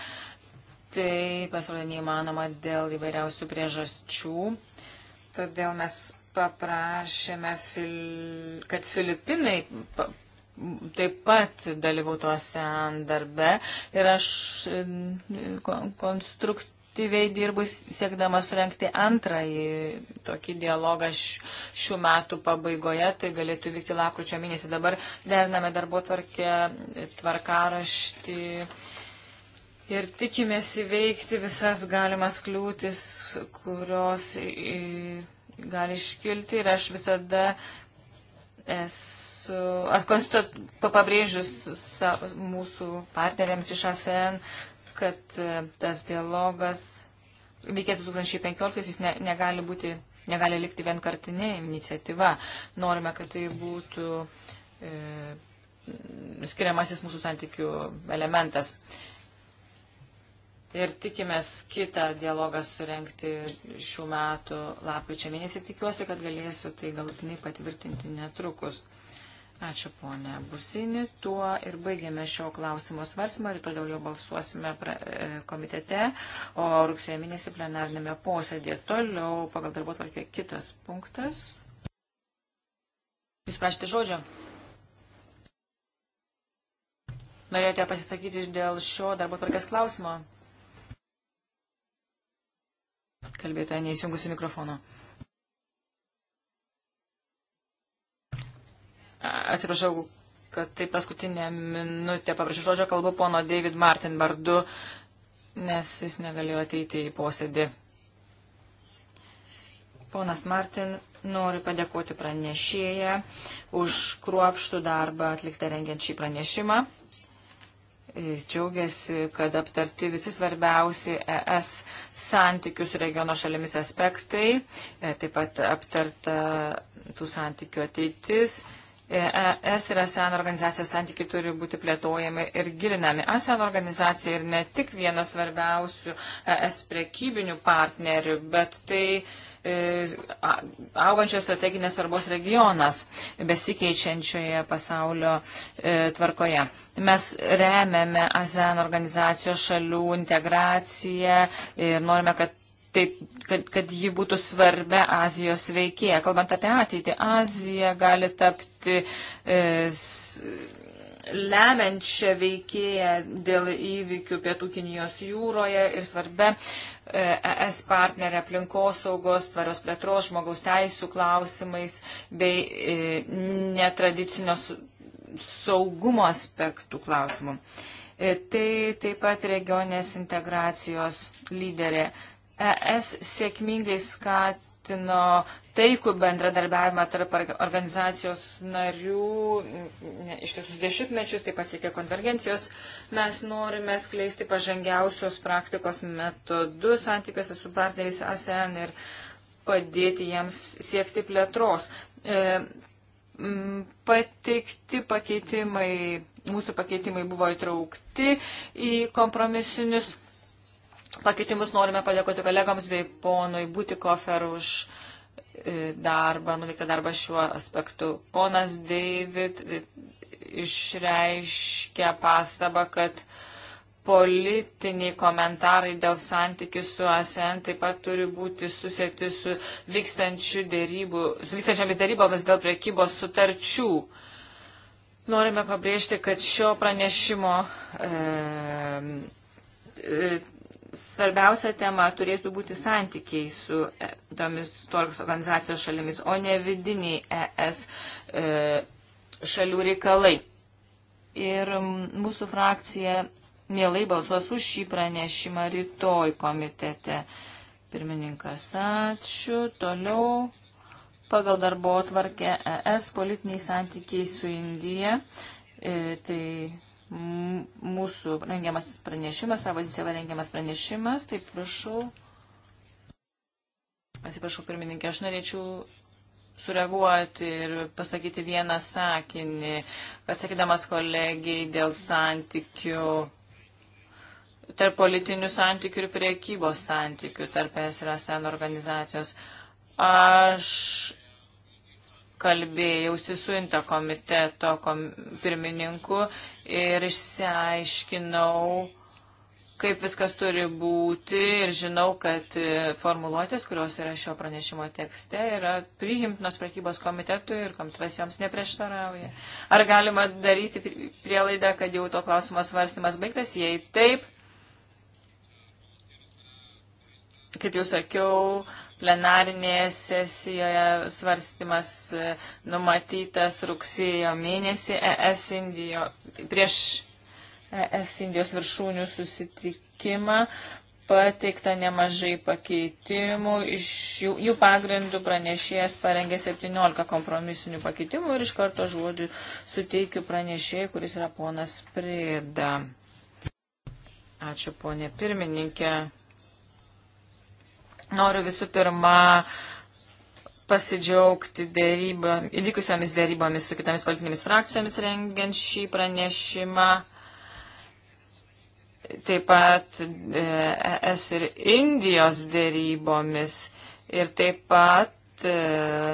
[SPEAKER 2] tai pasirodė neįmanoma dėl įvairiausių priežasčių. Todėl mes paprašėme, fil... kad Filipinai taip pat dalyvau tuose darbe ir aš e, konstruktyviai dirbu siekdama surenkti antrąjį tokį dialogą šių metų pabaigoje, tai galėtų vykti lapkričio mėnesį. Dabar deriname darbo tvarkę, tvarkaraštį. Ir tikimės įveikti visas galimas kliūtis, kurios gali iškilti. Ir aš visada esu aš konstat, pabrėžius mūsų partneriams iš ASEAN, kad e, tas dialogas vykęs 2015, jis ne, negali būti, negali likti vienkartinė iniciatyva. Norime, kad tai būtų e, skiriamasis mūsų santykių elementas. Ir tikimės kitą dialogą surenkti šių metų lapkričio mėnesį. Tikiuosi, kad galėsiu tai galutinai patvirtinti netrukus. Ačiū, ponė Busini. Tuo ir baigėme šio klausimo svarstymą ir todėl jau balsuosime pra, e, komitete, o rugsėjo mėnesį plenarnėme posėdėje. Toliau pagal darbo tvarkė kitas punktas. Jūs prašyti žodžio? Norėjote pasisakyti dėl šio darbo tvarkės klausimo? Kalbėtoja neįsijungusi mikrofono. Atsiprašau, kad tai paskutinė minutė paprašau žodžio kalbu pono David Martin vardu, nes jis negalėjo ateiti į posėdį. Ponas Martin, noriu padėkoti pranešėją už kruopštų darbą atliktą rengiant šį pranešimą. Jis džiaugiasi, kad aptarti visi svarbiausi ES santykių su regiono šalimis aspektai, e, taip pat aptarta tų santykių ateitis, ES e ir ASEAN organizacijos santykiai turi būti plėtojami ir gilinami. ASEAN organizacija ir ne tik vienas svarbiausių ES e prekybinių partnerių, bet tai e, augančios strateginės svarbos regionas besikeičiančioje pasaulio tvarkoje. Mes remiame ASEAN organizacijos šalių integraciją ir norime, kad taip, kad, kad ji būtų svarbia Azijos veikėja. Kalbant apie ateitį, Azija gali tapti e, s, lemiančią veikėją dėl įvykių Pietų Kinijos jūroje ir svarbia ES e partnerė aplinkosaugos, tvarios plėtros, žmogaus teisų klausimais bei e, netradicinio saugumo aspektų klausimų. E, tai taip pat regionės integracijos lyderė. ES sėkmingai skatino taikų bendradarbiavimą tarp organizacijos narių, ne, iš tiesų dešimtmečius, taip pat siekia konvergencijos. Mes norime skleisti pažangiausios praktikos metodus santykiuose su partneriais ASEAN ir padėti jiems siekti plėtros. E, pateikti pakeitimai, mūsų pakeitimai buvo įtraukti į kompromisinius pakeitimus. Norime padėkoti kolegams bei ponui Butikofer už e, darbą, nuveiktą darbą šiuo aspektu. Ponas David e, išreiškia pastabą, kad politiniai komentarai dėl santykių su ASEAN taip pat turi būti susėti su, dėrybų, su vykstančiamis dėrybomis dėl priekybos sutarčių. Norime pabrėžti, kad šio pranešimo e, e, svarbiausia tema turėtų būti santykiai su e, tomis tokios organizacijos šalimis, o ne vidiniai ES e, šalių reikalai. Ir mūsų frakcija mielai balsuos už šį pranešimą rytoj komitete. Pirmininkas, ačiū. Toliau pagal darbo atvarkę ES politiniai santykiai su Indija. E, tai mūsų rengiamas pranešimas, savo iniciatyva rengiamas pranešimas, tai prašau, atsiprašau pirmininkė, aš norėčiau sureaguoti ir pasakyti vieną sakinį, atsakydamas kolegijai dėl santykių, tarp politinių santykių ir priekybos santykių, tarp ES ir ASEAN organizacijos. Aš kalbėjausi su Inta komiteto kom, pirmininku ir išsiaiškinau, kaip viskas turi būti ir žinau, kad e, formuluotės, kurios yra šio pranešimo tekste, yra priimtinos prekybos komitetui ir komitetas joms neprieštarauja. Ar galima daryti prielaidą, kad jau to klausimo svarstymas baigtas? Jei taip, kaip jau sakiau, plenarinėje sesijoje svarstymas e, numatytas rugsėjo mėnesį ES Indijo, prieš ES Indijos viršūnių susitikimą. Pateikta nemažai pakeitimų, iš jų, jų pagrindų pranešėjas parengė 17 kompromisinių pakeitimų ir iš karto žodį suteikiu pranešėjai, kuris yra ponas Prėda. Ačiū ponė pirmininkė. Noriu visų pirma pasidžiaugti dėrybą, įvykusiomis dėrybomis su kitomis politinėmis frakcijomis rengiant šį pranešimą. Taip pat e, ES ir Indijos dėrybomis. Ir taip pat e,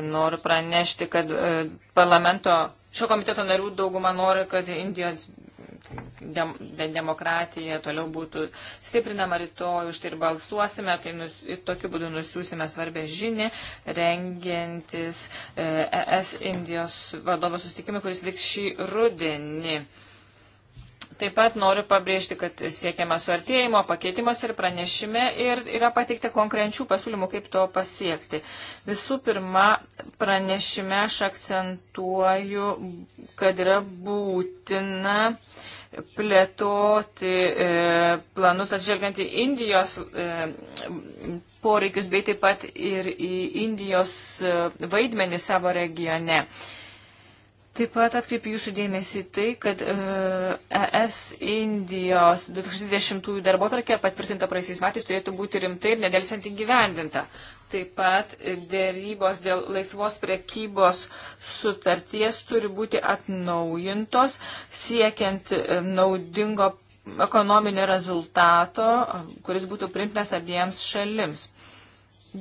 [SPEAKER 2] noriu pranešti, kad e, parlamento šio komiteto narių dauguma nori, kad Indijos dem, demokratija toliau būtų stiprinama rytoj, už tai ir balsuosime, tai nus, ir tokiu būdu nusiūsime svarbę žinį, rengiantis e, ES Indijos vadovo sustikimui, kuris vyks šį rudenį. Taip pat noriu pabrėžti, kad siekiama suartėjimo, pakeitimas ir pranešime ir yra pateikta konkrečių pasiūlymų, kaip to pasiekti. Visų pirma, pranešime aš akcentuoju, kad yra būtina plėtoti e, planus atžvelgiant į Indijos e, poreikius, bei taip pat ir į Indijos e, vaidmenį savo regione. E, Taip pat atkreipiu jūsų dėmesį tai, kad ES e Indijos 2020 darbo tarkė patvirtinta praeisiais metais turėtų būti rimtai ir nedelsiant įgyvendinta. Taip pat dėrybos dėl laisvos prekybos sutarties turi būti atnaujintos, siekiant e, naudingo ekonominio rezultato, kuris būtų primtinas abiems šalims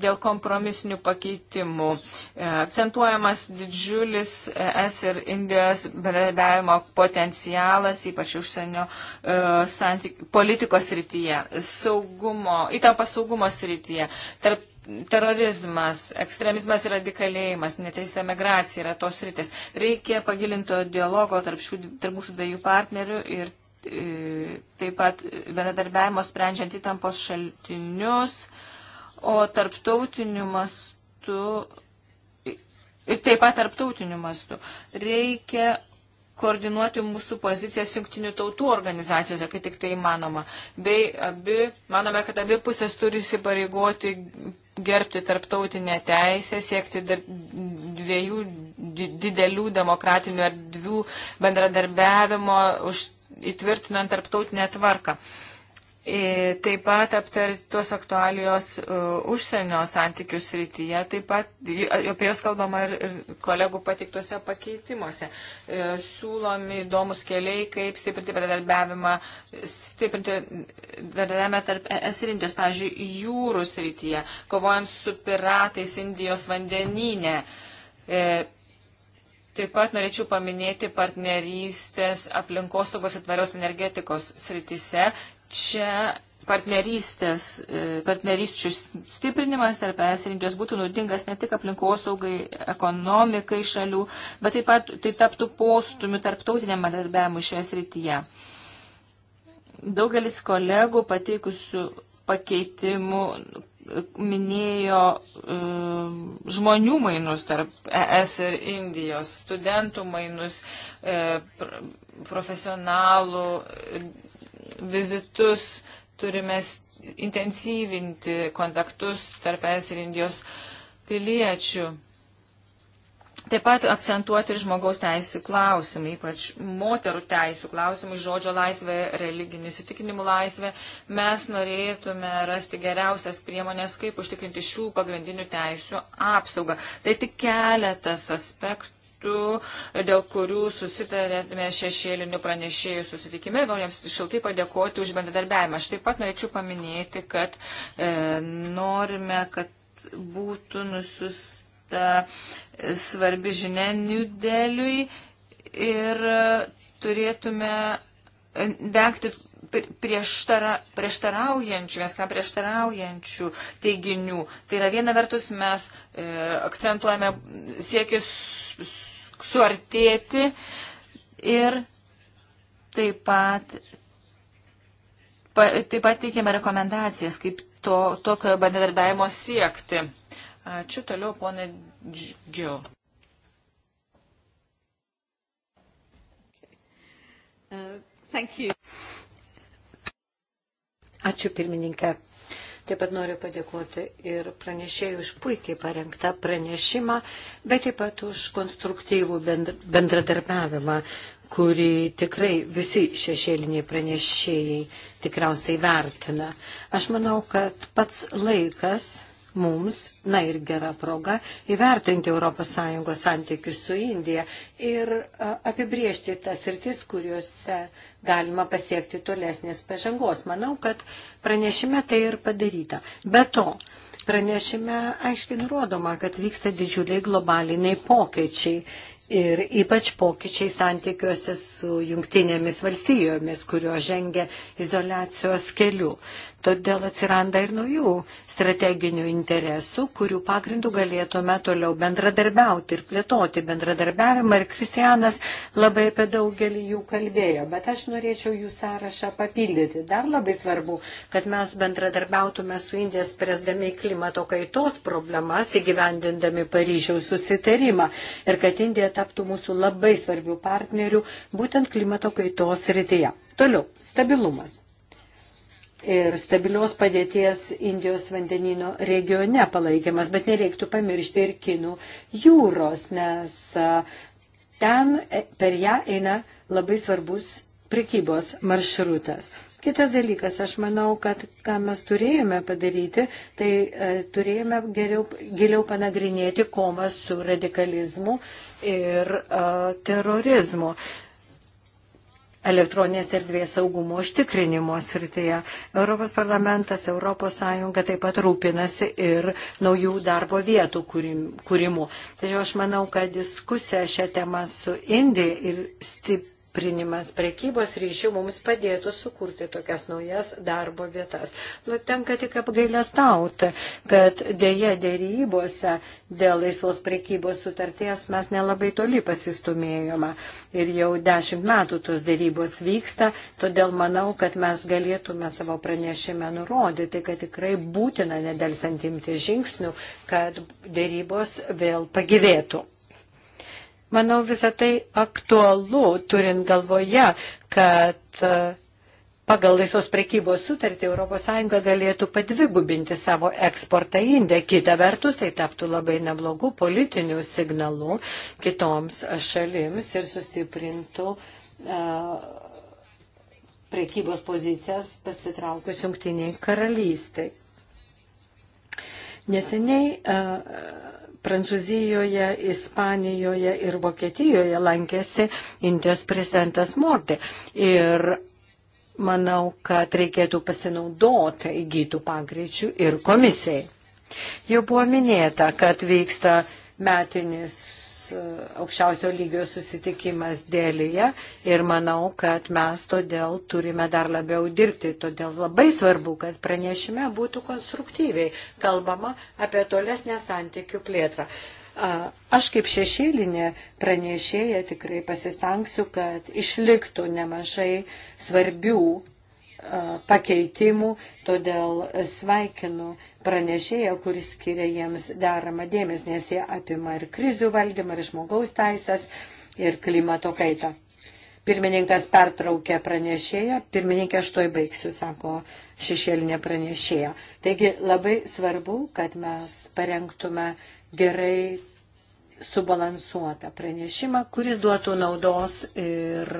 [SPEAKER 2] dėl kompromisinių pakeitimų. E, akcentuojamas didžiulis ES ir Indijos bendradarbiavimo potencialas, ypač užsienio e, santyk, politikos srityje, saugumo, įtampa saugumo srityje, tarp terorizmas, ekstremizmas ir radikalėjimas, neteisė migracija yra tos rytis. Reikia pagilinto dialogo tarp, šių, tarp mūsų dviejų partnerių ir e, taip pat bendradarbiavimo sprendžiant įtampos šaltinius. E, o tarptautiniu mastu ir taip pat tarptautiniu mastu reikia koordinuoti mūsų pozicijas jungtinių tautų organizacijose, kai tik tai įmanoma. Bei abi, manome, kad abi pusės turi įsipareigoti gerbti tarptautinę teisę, siekti dviejų didelių demokratinių erdvių bendradarbiavimo, už, įtvirtinant tarptautinę tvarką. Uh, E, taip pat aptarti tuos aktualijos uh, užsienio santykių srityje, taip pat e, apie jas kalbama ir, ir kolegų patiktuose pakeitimuose. Uh, siūlomi įdomus keliai, kaip stiprinti bendradarbiavimą, stiprinti bendradarbiavimą tarp ES ir Indijos, pavyzdžiui, jūrų srityje, kovojant su piratais Indijos vandenyne. Uh, Taip pat norėčiau paminėti partnerystės aplinkosaugos ir tvarios energetikos sritise čia partnerystės, e, partnerysčių stiprinimas tarp ES ir Indijos būtų naudingas ne tik aplinkosaugai, ekonomikai šalių, bet taip pat tai taptų postumiu tarptautiniam atarbiavimui šioje srityje. Daugelis kolegų pateikusių pakeitimų minėjo uh, žmonių mainus tarp ES ir Indijos, studentų mainus, uh, profesionalų, vizitus, turime intensyvinti kontaktus tarp es ir Indijos piliečių. Taip pat akcentuoti ir žmogaus teisų klausimai, ypač moterų teisų klausimai, žodžio laisvė, religinių įsitikinimų laisvė. Mes norėtume rasti geriausias priemonės, kaip užtikrinti šių pagrindinių teisų apsaugą. Tai tik keletas aspektų punktų, dėl kurių susitarėme šešėlinių pranešėjų susitikime. Noriu jiems šiltai padėkoti už bendradarbiavimą. Aš taip pat norėčiau paminėti, kad e, norime, kad būtų nusiusta e, svarbi žinia Nudeliui ir e, turėtume e, vengti prieštara, prieštaraujančių, mes ką prieštaraujančių teiginių. Tai yra viena vertus mes e, akcentuojame siekis suartėti ir taip pat, pa, taip pat teikiame rekomendacijas, kaip to, tokio bendradarbiavimo siekti. Ačiū toliau, ponė Džiu. Uh,
[SPEAKER 3] Ačiū pirmininkė. Taip pat noriu padėkoti ir pranešėjų už puikiai parengtą pranešimą, bet taip pat už konstruktyvų bendradarbiavimą, kurį tikrai visi šešėliniai pranešėjai tikriausiai vertina. Aš manau, kad pats laikas mums, na ir gera proga, įvertinti ES santykius su Indija ir apibriežti tas rytis, kuriuose galima pasiekti tolesnės pažangos. Manau, kad pranešime tai ir padaryta. Be to, pranešime aiškiai nurodoma, kad vyksta didžiuliai globaliniai pokyčiai. Ir ypač pokyčiai santykiuose su jungtinėmis valstijomis, kurio žengia izolacijos keliu. Todėl atsiranda ir naujų strateginių interesų, kurių pagrindų galėtume toliau bendradarbiauti ir plėtoti bendradarbiavimą. Ir Kristianas labai apie daugelį jų kalbėjo, bet aš norėčiau jų sąrašą papildyti. Dar labai svarbu, kad mes bendradarbiautume su Indija spręsdami klimato kaitos problemas, įgyvendindami Paryžiaus susitarimą ir kad Indija taptų mūsų labai svarbių partnerių būtent klimato kaitos rytyje. Toliau, stabilumas ir stabilios padėties Indijos vandenino regione palaikymas, bet nereiktų pamiršti ir Kinų jūros, nes ten e, per ją eina labai svarbus prekybos maršrutas. Kitas dalykas, aš manau, kad ką mes turėjome padaryti, tai e, turėjome geriau, giliau panagrinėti kovą su radikalizmu ir e, terorizmu. E, elektroninės erdvės saugumo užtikrinimo srityje. Europos parlamentas, Europos Sąjunga taip pat rūpinasi ir naujų darbo vietų kūrimu. Tačiau aš manau, kad diskusija šią temą su Indija ir stip, stiprinimas prekybos ryšių mums padėtų sukurti tokias naujas darbo vietas. Nu, tenka tik apgailestauti, kad dėje dėrybose dėl laisvos prekybos sutarties mes nelabai toli pasistumėjome. Ir jau dešimt metų tos dėrybos vyksta, todėl manau, kad mes galėtume savo pranešime nurodyti, kad tikrai būtina nedelsantimti žingsnių, kad dėrybos vėl pagyvėtų. Manau, visą tai aktualu, turint galvoje, kad e, pagal laisvos prekybos sutartį ES galėtų padvigubinti savo eksportą į Indiją. Kita vertus, tai taptų labai neblogų politinių signalų kitoms šalims ir sustiprintų. Uh, prekybos pozicijas pasitraukus jungtiniai karalystiai. Neseniai uh, Prancūzijoje, Ispanijoje ir Vokietijoje lankėsi Indijos prezidentas Morti. Ir manau, kad reikėtų pasinaudoti įgytų pagreičių ir komisijai. Jau buvo minėta, kad vyksta metinis aukščiausio lygio susitikimas dėlyje ir manau, kad mes todėl turime dar labiau dirbti. Todėl labai svarbu, kad pranešime būtų konstruktyviai kalbama apie tolesnę santykių plėtrą. Aš kaip šešėlinė pranešėja tikrai pasistengsiu, kad išliktų nemažai svarbių pakeitimų, todėl sveikinu pranešėją, kuris skiria jiems deramą dėmesį, nes jie apima ir krizių valdymą, ir žmogaus teisės, ir klimato kaitą. Pirmininkas pertraukė pranešėją, pirmininkė aš toj baigsiu, sako šešėlinė pranešėja. Taigi labai svarbu, kad mes parengtume gerai subalansuotą pranešimą, kuris duotų naudos ir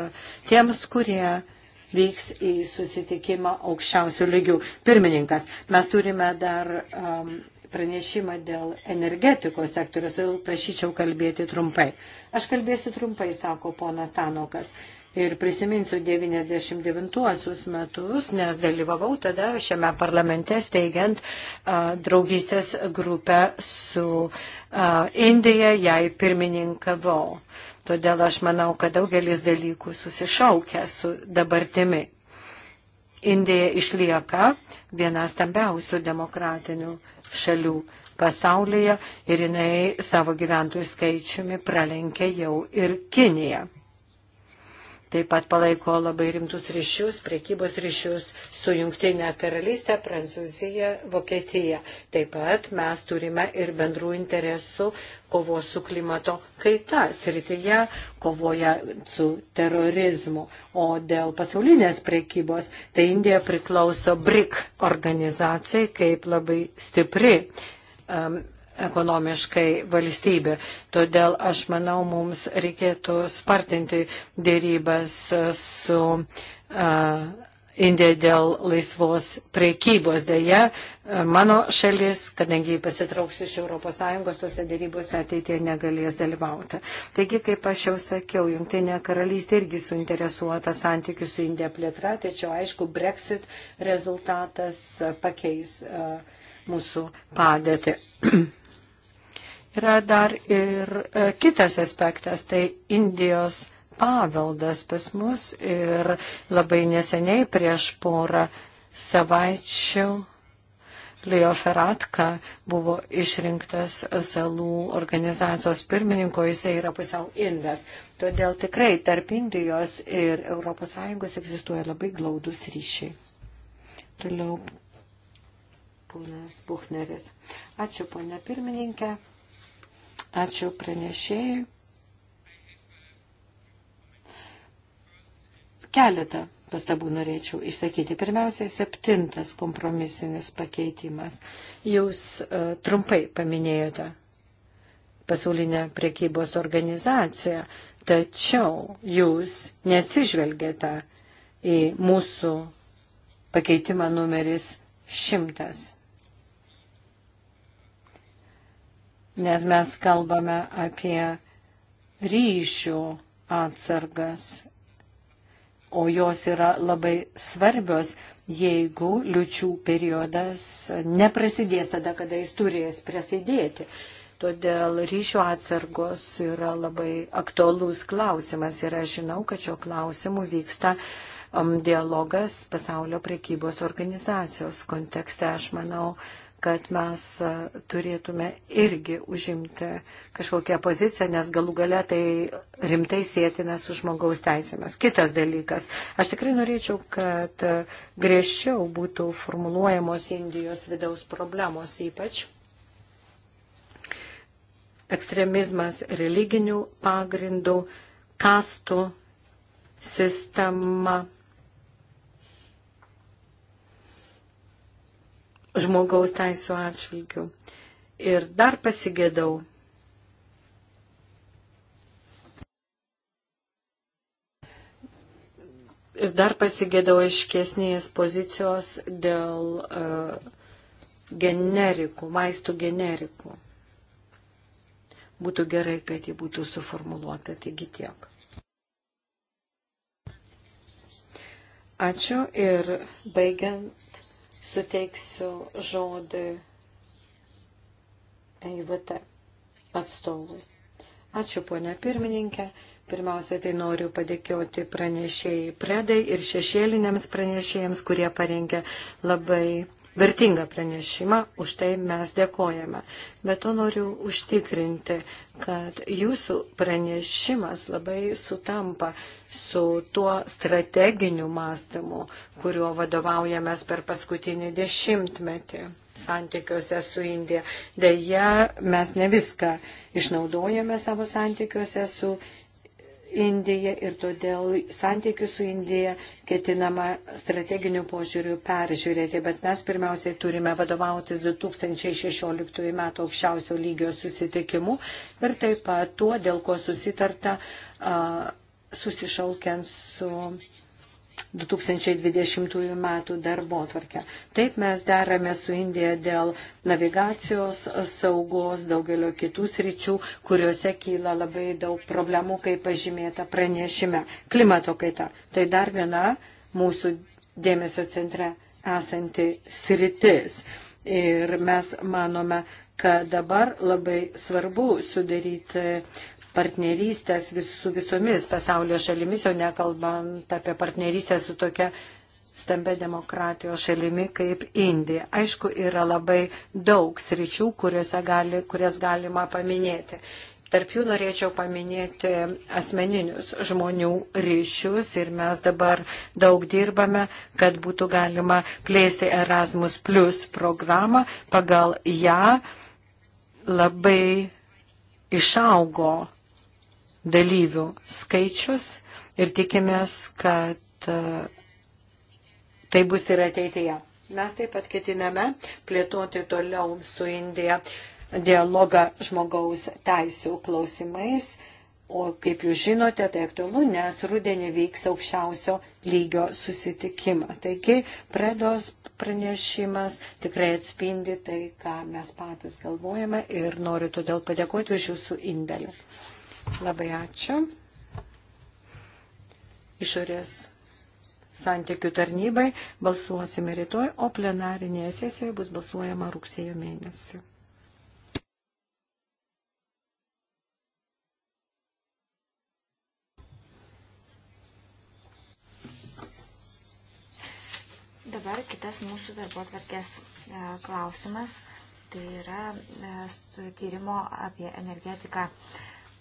[SPEAKER 3] tiems, kurie vyks į susitikimą aukščiausių lygių. Pirmininkas, mes turime dar um, pranešimą dėl energetikos sektorius, todėl prašyčiau kalbėti trumpai. Aš kalbėsiu trumpai, sako ponas Tanokas. Ir prisiminsiu 99 metus, nes dalyvavau tada šiame parlamente steigiant a, draugystės grupę su a, Indija, jai pirmininkavau. A, Todėl aš manau, kad daugelis dalykų susišaukia su dabartimi. Indija išlieka viena stambiausių demokratinių šalių pasaulyje ir jinai savo gyventojų skaičiumi pralenkė jau ir Kiniją. Taip pat palaiko labai rimtus ryšius, priekybos ryšius su Junktinė karalystė, Prancūzija, Vokietija. Taip pat mes turime ir bendrų interesų kovos su klimato kaita srityje, kovoja su terorizmu. O dėl pasaulinės priekybos, tai Indija priklauso BRIC organizacijai kaip labai stipri um, ekonomiškai valstybė. Todėl aš manau, mums reikėtų spartinti dėrybas su uh, Indija dėl laisvos priekybos. Deja, mano šalis, kadangi pasitrauks iš ES, tuose dėrybose ateitie negalės dalyvauti. Taigi, kaip aš jau sakiau, Junktinė karalystė irgi suinteresuota santykių su Indija plėtra, tačiau aišku, Brexit rezultatas pakeis uh, mūsų padėtį. <clears throat> Yra dar ir e, kitas aspektas, tai Indijos paveldas pas mus ir labai neseniai prieš porą savaičių Leo Feratka buvo išrinktas salų organizacijos pirmininko, jisai yra pusiau indas. Todėl tikrai tarp Indijos ir ES egzistuoja labai glaudus ryšiai. Toliau ponas Buchneris. Ačiū, ponė pirmininkė. Ačiū pranešėjai. Keletą pastabų norėčiau išsakyti. Pirmiausiai septintas kompromisinis pakeitimas. Jūs uh, trumpai paminėjote pasaulinę priekybos organizaciją, tačiau jūs neatsižvelgėte į mūsų pakeitimą numeris šimtas. nes mes kalbame apie ryšių atsargas, o jos yra labai svarbios, jeigu liučių periodas neprasidės tada, kada jis turės prasidėti. Todėl ryšio atsargos yra labai aktualus klausimas ir aš žinau, kad šio klausimu vyksta um, dialogas pasaulio prekybos organizacijos kontekste. Aš manau, kad mes e, turėtume irgi užimti kažkokią poziciją, nes galų gale tai rimtai sėtina su žmogaus teisėmis. Kitas dalykas, aš tikrai norėčiau, kad e, griežčiau būtų formuluojamos Indijos vidaus problemos ypač ekstremizmas religinių pagrindų, kastų sistema žmogaus teisų atžvilgių. Ir dar pasigėdau. Ir dar pasigėdau aiškesnės pozicijos dėl uh, generikų, vaistų generikų. Būtų gerai, kad ji būtų suformuluota, taigi tiek. Ačiū ir baigiant suteiksiu žodį EIVT atstovui. Ačiū, ponia pirmininkė. Pirmiausia, tai noriu padėkioti pranešėjai Predai ir šešėliniams pranešėjams, kurie parengė labai vertingą pranešimą, už tai mes dėkojame. Bet to noriu užtikrinti, kad jūsų pranešimas labai sutampa su tuo strateginiu mąstymu, kuriuo vadovaujamės per paskutinį dešimtmetį santykiuose su Indija. Deja, mes ne viską išnaudojame savo santykiuose su Indija ir todėl santykių su Indija ketinama strateginių požiūrių peržiūrėti, bet mes pirmiausiai turime vadovautis 2016 m. aukščiausio lygio susitikimu ir taip pat tuo, dėl ko susitarta susišaukiant su 2020 metų darbo tvarkę. Taip mes darame su Indija dėl navigacijos, saugos, daugelio kitų sričių, kuriuose kyla labai daug problemų, kaip pažymėta pranešime. Klimato kaita. Tai dar viena mūsų dėmesio centre esanti sritis. Ir mes manome, kad dabar labai svarbu sudaryti uh, partnerystės vis, su visomis pasaulio šalimis, jau nekalbant apie partnerystę su tokia stambia demokratijos šalimi kaip Indija. Aišku, yra labai daug sričių, gali, kurias galima paminėti. Tarp jų norėčiau paminėti asmeninius žmonių ryšius ir mes dabar daug dirbame, kad būtų galima plėsti Erasmus Plus programą. Pagal ją labai išaugo dalyvių skaičius ir tikimės, kad e, tai bus ir ateityje. Mes taip pat ketiname plėtoti toliau su Indija dialogą žmogaus teisų klausimais. O kaip jūs žinote, tai aktualu, nes rudenį vyks aukščiausio lygio susitikimas. Taigi, predos pranešimas tikrai atspindi tai, ką mes patys galvojame ir noriu todėl padėkoti už jūsų indėlį. Labai ačiū. Išorės santykių tarnybai balsuosime rytoj, o plenarinėje sesijoje bus balsuojama rugsėjo mėnesį.
[SPEAKER 1] Dabar kitas mūsų darbo atvarkės e, klausimas, tai yra e, tyrimo apie energetiką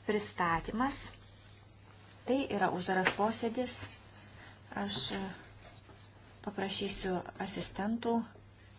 [SPEAKER 1] pristatymas. Tai yra uždaras posėdis. Aš paprašysiu asistentų